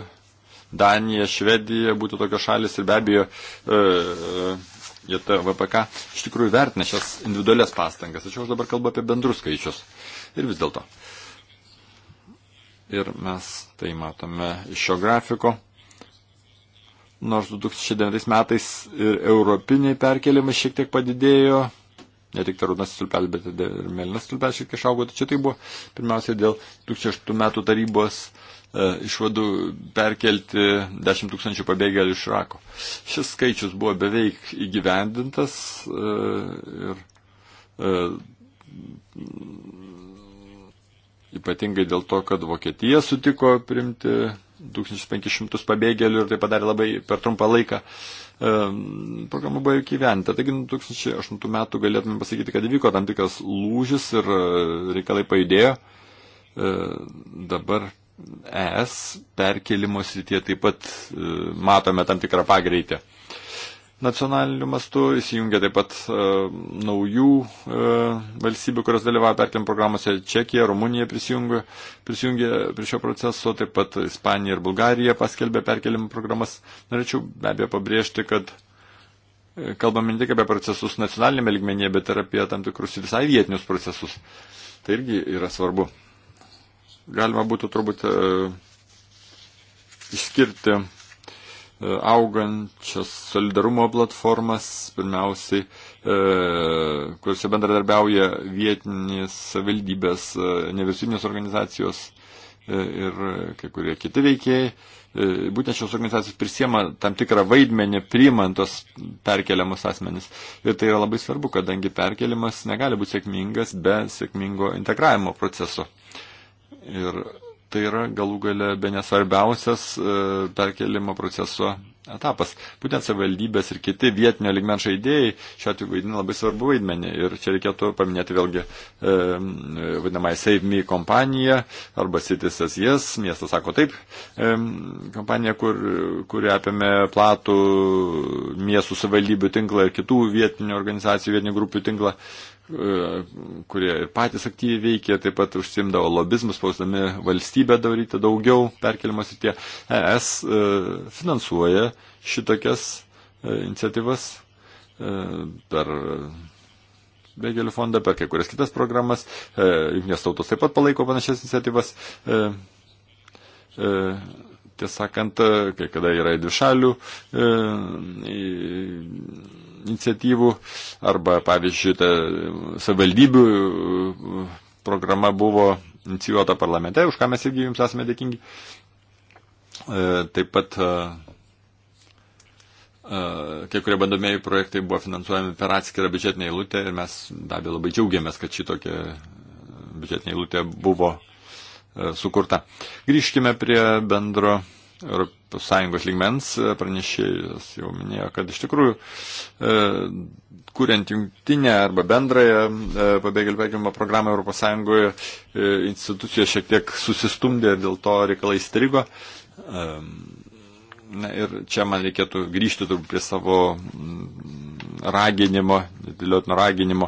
Danija, Švedija būtų tokios šalis ir be abejo e, e JT VPK iš tikrųjų vertina šias individualias pastangas. Tačiau aš dabar kalbu apie bendrus skaičius. Ir vis dėlto. Ir mes tai matome iš šio grafiko nors 2009 metais ir europiniai perkelimai šiek tiek padidėjo, ne tik tai raudonasis stulpelis, bet ir mėlynas stulpelis šiek tiek išaugo, tačiau tai buvo pirmiausiai dėl 2008 metų tarybos e, išvadų perkelti 10 tūkstančių pabėgėlių iš Irako. Šis skaičius buvo beveik įgyvendintas e, ir e, ypatingai dėl to, kad Vokietija sutiko primti 2500 pabėgėlių ir tai padarė labai per trumpą laiką. Programa buvo įgyventa. Taigi 2008 metų galėtume pasakyti, kad įvyko tam tikras lūžis ir e, reikalai pajudėjo. E, dabar ES perkelimo srityje taip pat e, matome tam tikrą pagreitį nacionaliniu mastu, įsijungia taip pat e, naujų e, valstybių, kurios dalyvauja perkelim programuose, Čekija, Rumunija prisijungia, prisijungia prie šio proceso, taip pat Ispanija ir Bulgarija paskelbė perkelim programas. Norėčiau be abejo pabrėžti, kad e, kalbame ne tik apie procesus nacionalinėme ligmenyje, bet ir apie tam tikrus visai vietinius procesus. Tai irgi yra svarbu. Galima būtų turbūt e, išskirti E, augančias solidarumo platformas, pirmiausiai, e, kuriuose bendradarbiauja vietinės savivaldybės, e, nevisinės organizacijos ir kai kurie kiti veikėjai. Būtent šios organizacijos prisiema tam tikrą vaidmenį priimant tos perkeliamus asmenis. Ir tai yra labai svarbu, kadangi perkelimas negali būti sėkmingas be sėkmingo integravimo proceso. Ir tai yra galų gale be nesvarbiausias e, perkelimo proceso etapas. Būtent savivaldybės ir kiti vietinio ligmens žaidėjai šiuo atveju vaidina labai svarbu vaidmenį. Ir čia reikėtų paminėti vėlgi e, vadinamąją Save Me kompaniją arba Cities as Yes, miestas sako taip, e, kompanija, kur, kuri apėmė platų miestų savivaldybių tinklą ir kitų vietinių organizacijų, vietinių grupių tinklą. E, E, kurie ir patys aktyviai veikė, taip pat užsimdavo lobizmus, spausdami valstybę daryti daugiau perkelimas į tie. ES e, finansuoja šitokias e, iniciatyvas per Begelių fondą, per kai kurias kitas programas. Junknės tautos taip pat palaiko panašias iniciatyvas. Tiesą sakant, kai kada yra dvišalių iniciatyvų arba, pavyzdžiui, ta savivaldybių e, programa buvo inicijuota parlamente, už ką mes irgi jums esame dėkingi. E, taip pat e, kai kurie bandomieji projektai buvo finansuojami per atskirą biudžetinę eilutę ir mes be abejo labai džiaugiamės, kad šitokia biudžetinė eilutė buvo sukurta. Grįžkime prie bendro ES lygmens e, pranešėjas jau minėjo, kad iš tikrųjų, e, kuriant jungtinę arba bendrąją e, pabėgėlių perkelimo programą ES, e, institucijos šiek tiek susistumdė ir dėl to reikalai strigo. E, na, ir čia man reikėtų grįžti turbūt prie savo. M, raginimo, dėliotinio raginimo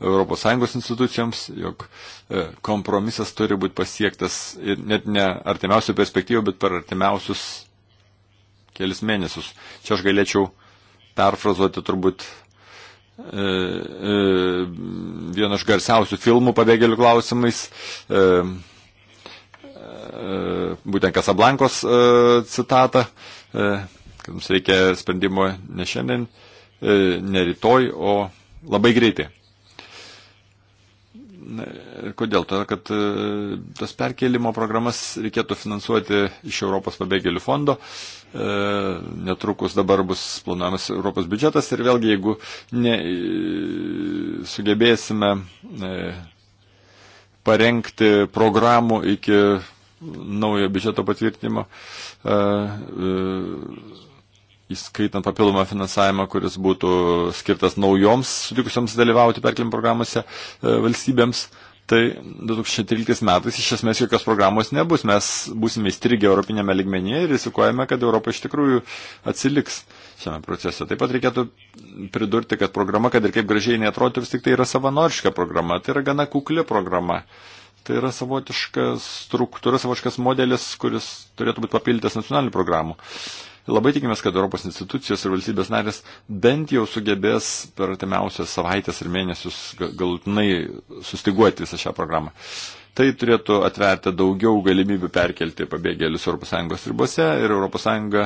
ES institucijoms, jog e, kompromisas turi būti pasiektas net ne artimiausių perspektyvų, bet per artimiausius kelis mėnesius. Čia aš galėčiau perfrazuoti turbūt e, e, vieną iš garsiausių filmų pabėgėlių klausimais. E, e būtent Kasablankos e, citatą, kad mums reikia sprendimo ne šiandien, E, ne rytoj, o labai greitai. Kodėl? Todėl, kad e, tas perkelimo programas reikėtų finansuoti iš Europos pabėgėlių fondo. E, netrukus dabar bus planuojamas Europos biudžetas ir vėlgi, jeigu ne, sugebėsime parengti programų iki naujo biudžeto patvirtinimo, įskaitant papildomą finansavimą, kuris būtų skirtas naujoms sutikusiams dalyvauti perkelim programuose e, valstybėms. Tai 2013 metais iš esmės jokios programos nebus. Mes būsime įstrigę Europinėme ligmenyje ir rizikuojame, kad Europa iš tikrųjų atsiliks šiame procese. Taip pat reikėtų pridurti, kad programa, kad ir kaip gražiai neatrodytų, vis tik tai yra savanoriška programa. Tai yra gana kukli programa. Tai yra savotiška struktūra, savotiškas modelis, kuris turėtų būti papildytas nacionalinių programų. Uh, Labai tikimės, kad Europos institucijos ir valstybės narės bent jau sugebės per atimiausias savaitės ir mėnesius galutinai sustiguoti visą šią programą. Tai turėtų atverti daugiau galimybių perkelti pabėgėlius ES ribose ir ES e,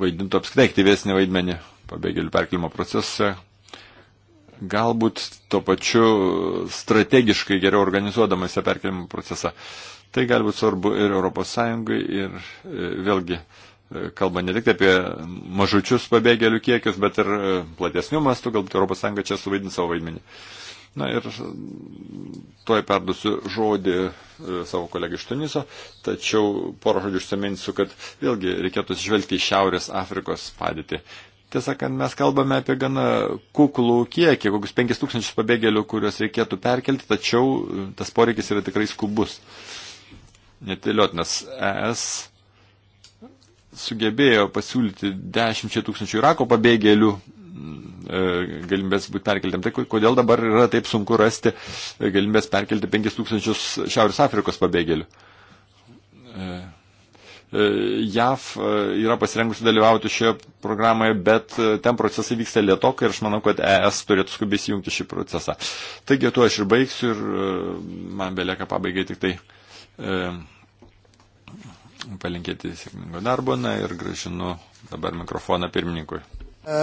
vaidintų apskritai aktyvesnį vaidmenį pabėgėlių perkelimo procese, galbūt tuo pačiu strategiškai geriau organizuodamas tą perkelimo procesą. E, Tai gali būti svarbu ir ES, ir e, vėlgi e, kalba ne tik apie mažučius pabėgėlių kiekius, bet ir e, platesnių mastų, galbūt ES čia suvaidins savo vaidmenį. Na ir toj perdusiu žodį savo kolegai iš Tuniso, tačiau porą žodžių užsiminsiu, kad vėlgi reikėtų žvelgti į Šiaurės Afrikos padėtį. Tiesą sakant, mes kalbame apie gana kuklų kiekį, kokius 5000 pabėgėlių, kuriuos reikėtų perkelti, tačiau tas poreikis yra tikrai skubus. Uh, netėliot, nes ES sugebėjo pasiūlyti 10 tūkstančių Irako pabėgėlių e, galimybės būti perkeltėm. Tai kodėl dabar yra taip sunku rasti e, galimybės perkelti 5 tūkstančius Šiaurės Afrikos pabėgėlių? E, JAV yra pasirengusi dalyvauti šioje programoje, bet ten procesai vyksta lietokai ir aš manau, kad ES turėtų skubiai įjungti šį procesą. Taigi, tuo aš ir baigsiu ir man belieka pabaigai tik tai E, palinkėti sėkmingo darbo na, ir gražinu dabar mikrofoną pirmininkui. E,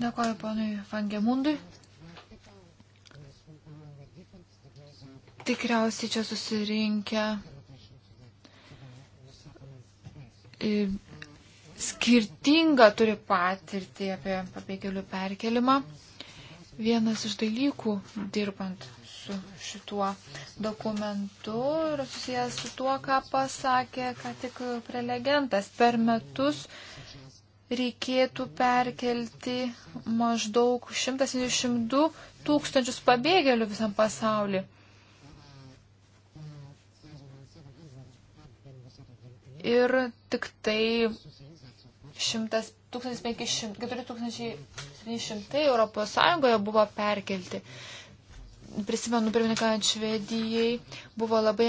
Dėkoju ponui Fangemundui. Tikriausiai čia susirinkę e, skirtingą turi patirtį apie pabėgėlių perkelimą. Vienas iš dalykų dirbant su šituo dokumentu ir susijęs su tuo, ką pasakė, ką tik prelegentas. Per metus reikėtų perkelti maždaug 172 tūkstančius pabėgėlių visam pasauliu. ir tik tai 4500 Europos Sąjungoje buvo perkelti prisimenu, pirmininkant Švedijai buvo labai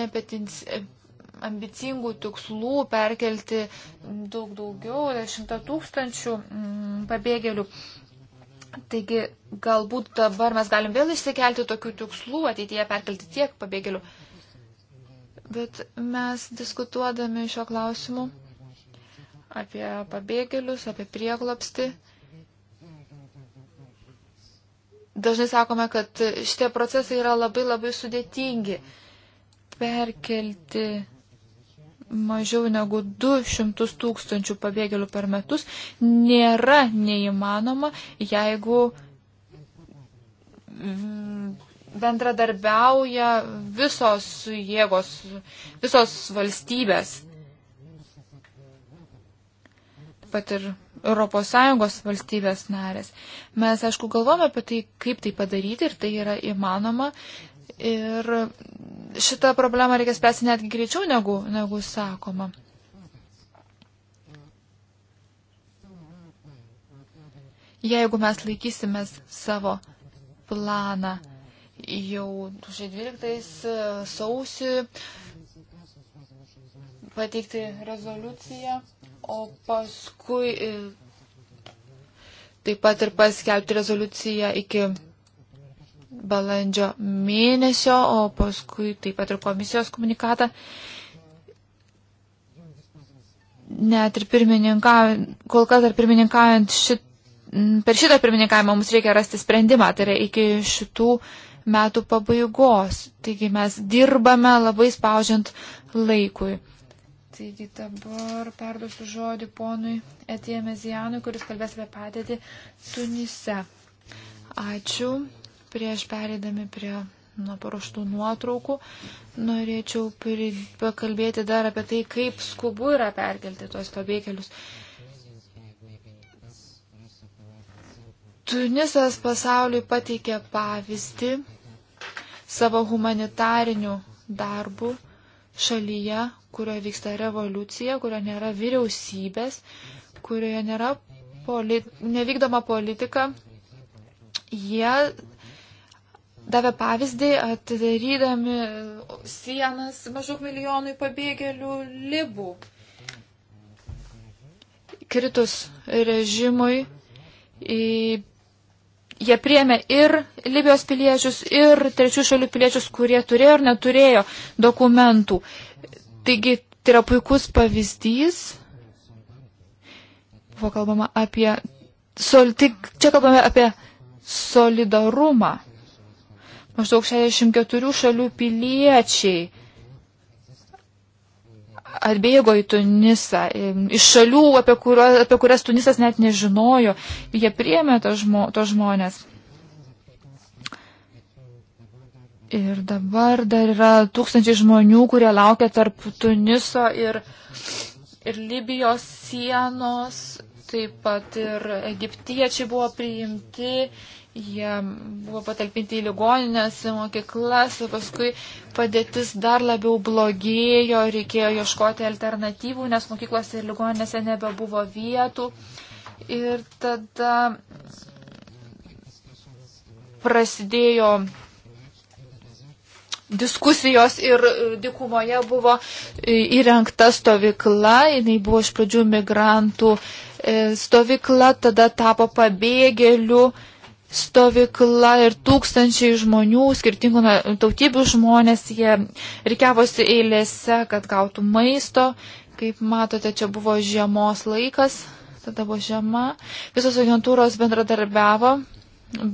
ambicingų tikslų perkelti daug daugiau, 100 tūkstančių mm, pabėgėlių. Taigi galbūt dabar mes galim vėl išsikelti tokių tikslų, ateityje perkelti tiek pabėgėlių. Bet mes diskutuodami šio klausimu apie pabėgėlius, apie prieglopsti, dažnai sakome, kad šitie procesai yra labai labai sudėtingi. Perkelti mažiau negu 200 tūkstančių pabėgėlių per metus nėra neįmanoma, jeigu bendradarbiauja visos jėgos, visos valstybės. Taip pat ir ES valstybės narės. Mes, aišku, galvome apie tai, kaip tai padaryti ir tai yra įmanoma. Ir šitą problemą reikia spręsti netgi greičiau negu, negu sakoma. Jeigu mes laikysimės savo planą jau 2012 sausį pateikti rezoliuciją o paskui e, taip pat ir paskelbti rezoliuciją iki balandžio mėnesio, o paskui taip pat ir komisijos komunikatą. Net ir pirmininkaujant, kol kas dar pirmininkaujant šit, per šitą pirmininkavimą mums reikia rasti sprendimą, tai yra iki šitų metų pabaigos. Taigi mes dirbame labai spaudžiant laikui. Taigi dabar perduosiu žodį ponui Etije Mezijanui, kuris kalbės apie padėtį Tunise. Ačiū. Prieš pereidami prie nuo paruoštų nuotraukų, norėčiau pakalbėti dar apie tai, kaip skubu yra perkelti tuos pabėgėlius. Tunisas pasauliui pateikė pavyzdį savo humanitarinių darbų šalyje, kurioje vyksta revoliucija, kurioje nėra vyriausybės, kurioje nėra polit, nevykdoma politika, jie davė pavyzdį atidarydami sienas maždaug milijonui pabėgėlių libų. Kritus režimui į jie priemė ir Libijos piliečius, ir trečių šalių piliečius, kurie turėjo ir neturėjo dokumentų. Taigi tai yra puikus pavyzdys. Buvo kalbama apie. Sol, tik čia kalbame apie solidarumą. Maždaug 64 šalių piliečiai atbėgo į Tunisą, iš šalių, apie, kurio, apie kurias Tunisas net nežinojo, jie priemė tos žmo, to žmonės. Ir dabar dar yra tūkstančiai žmonių, kurie laukia tarp Tuniso ir, ir Libijos sienos, taip pat ir egiptiečiai buvo priimti Jie buvo patalpinti į ligoninės, į mokyklas, paskui padėtis dar labiau blogėjo, reikėjo ieškoti alternatyvų, nes mokyklose ir ligoninėse nebebuvo vietų. Ir tada prasidėjo diskusijos ir dikumoje buvo įrengta stovykla, jinai buvo iš pradžių migrantų e, stovykla, tada tapo pabėgėlių stovykla ir tūkstančiai žmonių, skirtingų tautybių žmonės, jie reikiavosi eilėse, kad gautų maisto. Kaip matote, čia buvo žiemos laikas, tada buvo žiema. Visos agentūros bendradarbiavo,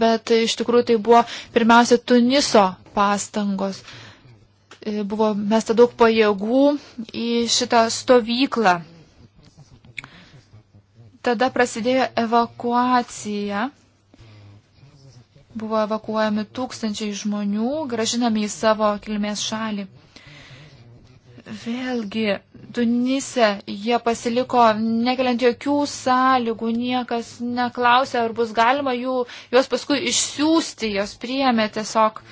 bet iš tikrųjų tai buvo pirmiausia Tuniso pastangos. E, buvo mesta daug pajėgų į šitą stovyklą. Tada prasidėjo evakuacija Buvo evakuojami tūkstančiai žmonių, gražinami į savo kilmės šalį. Vėlgi, Tunise jie pasiliko nekeliant jokių sąlygų, niekas neklausė, ar bus galima jų, juos paskui išsiųsti, jos priėmė tiesiog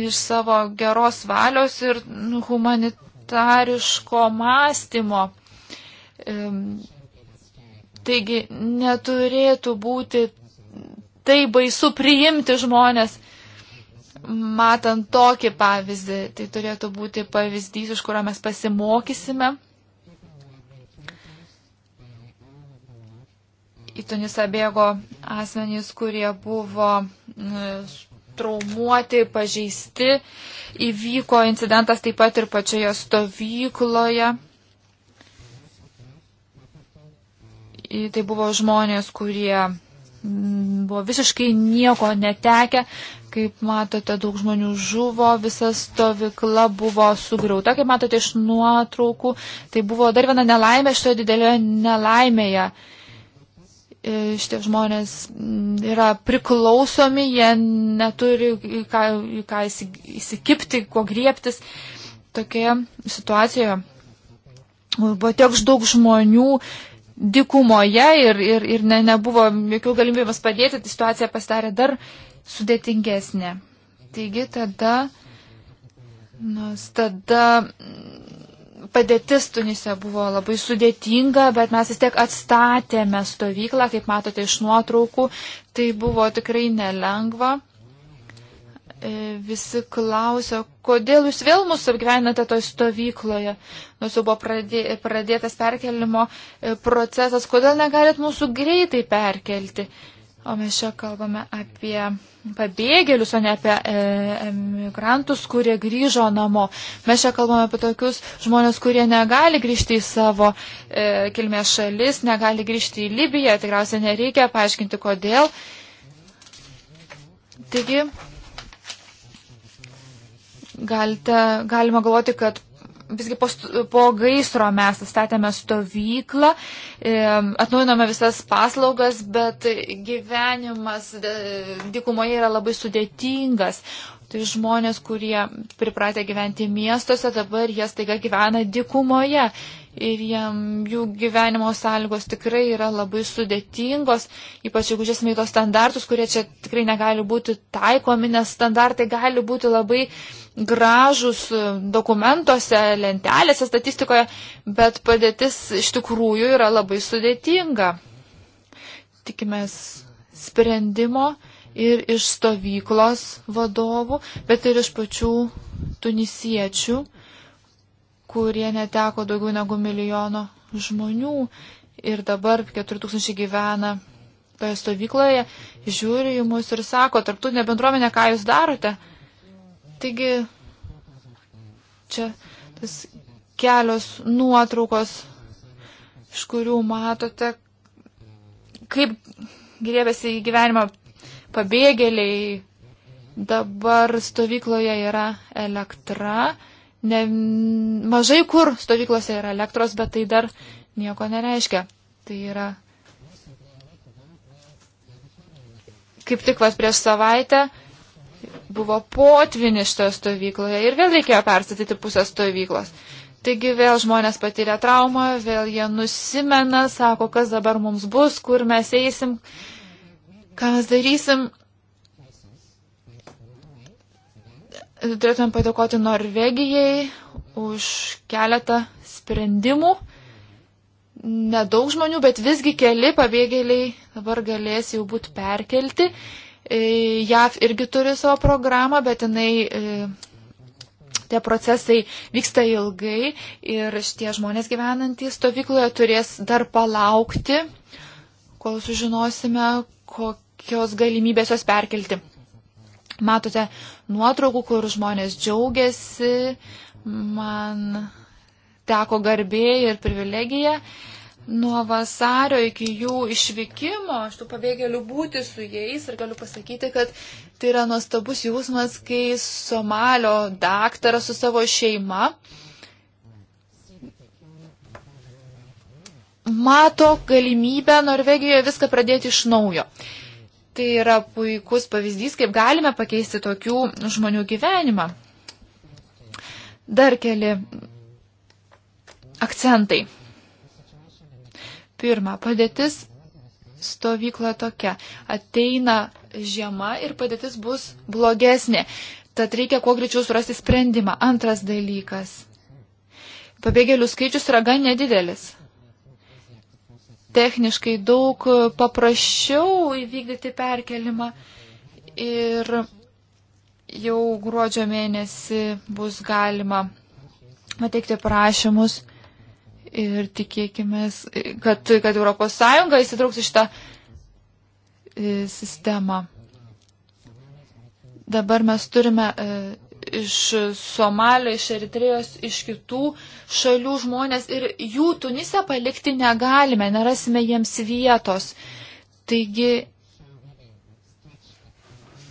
iš savo geros valios ir humanitariško mąstymo. Taigi neturėtų būti tai baisu priimti žmonės. Matant tokį pavyzdį, tai turėtų būti pavyzdys, iš kurio mes pasimokysime. Į Tunisą bėgo asmenys, kurie buvo mm, traumuoti, pažeisti. Įvyko incidentas taip pat ir pačioje stovykloje. Tai buvo žmonės, kurie Mm, buvo visiškai nieko netekę. Kaip matote, daug žmonių žuvo, visa stovykla buvo sugriauta, kaip matote iš nuotraukų. Tai buvo dar viena nelaimė šitoje didelėje nelaimėje. E, šitie žmonės mm, yra priklausomi, jie neturi į ką, į ką įsikipti, ko griebtis tokioje situacijoje. Buvo tiek daug žmonių, dikumoje ir, ir, ir ne, nebuvo jokių galimybės padėti, tai situacija pasidarė dar sudėtingesnė. Taigi tada, nors nu, tada padėtis Tunise buvo labai sudėtinga, bet mes vis tiek atstatėme stovyklą, kaip matote iš nuotraukų, tai buvo tikrai nelengva. E, visi klausia, kodėl jūs vėl mus apgyvenate toje stovykloje, nors jau buvo pradė, pradėtas perkelimo e, procesas, kodėl negalit mūsų greitai perkelti. O mes čia kalbame apie pabėgėlius, o ne apie e, emigrantus, kurie grįžo namo. Mes čia kalbame apie tokius žmonės, kurie negali grįžti į savo e, kilmės šalis, negali grįžti į Libiją. Tikriausiai nereikia paaiškinti, kodėl. Taigi, galite, galima galvoti, kad visgi po, po gaisro mes atstatėme stovyklą, atnaujinome visas paslaugas, bet gyvenimas dykumoje yra labai sudėtingas. Tai žmonės, kurie pripratę gyventi miestuose, dabar jie staiga gyvena dykumoje ir jam, jų gyvenimo sąlygos tikrai yra labai sudėtingos, ypač jeigu žiūrėsime į tos standartus, kurie čia tikrai negali būti taikomi, nes standartai gali būti labai gražus e, dokumentuose, lentelėse, statistikoje, bet padėtis iš tikrųjų yra labai sudėtinga. Tikimės sprendimo ir iš stovyklos vadovų, bet ir iš pačių tunisiečių kurie neteko daugiau negu milijono žmonių ir dabar 4000 gyvena toje stovykloje, žiūri į mus ir sako, tarptautinė bendruomenė, ką jūs darote. Taigi čia tas kelios nuotraukos, iš kurių matote, kaip grėbėsi į gyvenimą pabėgėliai. Dabar stovykloje yra elektra, ne, mažai kur stovyklose yra elektros, bet tai dar nieko nereiškia. Tai yra. Kaip tik vas prieš savaitę buvo potvinis šitoje stovykloje ir vėl reikėjo perstatyti pusę stovyklos. Taigi vėl žmonės patyrė traumą, vėl jie nusimena, sako, kas dabar mums bus, kur mes eisim, ką mes darysim. Turėtumėm padėkoti Norvegijai už keletą sprendimų. Nedaug žmonių, bet visgi keli pabėgėliai dabar galės jau būti perkelti. E, JAV irgi turi savo programą, bet jinai e, tie procesai vyksta ilgai ir šitie žmonės gyvenantys stovykloje turės dar palaukti, kol sužinosime, kokios galimybės jos perkelti. Matote nuotraukų, kur žmonės džiaugiasi, man teko garbė ir privilegija nuo vasario iki jų išvykimo, aš tų pabėgėlių būti su jais ir galiu pasakyti, kad tai yra nuostabus jausmas, kai Somalio daktaras su savo šeima mato galimybę Norvegijoje viską pradėti iš naujo. Uh, Tai yra puikus pavyzdys, kaip galime pakeisti tokių žmonių gyvenimą. Dar keli akcentai. Pirma, padėtis stovykla tokia. Ateina žiema ir padėtis bus blogesnė. Tad reikia kuo greičiau surasti sprendimą. Antras dalykas. Pabėgėlių skaičius yra gan nedidelis techniškai daug paprasčiau įvykdyti perkelimą ir jau gruodžio mėnesį bus galima pateikti prašymus ir tikėkime, kad, kad ES įsitrauks į šitą e, sistemą. Dabar mes turime e, iš Somalio, iš Eritrejos, iš kitų šalių žmonės ir jų Tunise palikti negalime, nerasime jiems vietos. Taigi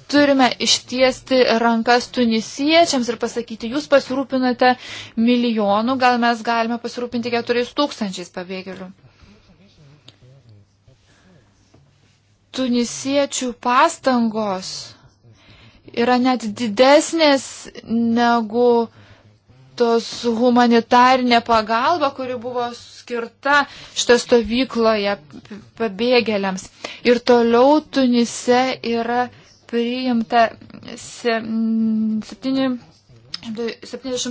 turime ištiesti rankas tunisiečiams ir pasakyti, jūs pasirūpinate milijonų, gal mes galime pasirūpinti keturiais tūkstančiais pabėgėlių. Tunisiečių pastangos yra net didesnės negu tos humanitarnė pagalba, kuri buvo skirta šitą stovykloje pabėgėliams. Ir toliau Tunise yra priimta 70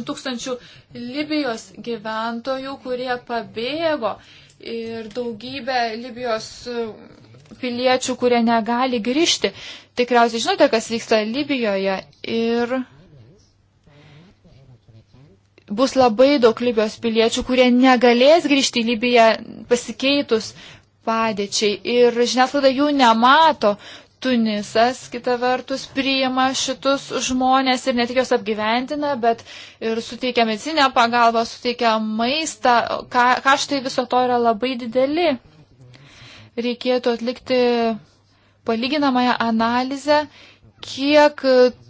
tūkstančių Libijos gyventojų, kurie pabėgo ir daugybė Libijos piliečių, kurie negali grįžti. Tikriausiai žinote, kas vyksta Libijoje ir bus labai daug Libijos piliečių, kurie negalės grįžti į Libiją pasikeitus padėčiai ir žiniasklaida jų nemato. Tunisas, kita vertus, priima šitus žmonės ir ne tik jos apgyventina, bet ir suteikia medicinę pagalbą, suteikia maistą. Ka, kaštai viso to yra labai dideli reikėtų atlikti palyginamąją analizę, kiek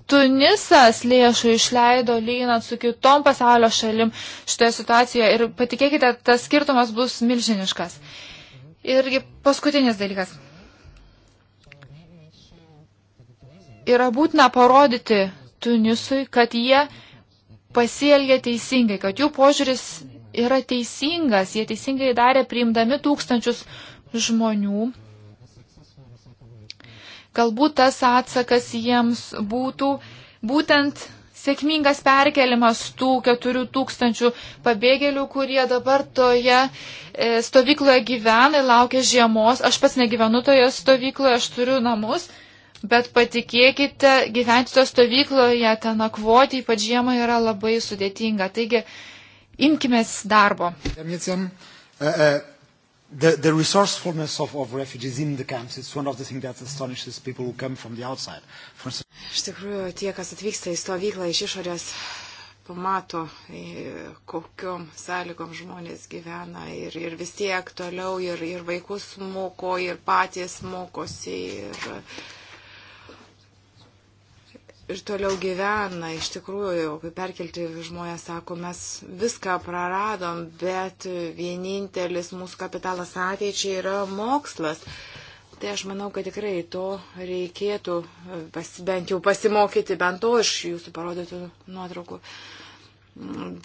Tunisas lėšų išleido lyginant su kitom pasaulio šalim šitoje situacijoje ir patikėkite, tas skirtumas bus milžiniškas. Irgi paskutinis dalykas. Yra būtina parodyti Tunisui, kad jie pasielgia teisingai, kad jų požiūris yra teisingas, jie teisingai darė priimdami tūkstančius žmonių. Galbūt tas atsakas jiems būtų būtent sėkmingas perkelimas tų 4000 pabėgėlių, kurie dabar toje e, stovykloje gyvena ir laukia žiemos. Aš pats negyvenu toje stovykloje, aš turiu namus, bet patikėkite, gyventi toje stovykloje, ten nakvoti, ypač žiemą yra labai sudėtinga. Taigi, imkime darbo. Dėmėsim the, the resourcefulness of, of refugees in the camps is one of the things that astonishes people who come from the outside. For... Iš tikrųjų, tie, kas atvyksta į stovyklą iš išorės, pamato, e, kokiom sąlygom žmonės gyvena ir, ir vis tiek toliau ir, ir vaikus moko, ir patys mokosi. Ir, ir toliau gyvena. Iš tikrųjų, kai perkelti žmonės sako, mes viską praradom, bet vienintelis mūsų kapitalas ateičiai yra mokslas. Tai aš manau, kad tikrai to reikėtų pas, bent jau pasimokyti, bent to iš jūsų parodytų nuotraukų.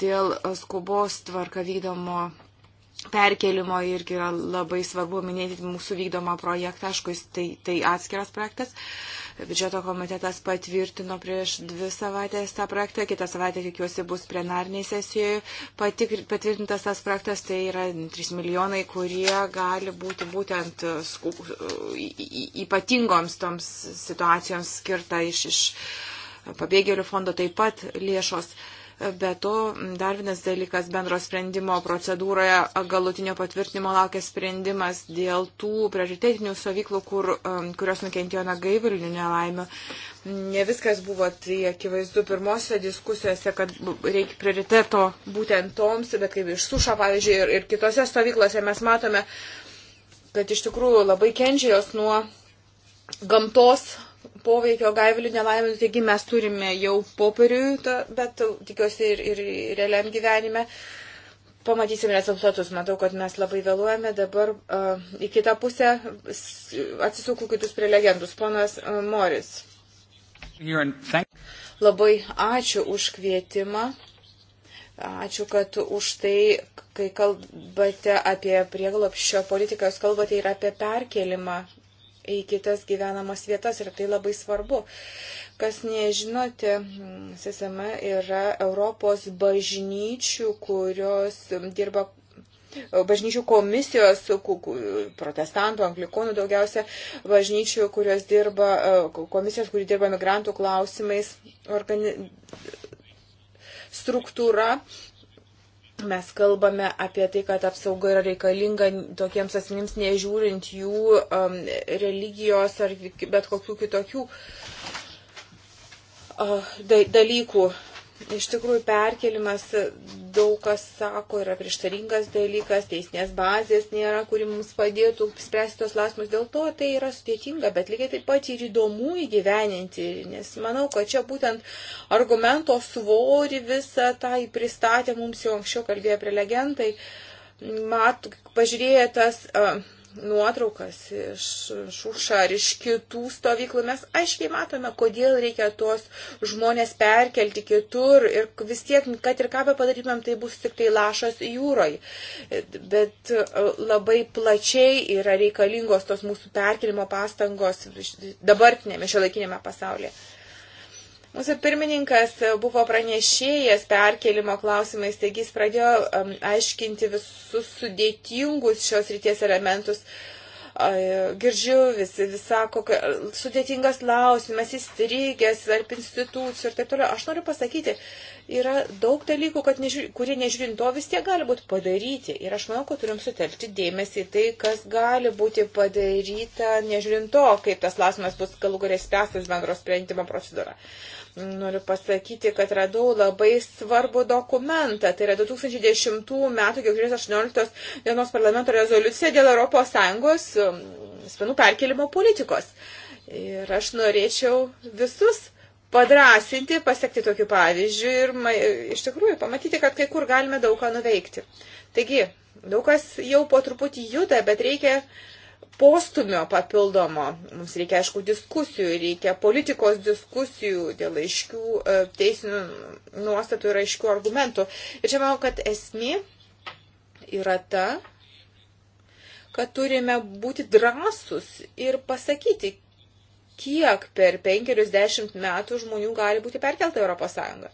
Dėl skubos tvarka vykdomo perkelimo irgi yra labai svarbu minėti mūsų vykdomą projektą, aišku, tai, tai atskiras projektas. Biudžeto komitetas patvirtino prieš dvi savaitės tą projektą, kitą savaitę tikiuosi bus plenarniai sesijoje Patikr, patvirtintas tas projektas, tai yra 3 milijonai, kurie gali būti būtent sku, ypatingoms toms situacijoms skirta iš, iš pabėgėlių fondo taip pat lėšos. Uh, Be to, dar vienas dalykas bendro sprendimo procedūroje galutinio patvirtinimo laukia sprendimas dėl tų prioritetinių stovyklų, kur, um, kurios nukentėjo nagaivilnių nelaimių. Ne viskas buvo tai akivaizdu pirmosiose diskusijose, kad reikia prioriteto būtent toms, bet kaip iš sušo, pavyzdžiui, ir, ir kitose stovyklose mes matome, kad iš tikrųjų labai kenčia jos nuo gamtos poveikio gaivilių nelaimės, taigi mes turime jau popierių, bet tikiuosi ir, ir realiam gyvenime. Pamatysim rezultatus. Matau, kad mes labai vėluojame. Dabar uh, į kitą pusę atsisuku kitus prelegentus. Ponas uh, Moris. Labai ačiū už kvietimą. Ačiū, kad už tai, kai kalbate apie prieglopščio politiką, jūs kalbate ir apie perkelimą į kitas gyvenamas vietas ir tai labai svarbu. Kas nežinote, SSM yra Europos bažnyčių, kurios dirba bažnyčių komisijos, protestantų, anglikonų daugiausia, bažnyčių, kurios dirba, komisijos, kuri dirba migrantų klausimais, organi... struktūra Mes kalbame apie tai, kad apsauga yra reikalinga tokiems asmenims, nežiūrint jų um, religijos ar bet kokių kitokių uh, dalykų. Iš tikrųjų, perkelimas daug kas sako yra prieštaringas dalykas, teisinės bazės nėra, kuri mums padėtų spręsti tos lasmus. Dėl to tai yra sudėtinga, bet lygiai taip pat ir įdomu įgyveninti, nes manau, kad čia būtent argumento svorį visą tą tai pristatė mums jau anksčiau kalbėję prelegentai. Mat, pažiūrėję tas. Uh, nuotraukas iš Šuša ar iš kitų stovyklų, mes aiškiai matome, kodėl reikia tuos žmonės perkelti kitur ir vis tiek, kad ir ką be padarytumėm, tai bus tik tai lašas jūroje. Bet e, labai plačiai yra reikalingos tos mūsų perkelimo pastangos dabartinėme šiolaikinėme pasaulyje. Mūsų pirmininkas buvo pranešėjas perkelimo klausimais, taigi jis pradėjo um, aiškinti visus sudėtingus šios ryties elementus. Girdžiu, visi, visi sako, sudėtingas klausimas, įstrigęs tarp institucijų ir taip toliau. Aš noriu pasakyti, yra daug dalykų, nežiūr, kurie nežiūrint to vis tiek gali būti padaryti. Ir aš manau, kad turim sutelkti dėmesį į tai, kas gali būti padaryta nežiūrint to, kaip tas klausimas bus galų galės spręstas bendros sprendimo procedūra. Uh, Noriu pasakyti, kad radau labai svarbų dokumentą. Tai yra 2010 m. gegužės 18 dienos parlamento rezoliucija dėl ES um, spenų perkelimo politikos. Ir aš norėčiau visus padrasinti, pasiekti tokiu pavyzdžiu ir iš tikrųjų pamatyti, kad kai kur galime daug ką nuveikti. Taigi, daug kas jau po truputį juda, bet reikia uh, postumio papildomo. Mums reikia, aišku, diskusijų, reikia politikos diskusijų dėl aiškių e, teisinių nuostatų ir aiškių argumentų. Ir čia manau, kad esmė yra ta, kad turime būti drąsus ir pasakyti, kiek per penkerius dešimt metų žmonių gali būti perkelta Europos Sąjunga.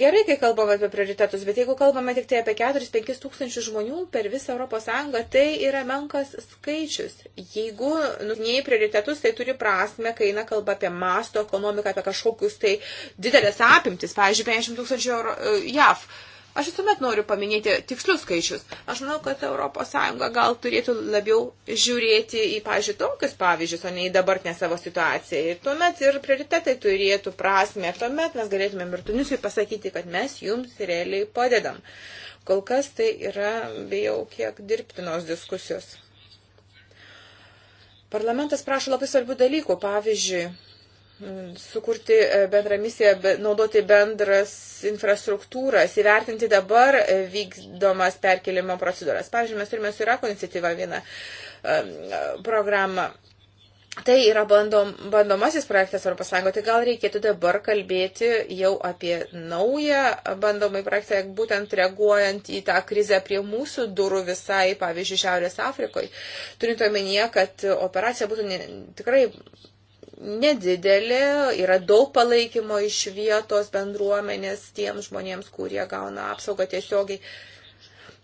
Gerai, kai kalbame apie prioritetus, bet jeigu kalbame tik tai apie 4-5 tūkstančių žmonių per visą ES, tai yra menkas skaičius. Jeigu nutinėjai prioritetus, tai turi prasme, kai eina kalba apie masto ekonomiką, apie kažkokius tai didelės apimtis, pavyzdžiui, 50 tūkstančių e, JAV. Aš visuomet noriu paminėti tikslius skaičius. Aš manau, kad ES gal turėtų labiau žiūrėti į, pažiūrėjau, tokius pavyzdžius, o ne į dabartinę savo situaciją. Ir tuomet ir prioritetai turėtų prasme. Tuomet mes galėtumėm ir Tunisui pasakyti, kad mes jums realiai padedam. Kol kas tai yra, bijau, kiek dirbtinos diskusijos. Parlamentas prašo labai svarbių dalykų. Pavyzdžiui, Mm, sukurti e, bendrą misiją, naudoti bendras infrastruktūras, įvertinti dabar e, vykdomas perkelimo procedūras. Pavyzdžiui, mes turime su Irako iniciatyva vieną programą. Tai yra bandom, bandomasis projektas Europos Sąjungo, tai gal reikėtų dabar kalbėti jau apie naują bandomąjį projektą, būtent reaguojant į tą krizę prie mūsų durų visai, pavyzdžiui, Šiaurės Afrikoje, turint omenyje, kad operacija būtų ne, tikrai nedidelė, yra daug palaikymo iš vietos bendruomenės tiems žmonėms, kurie gauna apsaugą tiesiogiai. Uh,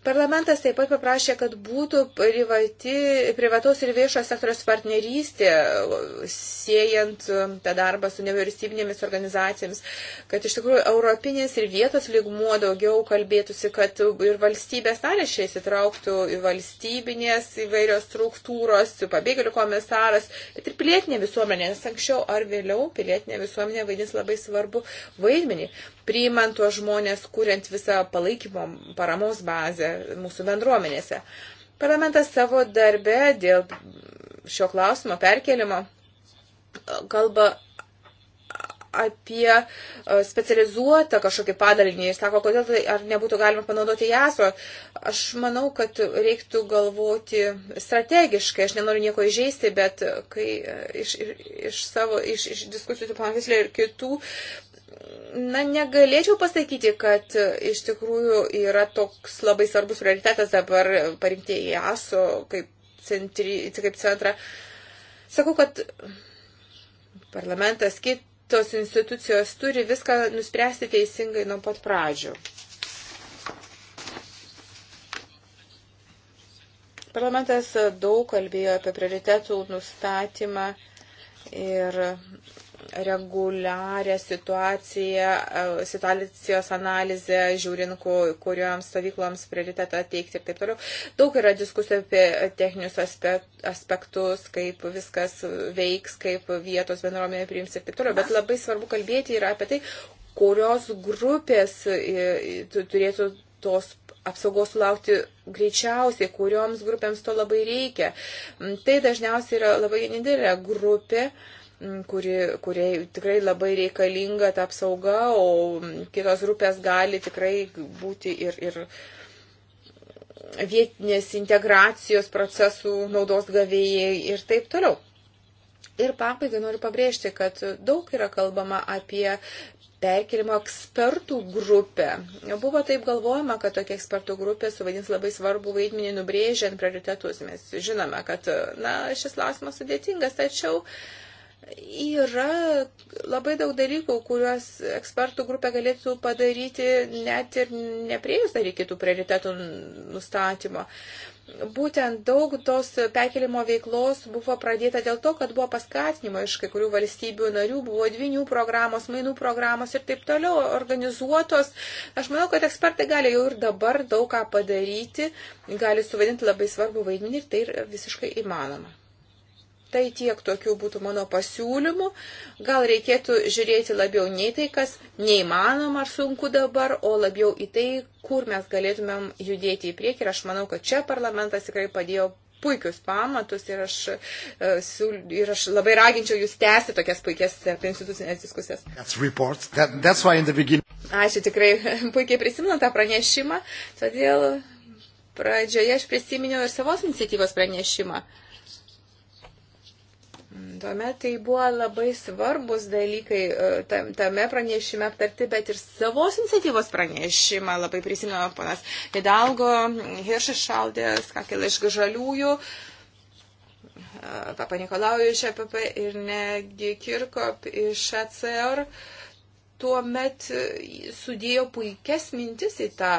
Parlamentas taip pat paprašė, kad būtų privati, privatos ir viešo sektoriaus partnerystė, siejant um, tą darbą su nevyriausybinėmis organizacijomis, kad iš tikrųjų europinės ir vietos lygmuo daugiau kalbėtųsi, kad ir valstybės narės šiai įsitrauktų į valstybinės įvairios struktūros, pabėgėlių komisaras, bet ir pilietinė visuomenė, nes anksčiau ar vėliau pilietinė visuomenė vaidins labai svarbu vaidmenį, priimant tuos žmonės, kuriant visą palaikymo paramos bazę mūsų bendruomenėse. Parlamentas savo darbe dėl šio klausimo perkelimo e, kalba apie e, specializuotą kažkokį padalinį ir sako, kodėl tai ar nebūtų galima panaudoti jaso. Aš manau, kad reiktų galvoti strategiškai, aš nenoriu nieko įžeisti, bet kai e, iš, iš, iš savo, iš, iš diskusijų su Panvisle ir kitų na, negalėčiau pasakyti, kad e, iš tikrųjų yra toks labai svarbus prioritetas dabar parinkti į e ASO kaip, centri, kaip centrą. Sakau, kad parlamentas, kitos institucijos turi viską nuspręsti teisingai nuo pat pradžių. Parlamentas daug kalbėjo apie prioritetų nustatymą ir reguliarią situaciją, e, situacijos analizę, žiūrint, kuriuoms stovykloms prioritetą teikti ir taip toliau. Daug yra diskusijų apie techninius aspektus, kaip viskas veiks, kaip vietos bendruomenė priims ir taip toliau, bet labai svarbu kalbėti ir apie tai, kurios grupės e, turėtų tos apsaugos sulaukti greičiausiai, kurioms grupėms to labai reikia. Mm, tai dažniausiai yra labai nedidelė grupė. Uh, kuri, kuriai tikrai labai reikalinga ta apsauga, o kitos grupės gali tikrai būti ir, ir vietinės integracijos procesų naudos gavėjai ir taip toliau. Ir pabaigai noriu pabrėžti, kad daug yra kalbama apie perkelimo ekspertų grupę. Buvo taip galvojama, kad tokia ekspertų grupė suvaidins labai svarbu vaidmenį nubrėžiant prioritetus. Mes žinome, kad na, šis klausimas sudėtingas, tačiau uh, yra labai daug dalykų, kuriuos ekspertų grupė galėtų padaryti net ir nepriejus dar kitų prioritetų nustatymo. Būtent daug tos perkelimo veiklos buvo pradėta dėl to, kad buvo paskatinimo iš kai kurių valstybių narių, buvo dvinių programos, mainų programos ir taip toliau organizuotos. Aš manau, kad ekspertai gali jau ir dabar daug ką padaryti, gali suvaidinti labai svarbu vaidmenį ir tai yra visiškai įmanoma. Tai tiek tokių būtų mano pasiūlymų. Gal reikėtų žiūrėti labiau ne tai, kas neįmanoma ar sunku dabar, o labiau į tai, kur mes galėtumėm judėti į priekį. Ir aš manau, kad čia parlamentas tikrai padėjo puikius pamatus ir aš, e, ir aš labai raginčiau jūs tęsti tokias puikias institucinės diskusijas. That's report. That, that's beginning... Ačiū tikrai puikiai prisimenu tą pranešimą, todėl pradžioje aš prisiminiau ir savos iniciatyvos pranešimą. Tuomet tai buvo labai svarbus dalykai e, tame pranešime aptarti, bet ir savos iniciatyvos pranešimą labai prisimenu panas Hidalgo, Hiršas Šaldės, Kakėl iš Žaliųjų. E, Papa Nikolauju iš EPP ir netgi Kirkop iš ACR e tuomet sudėjo puikias mintis į tą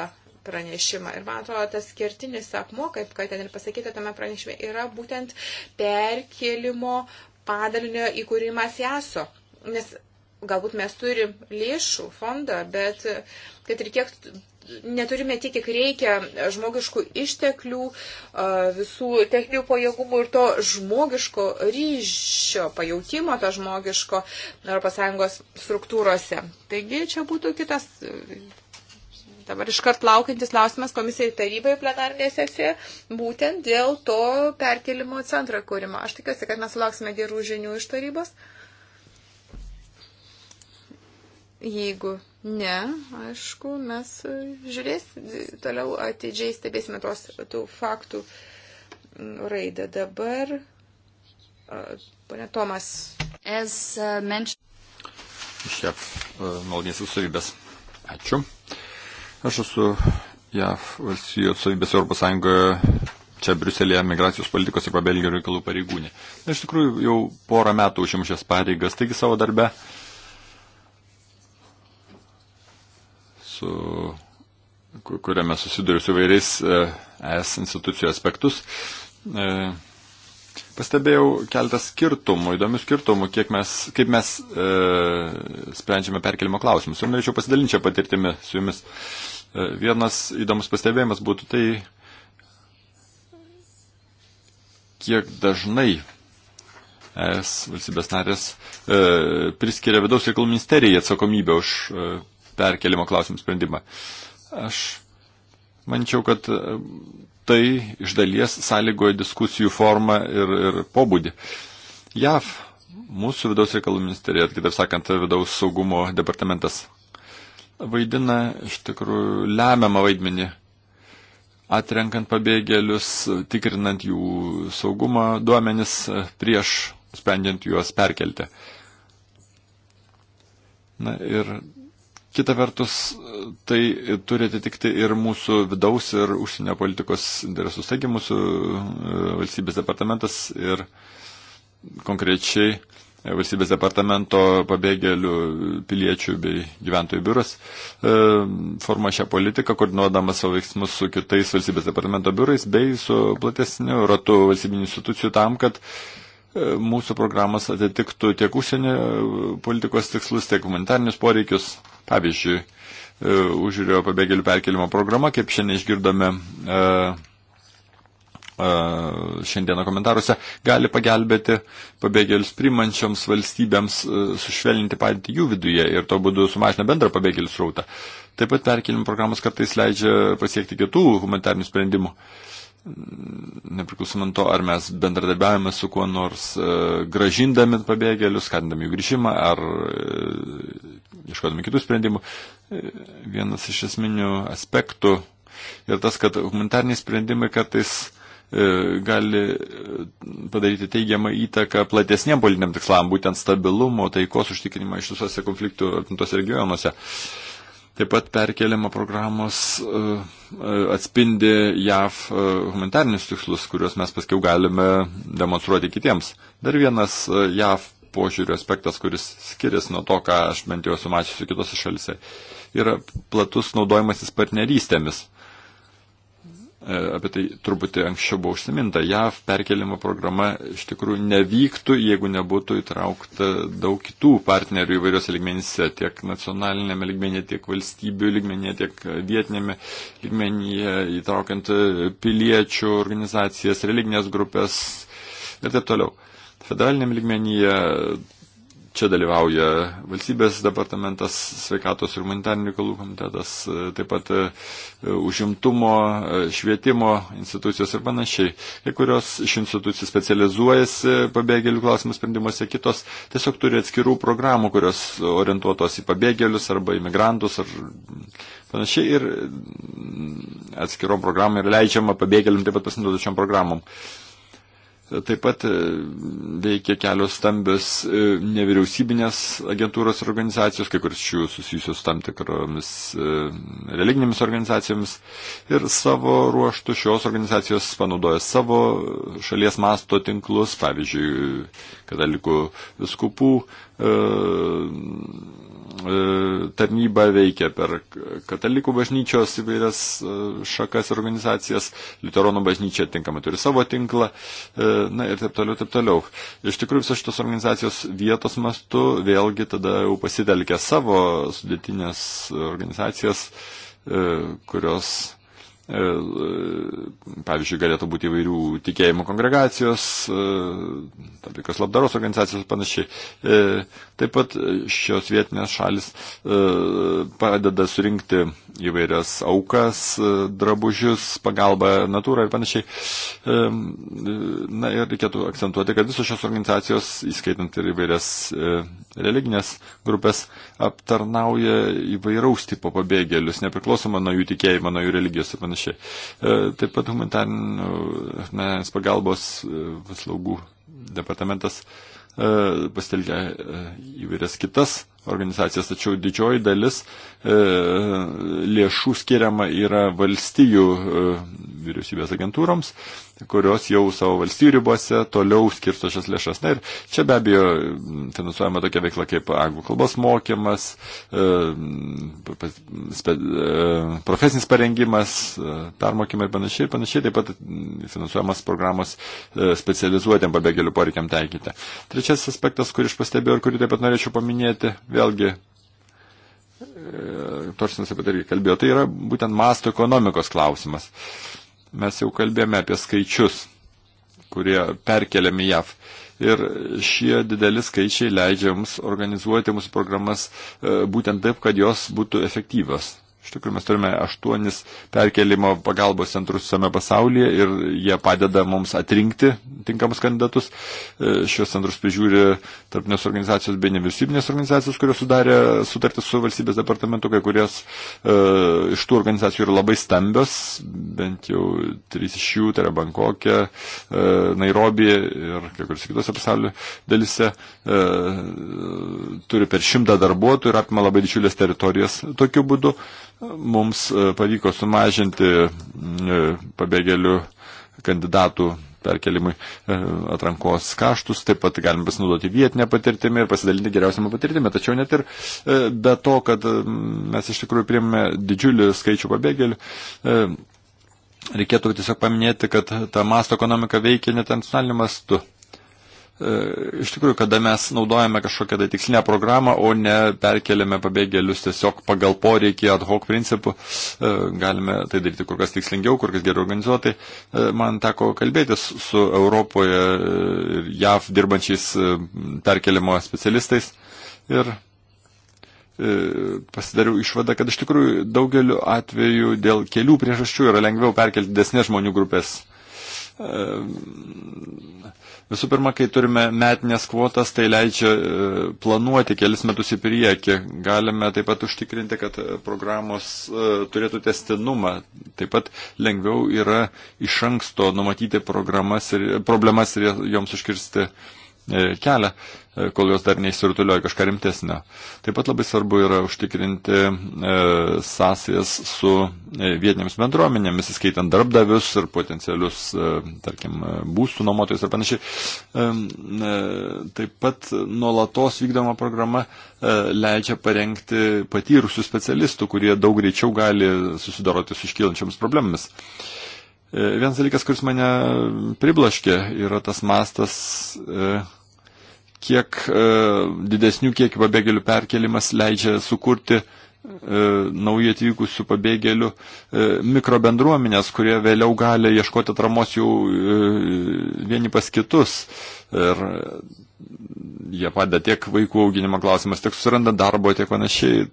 pranešimą. Ir man atrodo, tas kertinis akmuo, kaip kad ten ir pasakyta tame pranešime, yra būtent perkelimo padalinio įkūrimas jaso. Nes galbūt mes turim lėšų fondą, bet kad ir kiek neturime tiek, kiek reikia žmogiškų išteklių, visų techninių pajėgumų ir to žmogiško ryšio, pajautimo to žmogiško ES struktūrose. Taigi čia būtų kitas Dabar iškart laukiantis klausimas komisijai tarybai plenarinėje sesijoje būtent dėl to perkelimo centro kūrimo. Aš tikiuosi, kad mes lauksime gerų žinių iš tarybos. Jeigu ne, aišku, mes žiūrės, toliau atidžiai stebėsime tos tų faktų raidą. Dabar, ponė Tomas. As, uh, mentioned... Iš čia uh, naudinės savybės. Ačiū. Uh, Aš esu JAV valstybių atsovybės Europos Sąjungoje čia Briuselėje migracijos politikos ir pabelgių reikalų pareigūnė. Na, iš tikrųjų, jau porą metų užimu šias pareigas, taigi savo darbę su kuriame susiduriu su vairiais ES e institucijų aspektus. E, Pastebėjau keltą skirtumų, įdomių skirtumų, mes, kaip mes e, sprendžiame perkelimo klausimus. Ir norėčiau pasidalinti čia patirtimi su jumis. E, vienas įdomus pastebėjimas būtų tai, kiek dažnai es valstybės narės e, priskiria vidaus reikalų ministerijai atsakomybę už e, perkelimo klausimų sprendimą. Aš mančiau, kad e, tai iš dalies sąlygoja diskusijų formą ir, ir pobūdį. JAV, mūsų vidaus reikalų ministerija, kitaip sakant, vidaus saugumo departamentas, vaidina iš tikrųjų lemiamą vaidmenį, atrenkant pabėgėlius, tikrinant jų saugumą, duomenis prieš sprendžiant juos perkelti. Na ir Kita vertus, tai turi atitikti ir mūsų vidaus ir užsienio politikos interesus. Taigi mūsų e, valstybės departamentas ir konkrečiai e, valstybės departamento pabėgėlių piliečių bei gyventojų biuras e, forma šią politiką, koordinuodamas savo veiksmus su kitais valstybės departamento biurais bei su platesniu ratu valstybinių institucijų tam, kad mūsų programas atitiktų tiek užsienio politikos tikslus, tiek humanitarnius poreikius. Pavyzdžiui, e, užžiūrėjo pabėgėlių perkelimo programa, kaip šiandien išgirdome e, e, šiandieną komentaruose, gali pagelbėti pabėgėlius primančioms valstybėms sušvelninti padėtį jų viduje ir to būdu sumažina bendrą pabėgėlių srautą. Taip pat perkelimo programos kartais leidžia pasiekti kitų humanitarnių sprendimų. Uh, nepriklausomant to, ar mes bendradarbiavame su kuo nors, e, gražindami pabėgėlius, skatindami jų grįžimą, ar e, iškodami kitų sprendimų. E, vienas iš esminių aspektų yra tas, kad humanitarniai sprendimai kartais gali padaryti teigiamą įtaką platesniem politiniam tikslam, būtent stabilumo, taikos užtikrinimą iš visose konfliktų apimtose regionuose. Uh, Taip pat perkeliama programos e, e, atspindi JAV e, humanitarinius tikslus, kuriuos mes paskiau galime demonstruoti kitiems. Dar vienas JAV požiūrių aspektas, kuris skiriasi nuo to, ką aš bent jau esu mačiusi kitose šalise, yra platus naudojimasis partnerystėmis. E, apie tai truputį anksčiau buvo užsiminta, JAV perkelimo programa iš tikrųjų nevyktų, jeigu nebūtų įtraukta daug kitų partnerių įvairiose ligmenyse, tiek nacionalinėme ligmenyje, tiek valstybių ligmenyje, tiek vietinėme ligmenyje, įtraukiant piliečių organizacijas, religinės grupės ir taip toliau. Federalinėme ligmenyje Čia dalyvauja valstybės departamentas, sveikatos ir humanitarinių reikalų komitetas, e, taip pat e, užimtumo, e, švietimo institucijos ir panašiai. Kai kurios iš institucijų specializuojasi pabėgėlių klausimų sprendimuose, kitos tiesiog turi atskirų programų, kurios orientuotos į pabėgėlius arba imigrantus ar panašiai. Ir mm, atskirom programom ir leidžiama pabėgėliam taip pat pasinaudoti šiom programom. Uh, Taip pat e, veikia kelios stambios e, nevyriausybinės agentūros organizacijos, kai kurios šių susijusios tam tikromis e, religinėmis organizacijomis. Ir savo ruoštų šios organizacijos panaudoja savo šalies masto tinklus, pavyzdžiui, katalikų viskupų e, E, tarnyba veikia per katalikų bažnyčios įvairias e, šakas ir organizacijas, Liuteronų bažnyčia tinkamai turi savo tinklą, e, na ir taip toliau, taip toliau. Iš tikrųjų, visos šitos organizacijos vietos mastu vėlgi tada jau pasitelkia savo sudėtinės organizacijas, kurios E, pavyzdžiui, galėtų būti įvairių tikėjimų kongregacijos, e, tam tikros labdaros organizacijos ir panašiai. E, taip pat šios vietinės šalis padeda surinkti įvairias aukas, drabužius, pagalbą natūrą ir panašiai. Na ir reikėtų akcentuoti, kad visos šios organizacijos, įskaitant ir įvairias religinės grupės, aptarnauja įvairaus tipo pabėgėlius, nepriklausomą nuo jų tikėjimo, nuo jų religijos ir panašiai panašiai. E, taip pat humanitarnės pagalbos e, paslaugų departamentas e, pasitelkia įvairias kitas organizacijas, tačiau didžioji dalis e, lėšų skiriama yra valstijų e, vyriausybės agentūroms, kurios jau savo valstijų ribose toliau skirsto šias lėšas. Na ir čia be abejo finansuojama tokia veikla kaip anglų kalbos mokymas, e, spe, e, profesinis parengimas, e, permokymai ir panašiai, panašiai taip pat finansuojamas programos e, specializuotėm pabėgėlių poreikiam taikyti. Trečias aspektas, kurį aš pastebėjau ir kurį taip pat norėčiau paminėti, vėlgi, e, Torsinas apie tai irgi kalbėjo, tai yra būtent masto ekonomikos klausimas. Mes jau kalbėjome apie skaičius, kurie perkeliami JAV. Ir šie dideli skaičiai leidžia mums organizuoti mūsų programas e, būtent taip, kad jos būtų efektyvios. Iš tikrųjų, mes turime aštuonis perkelimo pagalbos centrus visame pasaulyje ir jie padeda mums atrinkti tinkamus kandidatus. E, šios centrus prižiūri tarpinės organizacijos bei nevyriausybinės organizacijos, kurios sudarė sutartis su valstybės departamentu, kai kurios e, iš tų organizacijų yra labai stambios, bent jau trys iš jų, tai yra Bankokė, e, Nairobi ir kai kuriuose kitose pasaulio dalise, e, turi per šimtą darbuotojų ir apima labai didžiulės teritorijas tokiu būdu mums e, pavyko sumažinti e, pabėgėlių kandidatų perkelimui e, atrankos kaštus, taip pat galim pasinaudoti vietinę patirtimį ir pasidalinti geriausiamą patirtimį. Tačiau net ir be to, kad mes iš tikrųjų priėmėme didžiulį skaičių pabėgėlių, reikėtų tiesiog paminėti, kad ta masto ekonomika veikia net nacionaliniu mastu. E, iš tikrųjų, kada mes naudojame kažkokią tai tikslinę programą, o ne perkeliame pabėgėlius tiesiog pagal poreikį ad hoc principų, e, galime tai daryti kur kas tikslingiau, kur kas geriau organizuotai. E, man teko kalbėtis su Europoje ir JAV dirbančiais perkeliamo specialistais ir pasidariau išvadą, kad iš tikrųjų daugeliu atveju dėl kelių priežasčių yra lengviau perkelti desnės žmonių grupės Visų pirma, kai turime metinės kvotas, tai leidžia e, planuoti kelis metus į priekį. Galime taip pat užtikrinti, kad programos e, turėtų testinumą. Taip pat lengviau yra iš anksto numatyti programas ir problemas ir joms užkirsti uh, E, kelią, e, kol jos dar neįsirutulioja kažką rimtesnio. Taip pat labai svarbu yra užtikrinti e, sąsajas su vietinėmis bendruomenėmis, įskaitant darbdavius ir potencialius, tarkim, būstų nuomotojus ir panašiai. Taip pat nuolatos vykdoma programa leidžia parengti patyrusių specialistų, kurie daug greičiau gali susidoroti su iškylančiamis problemomis. Uh, E, vienas dalykas, kuris mane priblaškė, yra tas mastas, e, kiek e, didesnių kiekį pabėgėlių perkelimas leidžia sukurti naujai atvykusių pabėgėlių mikrobendruomenės, kurie vėliau gali ieškoti atramos jau vieni pas kitus. Ir jie padeda tiek vaikų auginimo klausimas, tiek suranda darbo, tiek panašiai.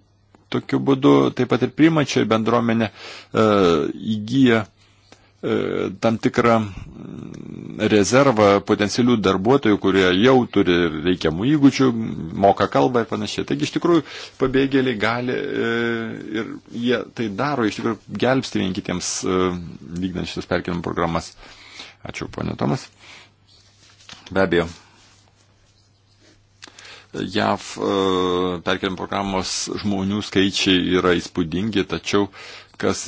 Tokiu būdu taip pat ir primačiai bendruomenė įgyja E, tam tikrą mm, rezervą potencialių darbuotojų, kurie jau turi reikiamų įgūdžių, moka kalbą ir panašiai. Taigi iš tikrųjų pabėgėliai gali e, ir jie tai daro, iš tikrųjų gelbsti vien kitiems e, vykdant šitas perkelimų programas. Ačiū, ponė Tomas. Be abejo. JAV perkelimų programos žmonių skaičiai yra įspūdingi, tačiau kas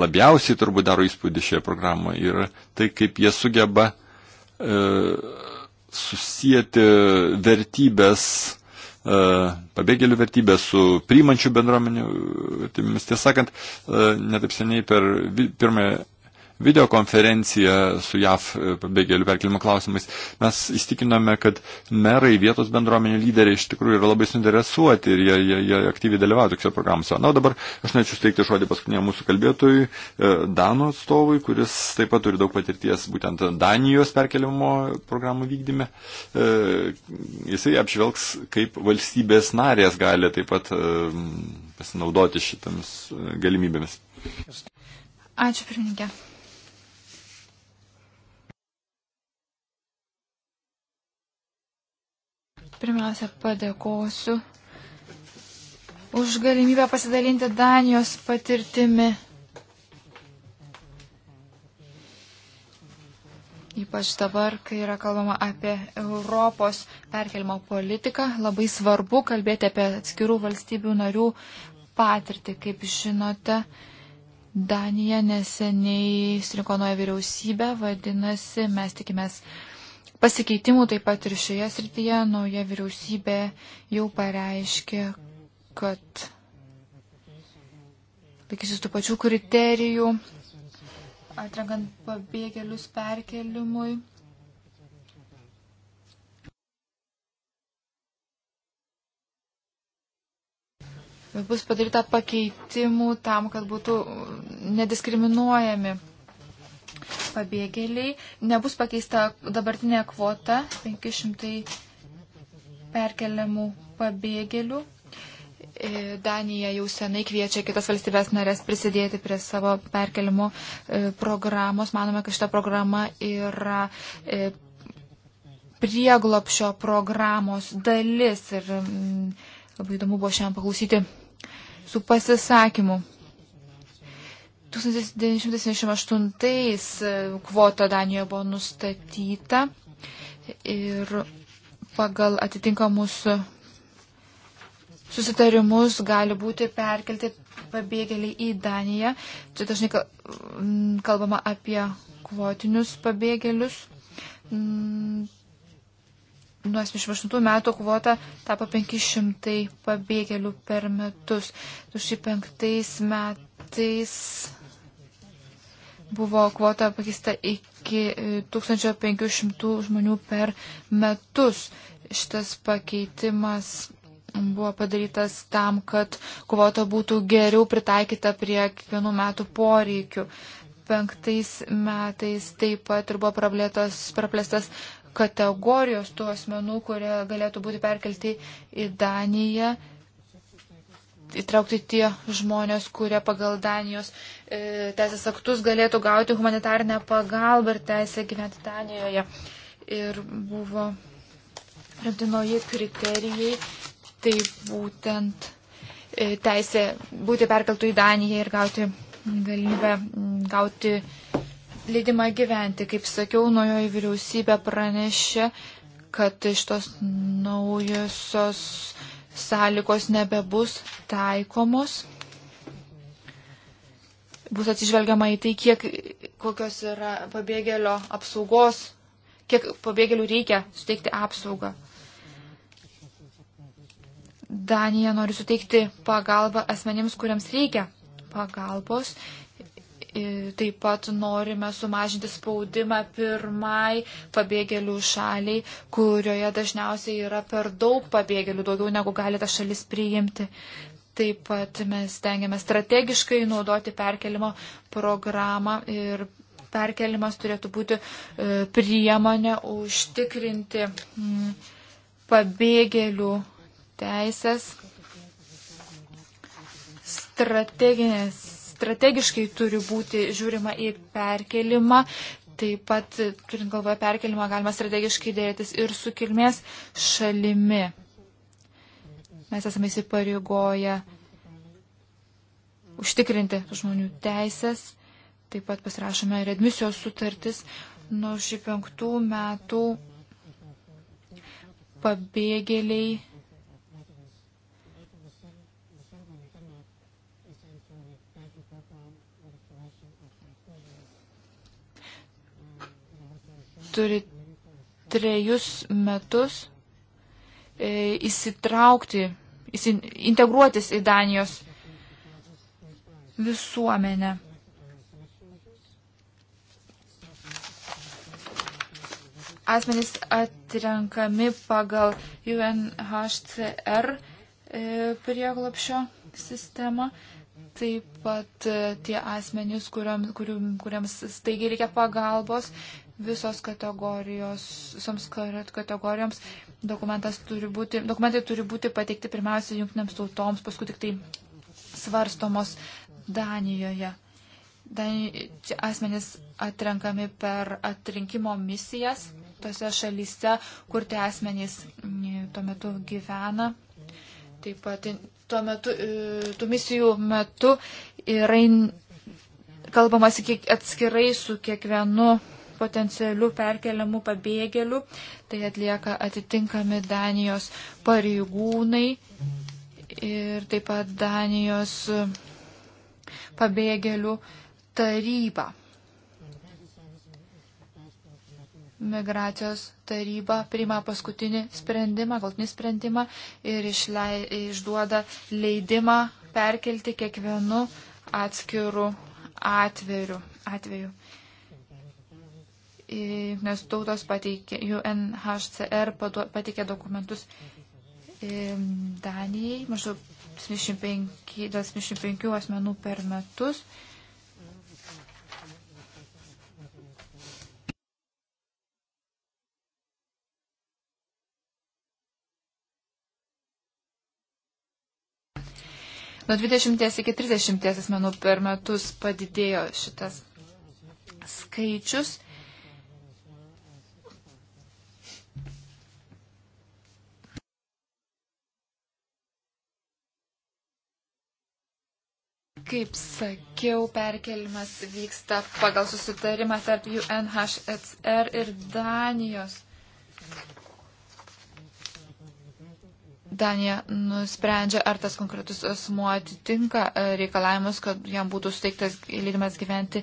labiausiai turbūt daro įspūdį šioje programoje, yra tai, kaip jie sugeba e, susijęti vertybės, e, pabėgėlių vertybės su priimančių bendruomenių vertybėmis. Tiesą sakant, e, netaip seniai per pirmąją videokonferenciją su JAF e, pabėgėlių perkelimo klausimais, mes įstikinome, kad merai, vietos bendruomenių lyderiai iš tikrųjų yra labai suinteresuoti ir jie, jie, jie aktyviai dalyvauja tokiuose programuose. Na, dabar aš norėčiau steigti žodį paskutiniam mūsų kalbėtojui, e, Danų atstovui, kuris taip pat turi daug patirties būtent Danijos perkelimo programų vykdyme. E, jisai apžvelgs, kaip valstybės narės gali taip pat pasinaudoti šitams galimybėmis. Ačiū, pirmininkė. Pirmiausia, padėkosiu už galimybę pasidalinti Danijos patirtimi. Ypač dabar, kai yra kalbama apie Europos perkelimo politiką, labai svarbu kalbėti apie atskirų valstybių narių patirtį. Kaip žinote, Danija neseniai striko nuoja vyriausybę, vadinasi, mes tikimės pasikeitimų taip pat ir šioje srityje nauja vyriausybė jau pareiškė, kad laikysis tų pačių kriterijų, atrenkant pabėgėlius perkelimui. Bus padaryta pakeitimų tam, kad būtų nediskriminuojami pabėgėliai, nebus pakeista dabartinė kvota 500 perkeliamų pabėgėlių. E, Danija jau senai kviečia kitas valstybės narės prisidėti prie savo perkelimo e, programos. Manome, kad šita programa yra e, prieglopšio programos dalis ir mm, labai įdomu buvo šiandien paklausyti su pasisakymu. 1978 e, kvoto Danijoje buvo nustatyta ir pagal atitinkamus susitarimus gali būti perkelti pabėgėliai į Daniją. Čia dažnai kalbama apie kvotinius pabėgėlius. Nuo 88 metų kvota tapo 500 pabėgėlių per metus. 2005 metais buvo kvota pakista iki 1500 e, žmonių per metus. Šitas pakeitimas buvo padarytas tam, kad kvota būtų geriau pritaikyta prie kiekvienų metų poreikių. Penktais metais taip pat ir buvo praplėstas kategorijos tų asmenų, kurie galėtų būti perkelti į Daniją įtraukti tie žmonės, kurie pagal Danijos e, teisės aktus galėtų gauti humanitarinę pagalbą ir teisę gyventi Danijoje. Ir buvo rimti nauji kriterijai, tai būtent e, teisė būti perkeltų į Daniją ir gauti galimybę gauti leidimą gyventi. Kaip sakiau, naujoji vyriausybė pranešė, kad šitos naujosios sąlygos nebebus taikomos. Bus atsižvelgiama į tai, kiek, kokios yra pabėgėlio apsaugos, kiek pabėgėlių reikia suteikti apsaugą. Danija nori suteikti pagalbą asmenims, kuriems reikia pagalbos E, taip pat norime sumažinti spaudimą pirmai pabėgėlių šaliai, kurioje dažniausiai yra per daug pabėgėlių, daugiau negu gali ta šalis priimti. Taip pat mes tengiame strategiškai naudoti perkelimo programą ir perkelimas turėtų būti e, priemonė užtikrinti mm, pabėgėlių teisės strateginės strategiškai turi būti žiūrima į perkelimą. Taip pat, turint galvoje perkelimą, galima strategiškai dėrėtis ir su kilmės šalimi. Mes esame įsipareigoję užtikrinti žmonių teisės, taip pat pasirašome redmisijos sutartis nuo šį penktų metų pabėgėliai turi trejus metus e, įsitraukti, įsin, integruotis į Danijos visuomenę. Asmenys atrenkami pagal UNHCR e, prieglapšio sistemą. Taip pat e, tie asmenys, kuriam, kuriam, kuriems staigiai reikia pagalbos, visos kategorijos, visoms kategorijoms dokumentas turi būti, dokumentai turi būti pateikti pirmiausia jungtinėms tautoms, paskui tik tai svarstomos Danijoje. Dani, asmenys atrenkami per atrinkimo misijas tose šalyse, kur tie asmenys mm, tuo metu gyvena. Taip pat tuo metu, tų misijų metu yra kalbamas atskirai su kiekvienu potencialių perkeliamų pabėgėlių. Tai atlieka atitinkami Danijos pareigūnai ir taip pat Danijos pabėgėlių taryba. Migracijos taryba priima paskutinį sprendimą, galtinį sprendimą ir išlei, išduoda leidimą perkelti kiekvienu atskiru atveriu, atveju nes tautos pateikė, UNHCR pateikė dokumentus Danijai, maždaug 25, 25 asmenų per metus. Nuo 20 iki 30 asmenų per metus padidėjo šitas skaičius. Kaip sakiau, perkelimas vyksta pagal susitarimą tarp UNHCR ir Danijos. Danija nusprendžia, ar tas konkretus asmuo atitinka e, reikalavimus, kad jam būtų suteiktas leidimas gyventi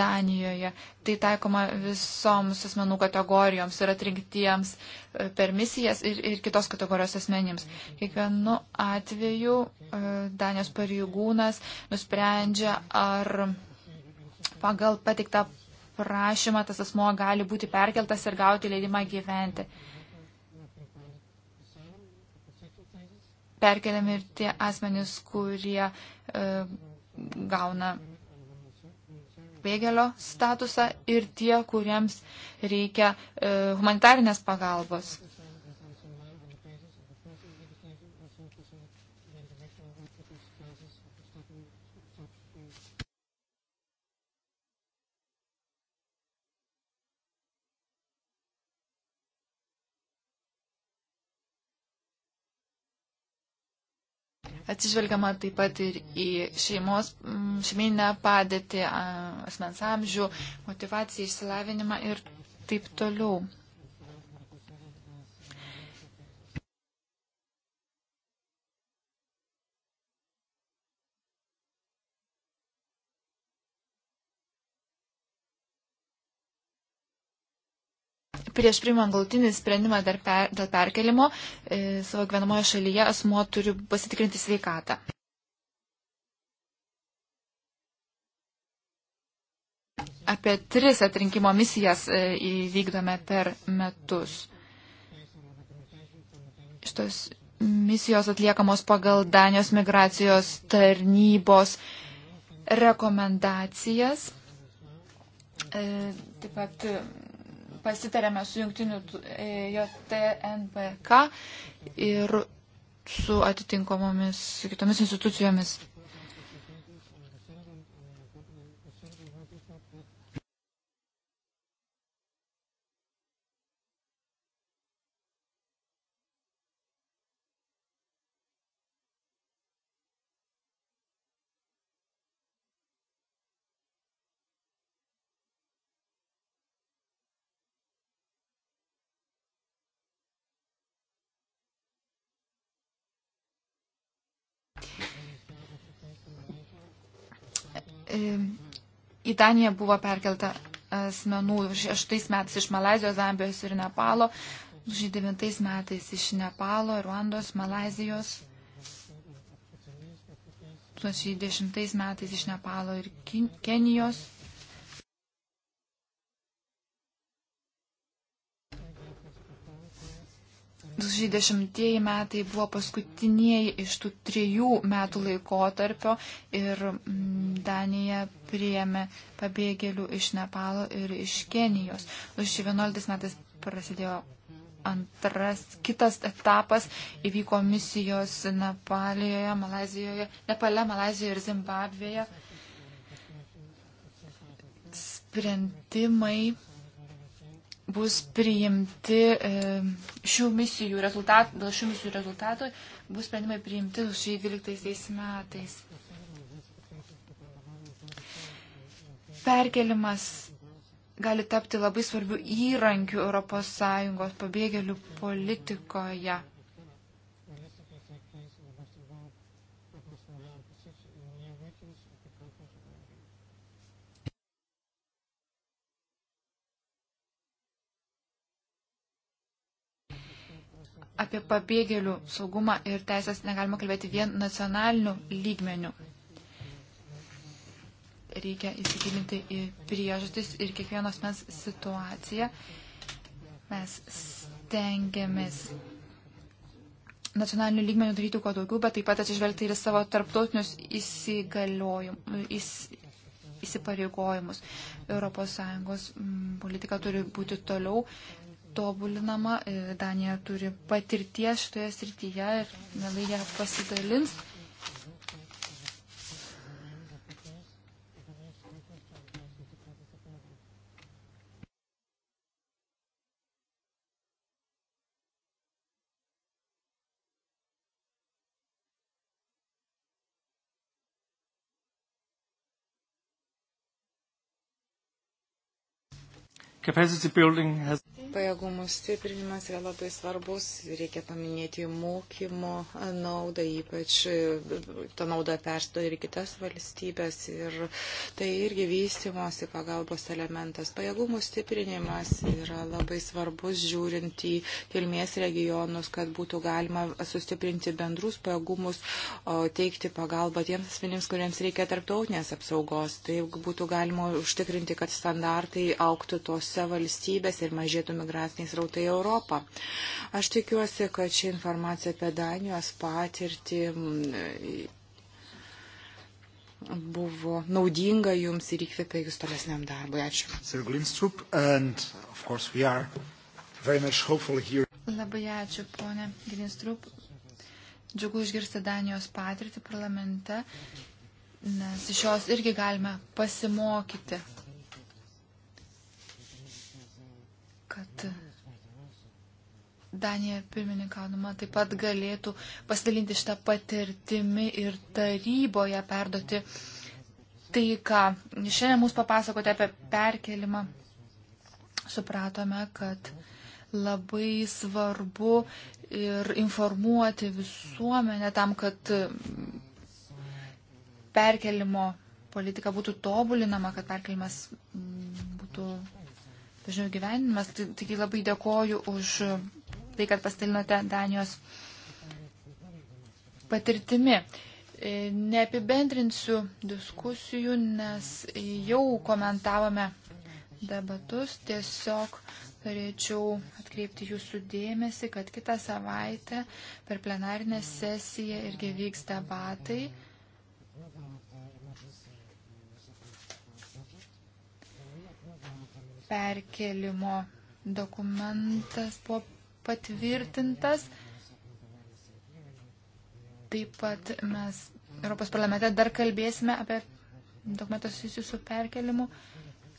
Danijoje. Tai taikoma visoms asmenų kategorijoms ir atrinktiems e, per misijas ir, ir kitos kategorijos asmenims. Kiekvienu atveju e, Danijos pareigūnas nusprendžia, ar pagal patiktą prašymą tas asmuo gali būti perkeltas ir gauti leidimą gyventi. perkeliami ir tie asmenys, kurie e, gauna pėgelio statusą ir tie, kuriems reikia e, humanitarinės pagalbos. Atsižvelgiama taip pat ir į šeimos, mm, šeiminę padėtį, asmens amžių, motivaciją, išsilavinimą ir taip toliau. prieš priimant galutinį sprendimą per, dėl perkelimo e, savo gyvenamojo šalyje asmuo turi pasitikrinti sveikatą. Apie tris atrinkimo misijas e, įvykdome per metus. Šitos misijos atliekamos pagal Danijos migracijos tarnybos rekomendacijas. E, taip pat pasitarėme su jungtiniu e, JTNPK ir su atitinkomomis kitomis institucijomis. E, į Daniją buvo perkelta asmenų šeštais metais iš Malazijos, Zambijos ir Nepalo, 2009 metais iš Nepalo, Ruandos, Malazijos, 2010 metais iš Nepalo ir Kenijos, 2010 metai buvo paskutiniai iš tų trijų metų laikotarpio ir mm, Danija priėmė pabėgėlių iš Nepalo ir iš Kenijos. 2011 metais prasidėjo antras, kitas etapas įvyko misijos Nepalijoje, Malazijoje, Nepale, Malazijoje ir Zimbabvėje. Sprendimai bus priimti e, šių misijų rezultatų, dėl šių misijų rezultatų bus sprendimai priimti 2012 metais. Perkelimas gali tapti labai svarbių įrankių ES pabėgėlių politikoje. apie pabėgėlių saugumą ir teisės negalima kalbėti vien nacionaliniu lygmeniu. Reikia įsigilinti į priežastis ir kiekvienos mes situaciją. Mes stengiamės nacionaliniu lygmeniu daryti kuo daugiau, bet taip pat atsižvelgti ir savo tarptautinius įs, įsipareigojimus. ES politika turi būti toliau tobulinama. E, Danija turi patirties šitoje srityje ir mielai ją pasidalins. Has... Pajėgumų stiprinimas yra labai svarbus, reikia paminėti mokymo naudą, ypač e, tą naudą perstoja ir kitas valstybės, ir tai irgi vystimosi pagalbos elementas. Pajėgumų stiprinimas yra labai svarbus, žiūrint į kilmės regionus, kad būtų galima sustiprinti bendrus pajėgumus, teikti pagalbą tiems asmenims, kuriems reikia tarptautinės apsaugos. Taip būtų galima užtikrinti, kad standartai auktų tos kitose valstybėse ir mažėtų migraciniai srautai į Europą. Aš tikiuosi, kad ši informacija apie Danijos patirtį mm, buvo naudinga jums ir įkvėpė jūs tolesniam darbui. Ačiū. Labai ačiū, ponė Grinstrup. Džiugu išgirsti Danijos patirtį parlamente, nes iš jos irgi galime pasimokyti. kad Danija pirmininkaudama taip pat galėtų pasidalinti šitą patirtimi ir taryboje perduoti tai, ką šiandien mums papasakote apie perkelimą. Supratome, kad labai svarbu ir informuoti visuomenę tam, kad perkelimo politika būtų tobulinama, kad perkelimas būtų dažniau gyvenimas. Tai, taigi labai dėkoju už tai, kad pastalinote Danijos patirtimi. E, neapibendrinsiu diskusijų, nes jau komentavome debatus. Tiesiog norėčiau atkreipti jūsų dėmesį, kad kitą savaitę per plenarinę sesiją irgi vyks debatai. perkelimo dokumentas buvo patvirtintas. Taip pat mes Europos parlamente dar kalbėsime apie dokumentą susijusiu su perkelimu.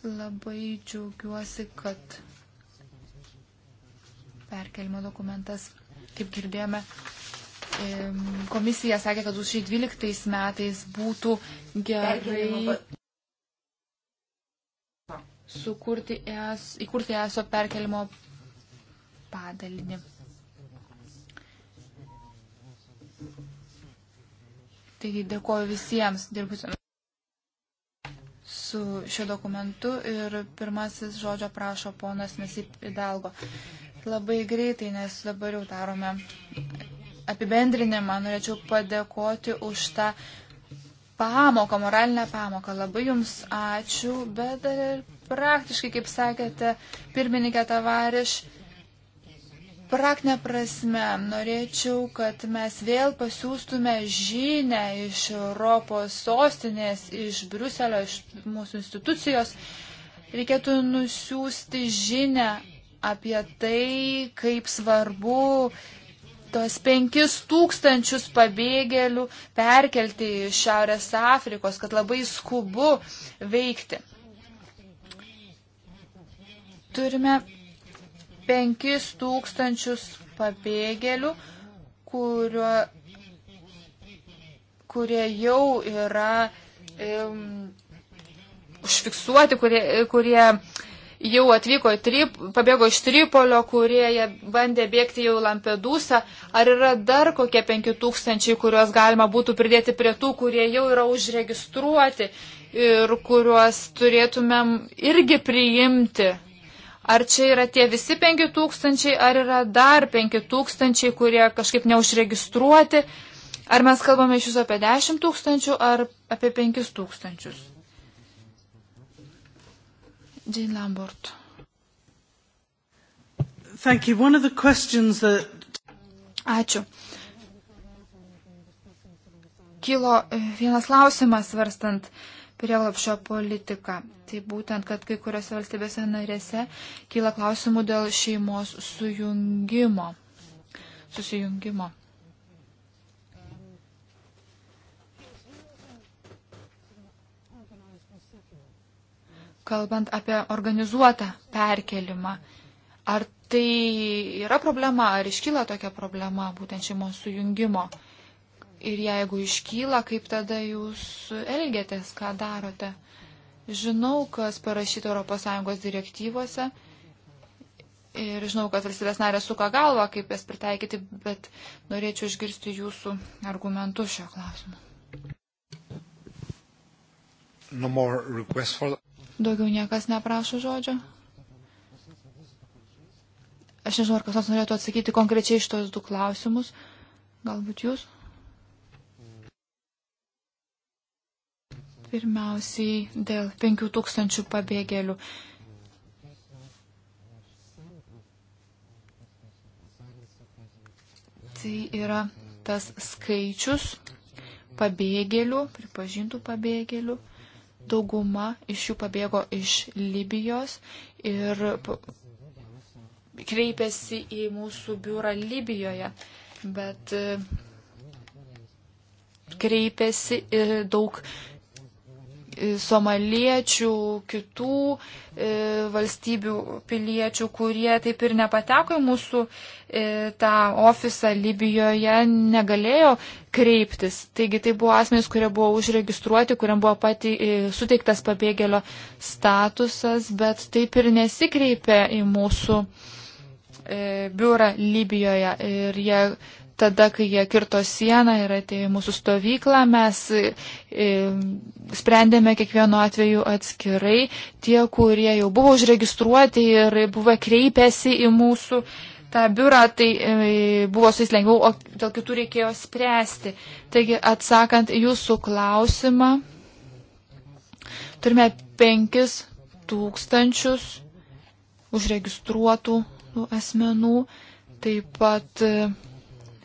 Labai džiaugiuosi, kad perkelimo dokumentas, kaip girdėjome, komisija sakė, kad 2012 metais būtų gerai sukurti ES, įkurti ESO perkelimo padalinį. Taigi dėkoju visiems dirbusiems su šiuo dokumentu ir pirmasis žodžio prašo ponas Nesip Idalgo. Labai greitai, nes dabar jau darome apibendrinimą, norėčiau padėkoti už tą pamoką, moralinę pamoką. Labai jums ačiū, bet dar ir praktiškai, kaip sakėte, pirmininkė Tavariš, praktinė prasme norėčiau, kad mes vėl pasiūstume žinę iš Europos sostinės, iš Briuselio, iš mūsų institucijos. Reikėtų nusiųsti žinę apie tai, kaip svarbu tos penkis tūkstančius pabėgėlių perkelti iš Šiaurės Afrikos, kad labai skubu veikti. Turime 5000 pabėgėlių, kurio, kurie jau yra um, užfiksuoti, kurie, kurie jau atvyko į Trip, pabėgo iš Tripolio, kurie bandė bėgti jau Lampedusą. Ar yra dar kokie 5000, kuriuos galima būtų pridėti prie tų, kurie jau yra užregistruoti ir kuriuos turėtumėm irgi priimti? Ar čia yra tie visi 5000, ar yra dar 5000, kurie kažkaip neužregistruoti? Ar mes kalbame iš jūsų apie 10 tūkstančių, ar apie 5 tūkstančius? Jane Lambert. Thank you. One of the questions that... Ačiū. Kilo e, vienas klausimas svarstant uh, prieglapšio politiką. Tai būtent, kad kai kuriuose valstybėse narėse kyla klausimų dėl šeimos sujungimo. Susijungimo. Kalbant apie organizuotą perkelimą, ar tai yra problema, ar iškyla tokia problema būtent šeimos sujungimo? Ir jeigu iškyla, kaip tada jūs elgiatės, ką darote? Žinau, kas parašyta ES direktyvose ir žinau, kad valstybės narės suka galvą, kaip jas pritaikyti, bet norėčiau išgirsti jūsų argumentus šio klausimu. No for... Daugiau niekas neprašo žodžio. Aš nežinau, ar kas nors norėtų atsakyti konkrečiai iš tos du klausimus. Galbūt jūs? Pirmiausiai dėl 5000 pabėgėlių. Tai yra tas skaičius pabėgėlių, pripažintų pabėgėlių. Dauguma iš jų pabėgo iš Libijos ir kreipėsi į mūsų biurą Libijoje, bet e, kreipėsi e, daug E, somaliečių, kitų e, valstybių piliečių, kurie taip ir nepateko į mūsų e, tą ofisą Libijoje, negalėjo kreiptis. Taigi tai buvo asmenys, kurie buvo užregistruoti, kuriam buvo pati suteiktas pabėgėlio statusas, bet taip ir nesikreipė į mūsų biurą Libijoje. Ir jie tada, kai jie kirto sieną ir atėjo mūsų stovyklą, mes e, sprendėme kiekvienu atveju atskirai. Tie, kurie jau buvo užregistruoti ir buvo kreipęsi į mūsų tą biurą, tai e, buvo su jais lengviau, o dėl kitų reikėjo spręsti. Taigi, atsakant jūsų klausimą, turime penkis tūkstančius užregistruotų nu, asmenų, taip pat e,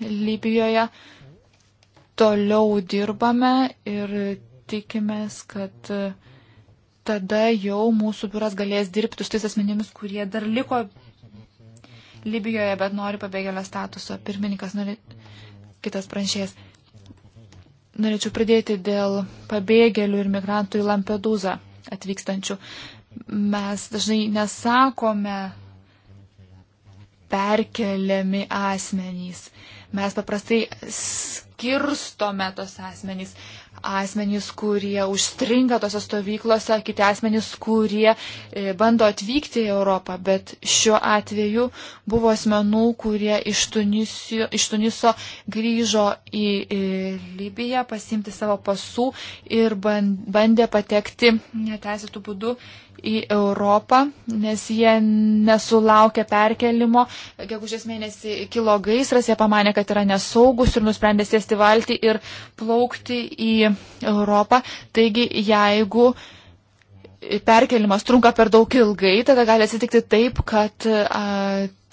Libijoje. Toliau dirbame ir tikimės, kad tada jau mūsų biuras galės dirbti su tais asmenimis, kurie dar liko Libijoje, bet nori pabėgėlio statuso. Pirmininkas, nori... kitas pranšėjas. Norėčiau pridėti dėl pabėgėlių ir migrantų į Lampedūzą atvykstančių. Mes dažnai nesakome perkeliami asmenys. Uh, Mes paprastai skirstome tos asmenys. Asmenys, kurie užstringa tose stovyklose, kiti asmenys, kurie e, bando atvykti į Europą, bet šiuo atveju buvo asmenų, kurie iš, Tunisio, iš Tuniso grįžo į, į e, Libiją pasimti savo pasų ir bandė patekti neteisėtų būdų į Europą, nes jie nesulaukė perkelimo. Gegužės mėnesį kilo gaisras, jie pamanė, kad yra nesaugus ir nusprendė sėsti valtį ir plaukti į Europą. Taigi, jeigu perkelimas trunka per daug ilgai, tada gali atsitikti taip, kad a,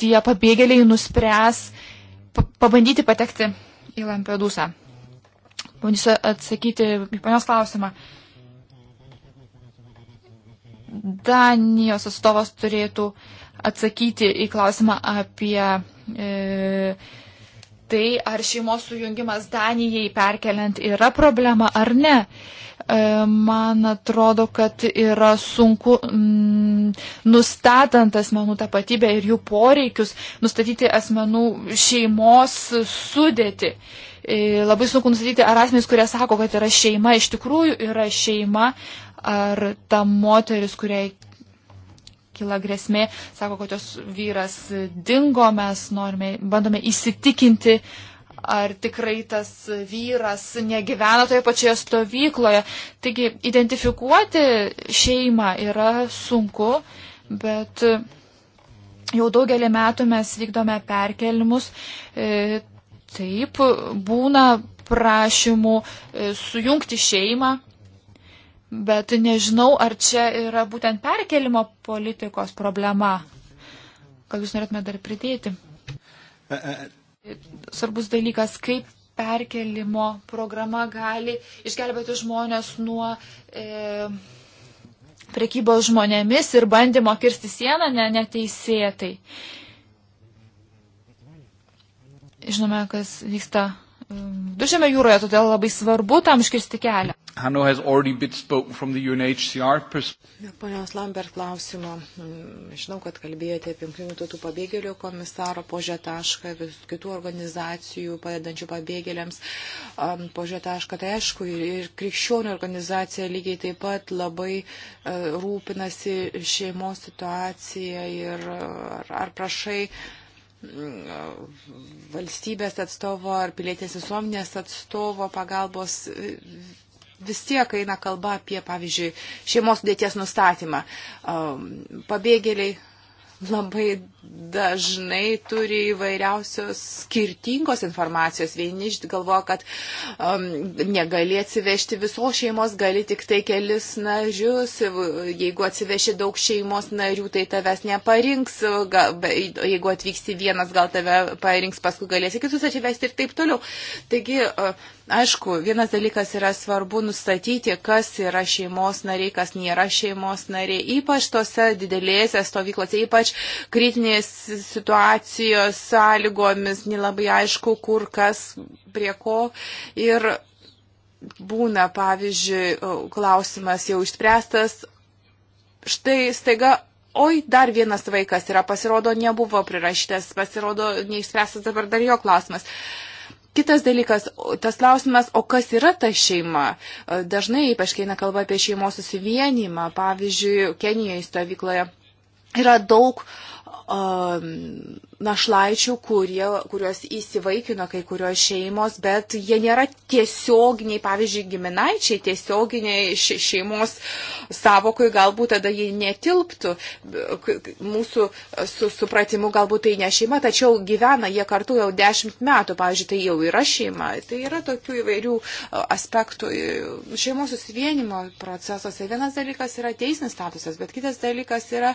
tie pabėgėliai nuspręs pabandyti patekti į Lampedusą. Bandysiu atsakyti į ponios klausimą. A, Danijos atstovas turėtų atsakyti į klausimą apie e, tai, ar šeimos sujungimas Danijai perkeliant yra problema ar ne. E, man atrodo, kad yra sunku mm, nustatant asmenų tapatybę ir jų poreikius, nustatyti asmenų šeimos sudėti. E, E, labai sunku nustatyti, ar asmenys, kurie sako, kad yra šeima, iš tikrųjų yra šeima, ar ta moteris, kuriai kyla grėsmė, sako, kad jos vyras dingo, mes norime, bandome įsitikinti, ar tikrai tas vyras negyvena toje pačioje stovykloje. Taigi identifikuoti šeimą yra sunku, bet jau daugelį metų mes vykdome perkelimus. E, Taip, būna prašymų e, sujungti šeimą, bet nežinau, ar čia yra būtent perkelimo politikos problema. Gal jūs norėtumėte dar pridėti? E, e, Svarbus dalykas, kaip perkelimo programa gali išgelbėti žmonės nuo e, prekybos žmonėmis ir bandymo kirsti sieną ne, neteisėtai. E, Žinome, kas vyksta um, Dužėme jūroje, todėl labai svarbu tam iškirsti kelią. Ponios Lambert klausimo. Mm, žinau, kad kalbėjote apie Junktinių tautų pabėgėlių komisaro požę tašką, kitų organizacijų padedančių pabėgėliams um, požę tašką. Tai aišku, ir krikščionių organizacija lygiai taip pat labai e, rūpinasi šeimos situacija ir ar, ar prašai valstybės atstovo ar pilietės visuomenės atstovo pagalbos vis tiek eina kalba apie, pavyzdžiui, šeimos sudėties nustatymą. Pabėgėliai labai dažnai turi įvairiausios skirtingos informacijos. Vieni galvoja, kad um, negali atsivežti visos šeimos, gali tik tai kelis narius. Jeigu atsiveši daug šeimos narių, tai tavęs neparinks. Gal, jeigu atvyksi vienas, gal tave parinks, paskui galėsi kitus atsivesti ir taip toliau. Taigi, uh, aišku, vienas dalykas yra svarbu nustatyti, kas yra šeimos nariai, kas nėra šeimos nariai. Ypač tose didelėse stovyklose, ypač kritinė krizinės situacijos sąlygomis, nelabai aišku, kur kas, prie ko. Ir būna, pavyzdžiui, klausimas jau išspręstas, štai staiga oi, dar vienas vaikas yra, pasirodo, nebuvo prirašytas, pasirodo, neišspręstas dabar dar jo klausimas. Kitas dalykas, tas klausimas, o kas yra ta šeima? Dažnai, ypač kai eina kalba apie šeimos susivienimą, pavyzdžiui, Kenijoje stovykloje yra daug našlaičių, kurie, kuriuos įsivaikino kai kurios šeimos, bet jie nėra tiesioginiai, pavyzdžiui, giminaičiai, tiesioginiai šeimos savokui galbūt tada jie netilptų. Mūsų su supratimu galbūt tai ne šeima, tačiau gyvena jie kartu jau dešimt metų, pavyzdžiui, tai jau yra šeima. Tai yra tokių įvairių aspektų šeimos susivienimo procesuose. Vienas dalykas yra teisinis statusas, bet kitas dalykas yra.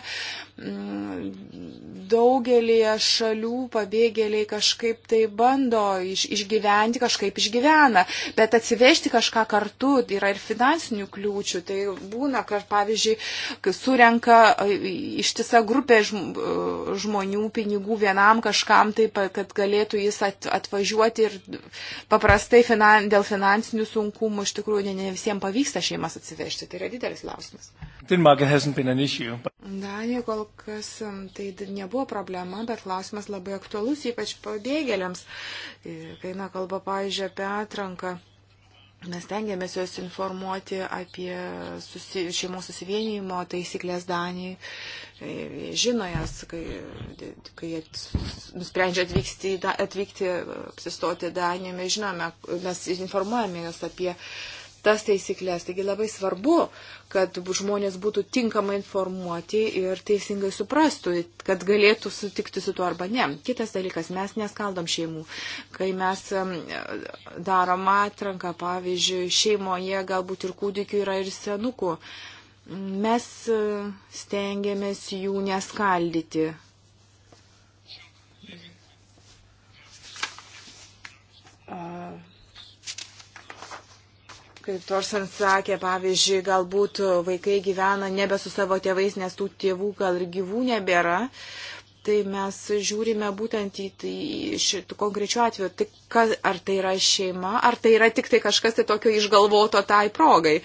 Mm, daugelį šalių pabėgėliai kažkaip tai bando iš, išgyventi, kažkaip išgyvena, bet atsivežti kažką kartu yra ir finansinių kliūčių. Tai būna, kad pavyzdžiui, surenka e, ištisa grupė e, žmonių pinigų vienam kažkam, tai, kad galėtų jis atvažiuoti ir paprastai finan, dėl finansinių sunkumų iš tikrųjų ne, ne visiems pavyksta šeimas atsivežti. Tai yra didelis klausimas. Danijoje kol kas tai nebuvo problema, bet klausimas labai aktualus, ypač pabėgėliams. Kai na kalba, pavyzdžiui, apie atranką. Mes tengiamės juos informuoti apie susi, šeimos susivienijimo taisyklės Danijai. E, žino jas, kai, kai at, nusprendžia atvykti, atvykti, apsistoti Danijoje, mes žinome, mes informuojame jas apie uh, tas taisyklės. Taigi labai svarbu, kad žmonės būtų tinkamai informuoti ir teisingai suprastų, kad galėtų sutikti su tuo arba ne. Kitas dalykas, mes neskaldom šeimų. Kai mes darom atranką, pavyzdžiui, šeimoje galbūt ir kūdikių yra ir senukų, mes e, stengiamės jų neskaldyti. Uh Kaip Torsen sakė, pavyzdžiui, galbūt vaikai gyvena nebe su savo tėvais, nes tų tėvų gal ir gyvų nebėra. Tai mes žiūrime būtent į, tai, šitų konkrečių atveju, tai kas, ar tai yra šeima, ar tai yra tik tai kažkas tai tokio išgalvoto tai progai.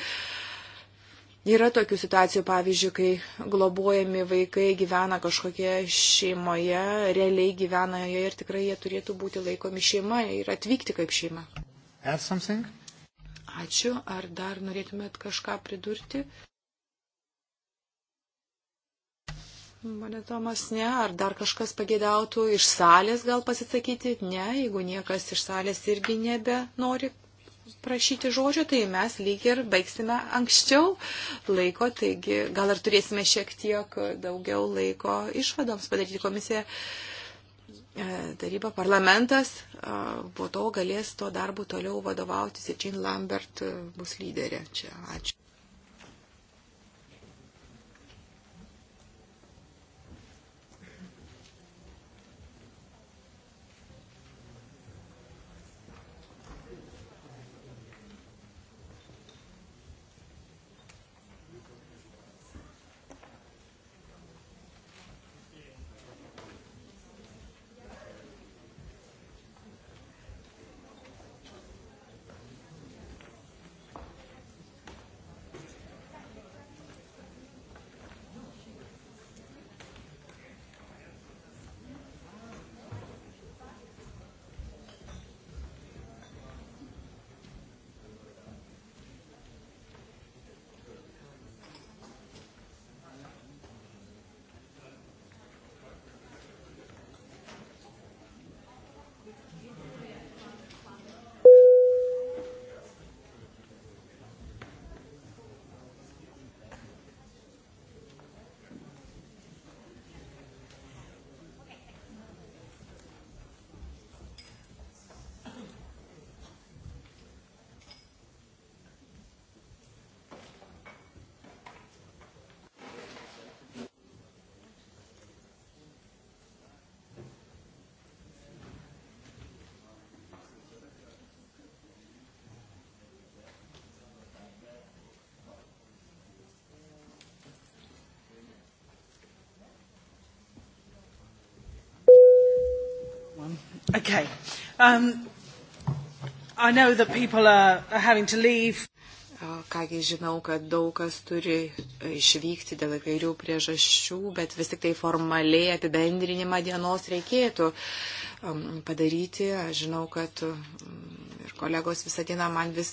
Yra tokių situacijų, pavyzdžiui, kai globojami vaikai gyvena kažkokie šeimoje, realiai gyvena joje ir tikrai jie turėtų būti laikomi šeima ir atvykti kaip šeima. Add something? Ačiū. Ar dar norėtumėt kažką pridurti? Mane Tomas, ne. Ar dar kažkas pagėdautų iš salės gal pasisakyti? Ne, jeigu niekas iš salės irgi nebenori prašyti žodžio, tai mes lyg ir baigsime anksčiau laiko, taigi gal ir turėsime šiek tiek daugiau laiko išvadoms padaryti komisiją. E, taryba, parlamentas e, po to galės tuo darbu toliau vadovautis ir Jean Lambert e, bus lyderė čia. Ačiū. on. Okay. Um, I know that people are, are having to leave. Kągi žinau, kad daug kas turi e, išvykti dėl įvairių priežasčių, bet vis tik tai formaliai apibendrinimą dienos reikėtų um, padaryti. Aš žinau, kad Kolegos visą dieną man vis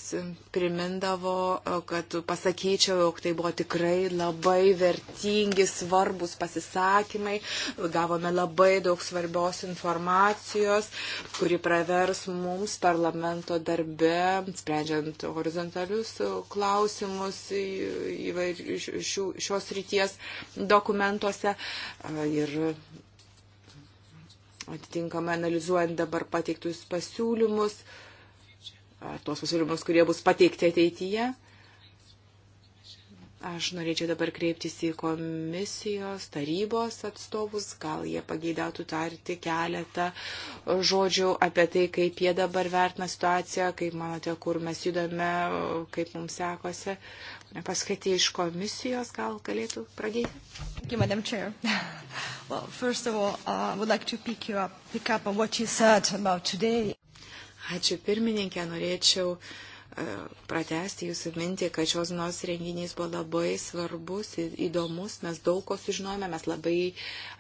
primindavo, e, kad pasakyčiau, jog tai buvo tikrai labai vertingi, svarbus pasisakymai. Gavome labai daug svarbios informacijos, kuri pravers mums parlamento darbe, sprendžiant horizontalius klausimus įvairių šios ryties dokumentuose. E, ir atitinkamai analizuojant dabar pateiktus pasiūlymus, tuos pasiūlymus, kurie bus pateikti ateityje. Aš norėčiau dabar kreiptis į komisijos, tarybos atstovus, gal jie pageidautų tarti keletą žodžių apie tai, kaip jie dabar vertina situaciją, kaip manote, kur mes judame, kaip mums sekosi. Paskaitė iš komisijos, gal galėtų pradėti. Thank you, Madam Chair. well, first of all, uh, I would like to pick, you up, pick up on what you said about today. Ačiū pirmininkė, norėčiau e, pratesti jūsų mintį, kad šios dienos renginys buvo labai svarbus, įdomus, mes daug ko sužinojome, mes labai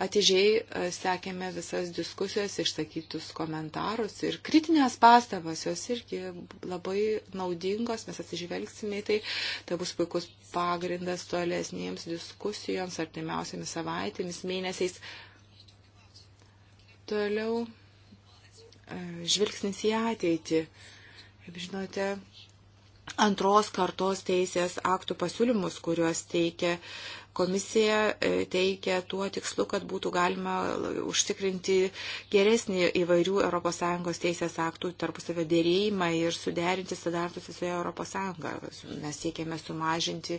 atidžiai e, sekėme visas diskusijas, išsakytus komentarus ir kritinės pastabas, jos irgi labai naudingos, mes atsižvelgsime į tai, tai bus puikus pagrindas tolesnėms diskusijoms artimiausiamis savaitėmis, mėnesiais. Toliau žvilgsnis į ateitį. Kaip žinote, antros kartos teisės aktų pasiūlymus, kuriuos teikia komisija, e, teikia tuo tikslu, kad būtų galima užtikrinti geresnį įvairių ES teisės aktų tarpusavio dėrėjimą ir suderinti standartus visoje ES. Mes siekėme sumažinti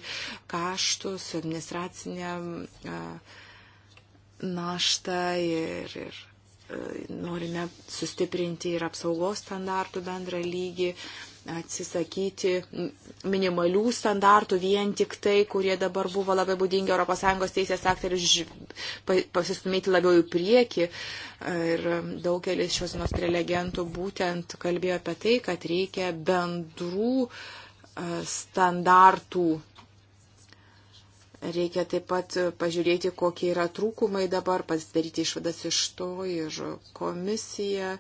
kaštus, administracinę e, naštą ir. ir norime sustiprinti ir apsaugos standartų bendrą lygį, atsisakyti minimalių standartų vien tik tai, kurie dabar buvo labai būdingi ES teisės aktai pasistumėti labiau į priekį. Ir daugelis šios nors prelegentų būtent kalbėjo apie tai, kad reikia bendrų e, standartų Reikia taip pat pažiūrėti, kokie yra trūkumai dabar, pasidaryti išvadas iš to ir komisija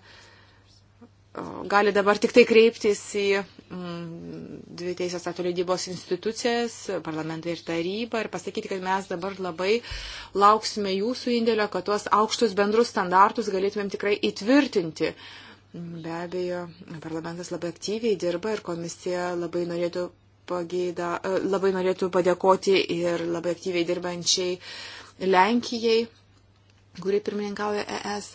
gali dabar tik tai kreiptis į mm, dvi teisės aktų leidybos institucijas, parlamentą ir tarybą ir pasakyti, kad mes dabar labai lauksime jūsų indėlio, kad tuos aukštus bendrus standartus galėtumėm tikrai įtvirtinti. Be abejo, parlamentas labai aktyviai dirba ir komisija labai norėtų pageida, e, labai norėtų padėkoti ir labai aktyviai dirbančiai Lenkijai, kuri pirmininkauja ES.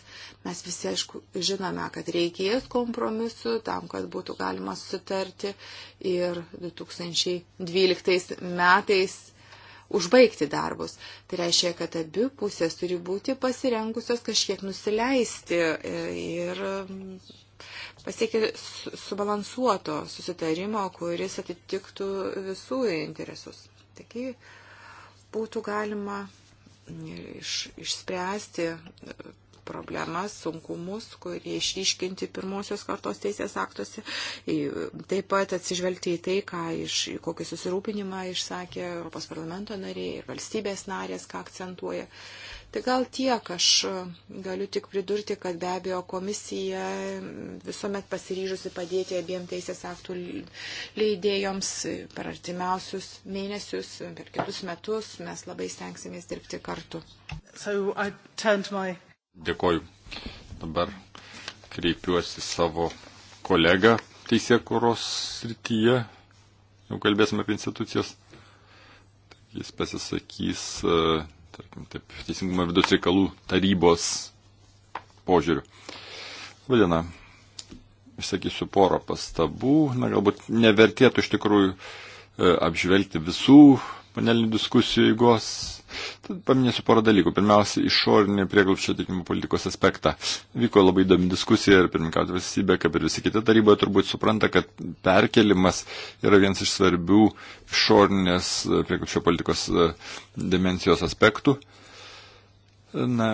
Mes visi, aišku, žinome, kad reikės kompromisu tam, kad būtų galima susitarti ir 2012 metais užbaigti darbus. Tai reiškia, kad abi pusės turi būti pasirengusios kažkiek nusileisti e, ir pasiekti subalansuoto susitarimo, kuris atitiktų visų interesus. Taigi būtų galima iš, išspręsti e, problemas, sunkumus, kurie išryškinti pirmosios kartos teisės aktuose. Taip pat atsižvelgti į tai, ką iš, kokį susirūpinimą išsakė Europos parlamento nariai ir valstybės narės, ką akcentuoja. Tai gal tiek aš e, galiu tik pridurti, kad be abejo komisija mm, visuomet pasiryžusi padėti abiem teisės aktų leidėjoms e, per artimiausius mėnesius, e, per kitus metus mes labai stengsimės dirbti kartu. So my... Dėkoju. Dabar kreipiuosi savo kolegą teisėkuros srityje, jau kalbėsime apie institucijas. Jis pasisakys. Uh, tarkim, taip, teisingumo ir vidaus reikalų tarybos požiūriu. Vadina, išsakysiu porą pastabų, na galbūt nevertėtų iš tikrųjų e, apžvelgti visų panelinių diskusijų eigos. Tad paminėsiu porą dalykų. Pirmiausia, išorinį prieglupščio teikimo politikos aspektą. Vyko labai įdomi diskusija ir pirmininkauti valstybė, kaip ir visi kiti taryboje, turbūt supranta, kad perkelimas yra vienas iš svarbių išorinės e, prieglupščio politikos e, dimensijos aspektų. Na,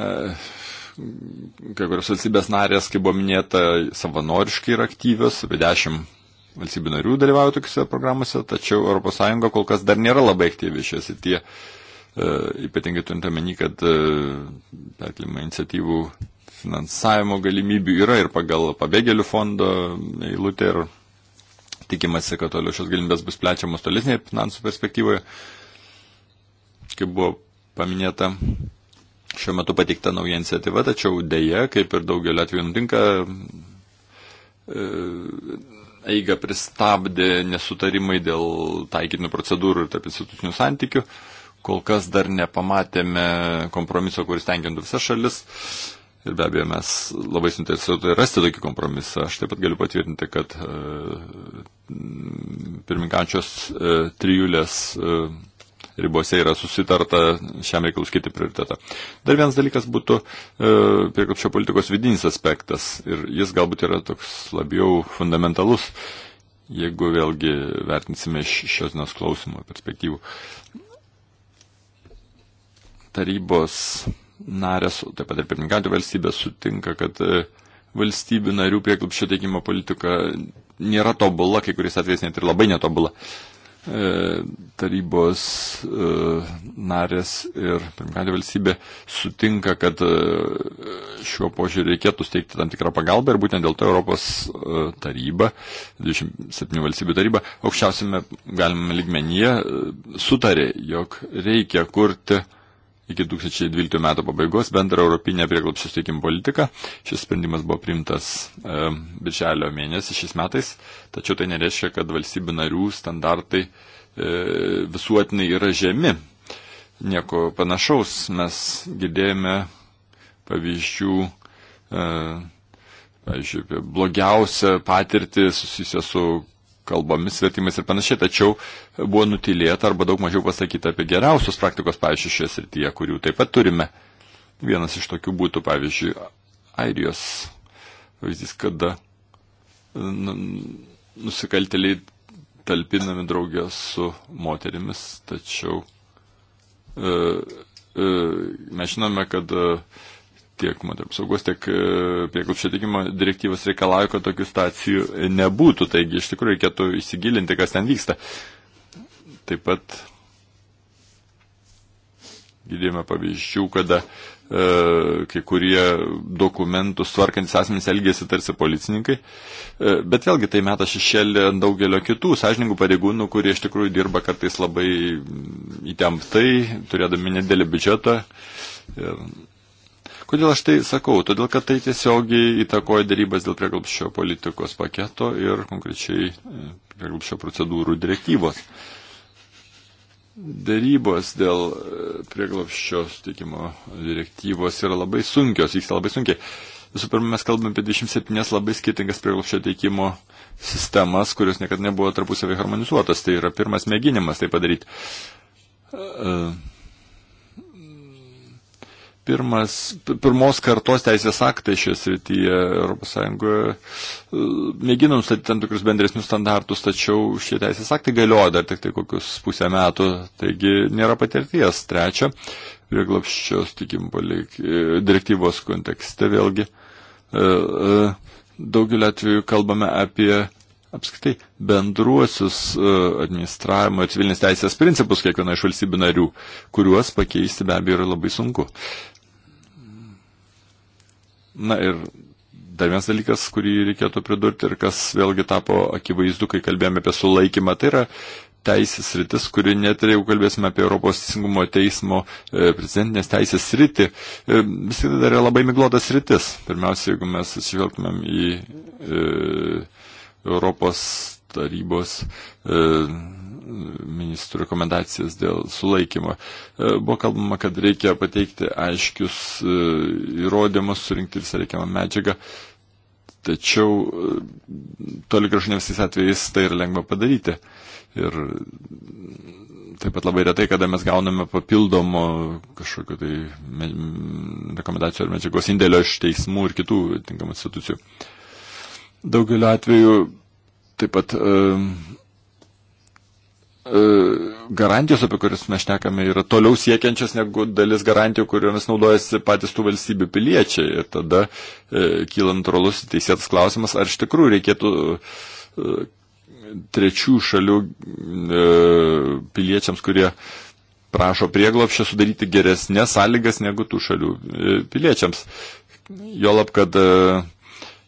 kai kurios valstybės narės, kaip buvo minėta, savanoriškai yra aktyvios, apie 10 valstybių narių dalyvauja tokiuose programuose, tačiau ES kol kas dar nėra labai aktyvi šios įtie, e, ypatingai turint omeny, kad e, perkelimo iniciatyvų finansavimo galimybių yra ir pagal pabėgėlių fondo eilutę ir tikimasi, kad toliau šios galimybės bus plečiamos tolesnėje finansų perspektyvoje. Kaip buvo paminėta, šiuo metu pateikta nauja iniciatyva, tačiau dėja, kaip ir daugelio atveju nutinka, e, eigą pristabdė nesutarimai dėl taikinių procedūrų ir tarp institucinių santykių. Kol kas dar nepamatėme kompromiso, kuris tenkintų visas šalis. Ir be abejo, mes labai suinteresuoti rasti tokį kompromisą. Aš taip pat galiu patvirtinti, kad e, pirminkančios e, trijulės e, ribose yra susitarta šiam reikalus kiti prioritetą. Dar vienas dalykas būtų e, prieklapšio politikos vidinis aspektas ir jis galbūt yra toks labiau fundamentalus, jeigu vėlgi vertinsime iš šios dienos klausimo perspektyvų. Tarybos narės, taip pat ir pirmininkantį valstybę sutinka, kad e, valstybių narių prieklapšio teikimo politika nėra tobula, kai kuriais atvejais net ir labai netobula. E, E, tarybos e, narės ir pirmgalė valstybė sutinka, kad e, šiuo požiūriu reikėtų steigti tam tikrą pagalbą ir būtent dėl to Europos taryba, 27 valstybių taryba, aukščiausiame galimame ligmenyje sutarė, jog reikia kurti iki 2012 metų pabaigos bendrą europinę prieglopščių steikimų politiką. Šis sprendimas buvo priimtas e, birželio mėnesį šiais metais, tačiau tai nereiškia, kad valstybių narių standartai e, visuotinai yra žemi. Nieko panašaus mes girdėjome pavyzdžių. E, Pavyzdžiui, blogiausią patirtį susijusią su kalbomis, svetimais ir panašiai, tačiau buvo nutilėta arba daug mažiau pasakyta apie geriausios praktikos pavyzdžius šioje srityje, kurių taip pat turime. Vienas iš tokių būtų, pavyzdžiui, Airijos pavyzdys, kada nu, nusikalteliai talpinami draugės su moterimis, tačiau e, e, mes žinome, kad e, tiek moterų apsaugos, tiek e, prieglupščio teikimo direktyvos reikalauja, kad tokių stacijų nebūtų. Taigi iš tikrųjų reikėtų įsigilinti, kas ten vyksta. Taip pat girdėjome pavyzdžių, kada e, kai kurie dokumentus tvarkantis asmenys elgėsi tarsi policininkai. E, bet vėlgi tai meta šešėlį ant daugelio kitų sąžininkų pareigūnų, kurie iš tikrųjų dirba kartais labai įtemptai, turėdami nedėlį biudžetą. E, Kodėl aš tai sakau? Todėl, kad tai tiesiogiai įtakoja dėrybas dėl prieglupščio politikos paketo ir konkrečiai e, prieglupščio procedūrų direktyvos. Dėrybos dėl e, prieglupščio sutikimo direktyvos yra labai sunkios, vyksta labai sunkiai. Visų pirma, mes kalbame apie 27 labai skirtingas prieglupščio teikimo sistemas, kurios niekada nebuvo tarpusavį harmonizuotas. Tai yra pirmas mėginimas tai padaryti. Uh, pirmas, pirmos kartos teisės aktai šioje srityje ES e, mėgina nustatyti tam tikrus bendresnius standartus, tačiau šie teisės aktai galioja dar tik tai kokius pusę metų, taigi nėra patirties. Trečia, prieglapščios tikim palik, e, direktyvos kontekste vėlgi e, daugeliu atveju kalbame apie apskritai bendruosius administravimo ir civilinės teisės principus kiekviena iš valstybių narių, kuriuos pakeisti be abejo yra labai sunku. Na ir dar vienas dalykas, kurį reikėtų pridurti ir kas vėlgi tapo akivaizdu, kai kalbėjome apie sulaikymą, tai yra teisės rytis, kuri net ir jeigu kalbėsime apie Europos teisingumo teismo e, prezidentinės teisės rytį, e, vis tik dar yra labai miglotas rytis. Pirmiausia, jeigu mes atsižvelgtumėm į e, Europos tarybos e, ministrų rekomendacijas dėl sulaikymo. E, buvo kalbama, kad reikia pateikti aiškius e, įrodymus, surinkti visą reikiamą medžiagą. Tačiau e, toli gražu ne visais atvejais tai yra lengva padaryti. Ir taip pat labai retai, kada mes gauname papildomo kažkokio tai rekomendacijų ar medžiagos indėlio iš teismų ir kitų tinkamų institucijų. Daugeliu atveju taip pat e, E, garantijos, apie kurias mes šnekame, yra toliau siekiančios negu dalis garantijų, kuriomis naudojasi patys tų valstybių piliečiai. Ir tada e, kyla natūralus teisėtas klausimas, ar iš tikrųjų reikėtų e, trečių šalių e, piliečiams, kurie prašo prieglopščio sudaryti geresnės sąlygas negu tų šalių e, piliečiams. Jolab, kad e,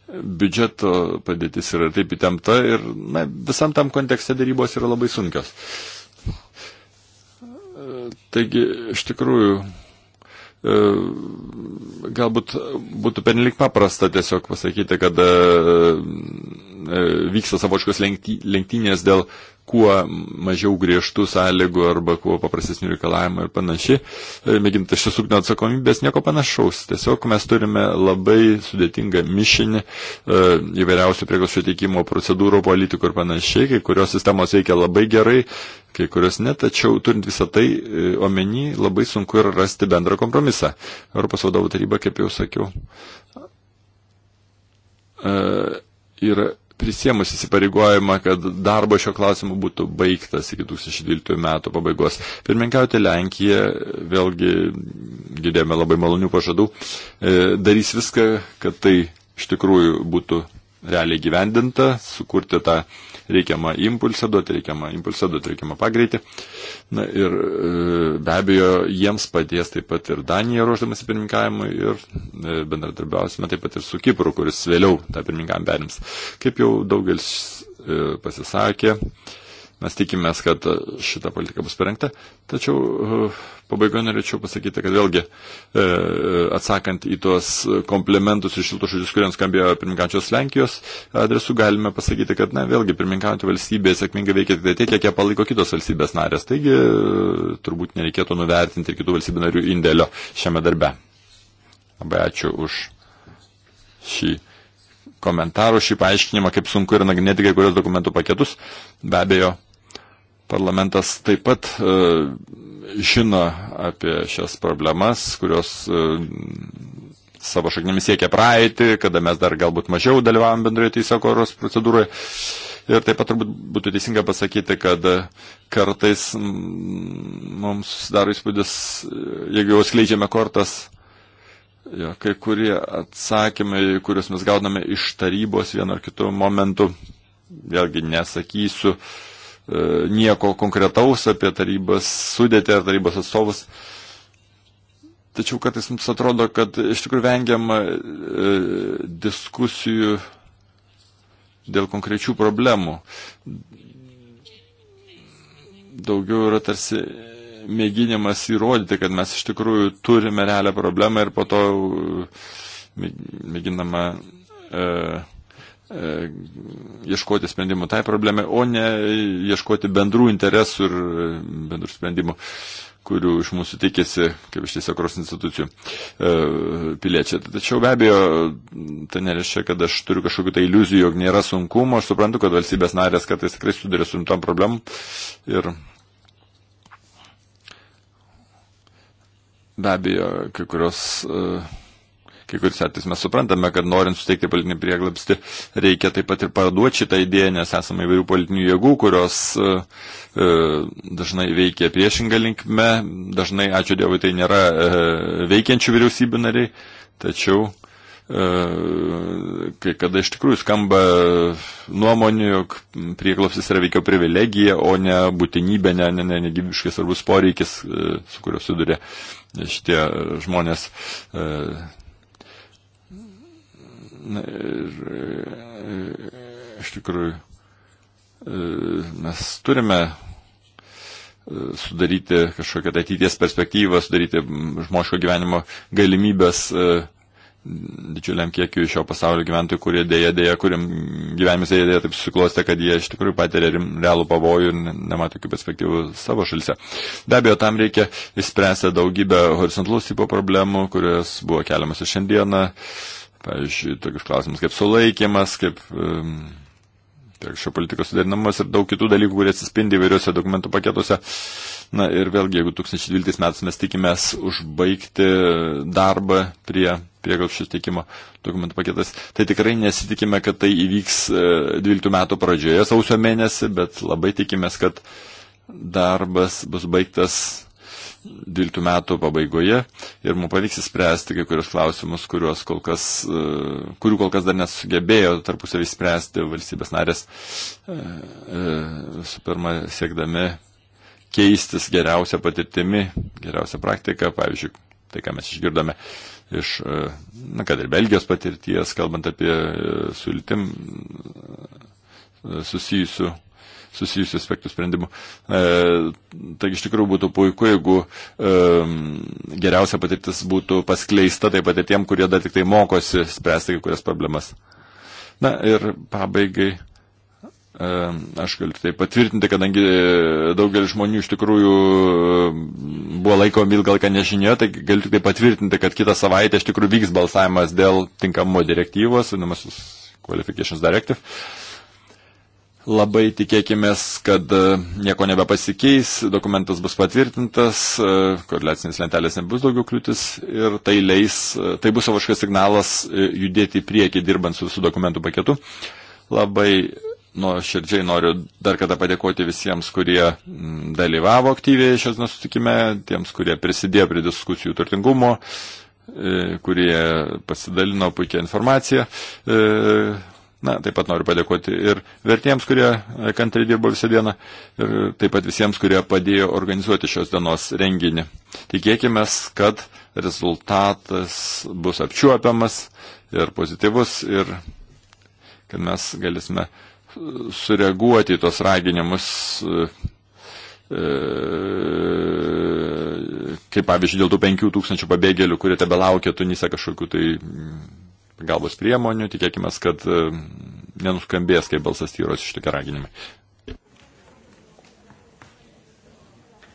biudžeto padėtis yra taip įtempta ir na, visam tam kontekste darybos yra labai sunkios. Taigi, iš tikrųjų, e, galbūt būtų pernelik paprasta tiesiog pasakyti, kad e, e, vyksta savočkos lenktynės dėl kuo mažiau griežtų sąlygų arba kuo paprastesnių reikalavimų ir panašiai, e, mėginti išsisukti nuo atsakomybės, nieko panašaus. Tiesiog mes turime labai sudėtingą mišinį e, įvairiausių prieglašio teikimo procedūrų, politikų ir panašiai, kai kurios sistemos veikia labai gerai, kai kurios ne, tačiau turint visą tai e, omeny, labai sunku yra rasti bendrą kompromisą. Europos vadovų taryba, kaip jau sakiau, yra prisėmus įsipareigojimą, kad darbo šio klausimu būtų baigtas iki 2012 metų pabaigos. Pirmininkiauti Lenkija, vėlgi girdėjome labai malonių pažadų, e, darys viską, kad tai iš tikrųjų būtų realiai gyvendinta, sukurti tą reikiamą impulsą duoti, reikiamą impulsą duoti, reikiamą pagreitį. Na ir e, be abejo, jiems padės taip pat ir Danija ruoždamas į pirmininkavimą ir e, bendradarbiausime taip pat ir su Kipru, kuris vėliau tą pirmininkavimą perims. Kaip jau daugelis e, pasisakė, uh, Mes tikimės, kad šita politika bus parengta, tačiau e, pabaigoje norėčiau pasakyti, kad vėlgi e, atsakant į tuos komplementus ir šiltus žodžius, kuriems skambėjo pirmininkančios Lenkijos adresu, galime pasakyti, kad na, vėlgi pirmininkaujantį valstybė sėkmingai veikia tik tai tiek, kiek ją palaiko kitos valstybės narės. Taigi e, turbūt nereikėtų nuvertinti ir kitų valstybių narių indėlio šiame darbe. Labai ačiū už šį komentarų, šį paaiškinimą, kaip sunku yra nagrinėti kai kurios dokumentų paketus. Be abejo, Parlamentas taip pat e, žino apie šias problemas, kurios e, savo šaknėmis siekia praeitį, kada mes dar galbūt mažiau dalyvavom bendroje teisėkoros procedūroje. Ir taip pat turbūt būtų teisinga pasakyti, kad e, kartais mums daro įspūdis, e, jeigu jau skleidžiame kortas, jo, kai kurie atsakymai, kuriuos mes gauname iš tarybos vienu ar kitu momentu, vėlgi nesakysiu, uh, E, nieko konkretaus apie tarybas sudėtį ar tarybos atstovus. Tačiau kartais mums atrodo, kad iš tikrųjų vengiama e, diskusijų dėl konkrečių problemų. Daugiau yra tarsi mėginimas įrodyti, kad mes iš tikrųjų turime realią problemą ir po to mėginama e, E, ieškoti sprendimų tai problemai, o ne ieškoti bendrų interesų ir e, bendrų sprendimų, kurių iš mūsų tikėsi, kaip iš tiesiogros institucijų e, piliečiai. Tačiau be abejo, tai nereiškia, kad aš turiu kažkokių tai iliuzijų, jog nėra sunkumo, aš suprantu, kad valstybės narės kartais tikrai sudarė su tom problemom ir be abejo, kai kurios uh, kai kuris atvejs mes suprantame, kad norint suteikti politinį prieglapstį, reikia taip pat ir parduoti šitą idėją, nes esame įvairių politinių jėgų, kurios e, e dažnai veikia priešingą linkme, dažnai, ačiū Dievui, tai nėra e, veikiančių vyriausybių nariai, tačiau e, kai kada iš tikrųjų skamba nuomonė, jog prieglopsis yra veikio privilegija, o ne būtinybė, ne, ne, ne, ne gyvybiškai svarbus poreikis, e, su kuriuo suduria šitie žmonės Na, ir e, iš tikrųjų e, mes turime e, sudaryti kažkokią tai ateities perspektyvą, sudaryti žmogiško gyvenimo galimybės didžiuliam kiekiu šio pasaulio gyventojų, kurie dėja, dėja, kuriam gyvenimas dėja, dėja taip susiklostė, kad jie iš tikrųjų patiria realų pavojų ir nemato jokių perspektyvų savo šalise. Be abejo, tam reikia išspręsti daugybę horizontalus tipo problemų, kurios buvo keliamas ir šiandieną. Uh, pavyzdžiui, tokius klausimus kaip sulaikimas, kaip um, šio politikos suderinamas ir daug kitų dalykų, kurie atsispindi įvairiuose dokumentų paketuose. Na ir vėlgi, jeigu 2012 metais mes tikimės užbaigti darbą prie prieglapščio teikimo dokumentų paketas, tai tikrai nesitikime, kad tai įvyks 12 e, metų pradžioje, sausio mėnesį, bet labai tikimės, kad darbas bus baigtas 12 metų pabaigoje ir mums pavyks įspręsti kai kurios klausimus, kol kas, e, kurių kol kas dar nesugebėjo tarpusavį spręsti valstybės narės, e, e, visų pirma, siekdami keistis geriausią patirtimį, geriausią praktiką, pavyzdžiui, tai ką mes išgirdome iš, na, kad ir Belgijos patirties, kalbant apie su lytim susijusių susijusių aspektų sprendimų. E, taigi iš tikrųjų būtų puiku, jeigu e, geriausia patirtis būtų paskleista taip pat ir tiem, kurie dar tik tai mokosi spręsti kai kurias problemas. Na ir pabaigai. E, aš galiu tai patvirtinti, kadangi e, daugelis žmonių iš tikrųjų e, buvo laikomi ilgą laiką nežinioje, tai galiu tik tai patvirtinti, kad kitą savaitę iš tikrųjų vyks balsavimas dėl tinkamo direktyvos, vadinamasis Qualifications Directive. Uh, Labai tikėkime, kad e, nieko nebepasikeis, dokumentas bus patvirtintas, e, koreliacinės lentelės nebus daugiau kliūtis ir tai leis, e, tai bus savoškas signalas judėti į priekį dirbant su visų dokumentų paketu. Labai nuoširdžiai noriu dar kartą padėkoti visiems, kurie dalyvavo aktyviai šios nesutikime, tiems, kurie prisidėjo prie diskusijų turtingumo, kurie pasidalino puikia informacija Na, taip pat noriu padėkoti ir vertiems, kurie kantriai dirbo visą dieną, ir taip pat visiems, kurie padėjo organizuoti šios dienos renginį. Tikėkime, kad rezultatas bus apčiuopiamas ir pozityvus, ir kad mes galėsime sureaguoti į tos raginimus e, kaip pavyzdžiui, dėl tų penkių tūkstančių pabėgėlių, kurie tebe laukia Tunise kažkokiu tai pagalbos priemonių, tikėkime, kad e, nenuskambės kaip balsas tyros iš tokie raginimai.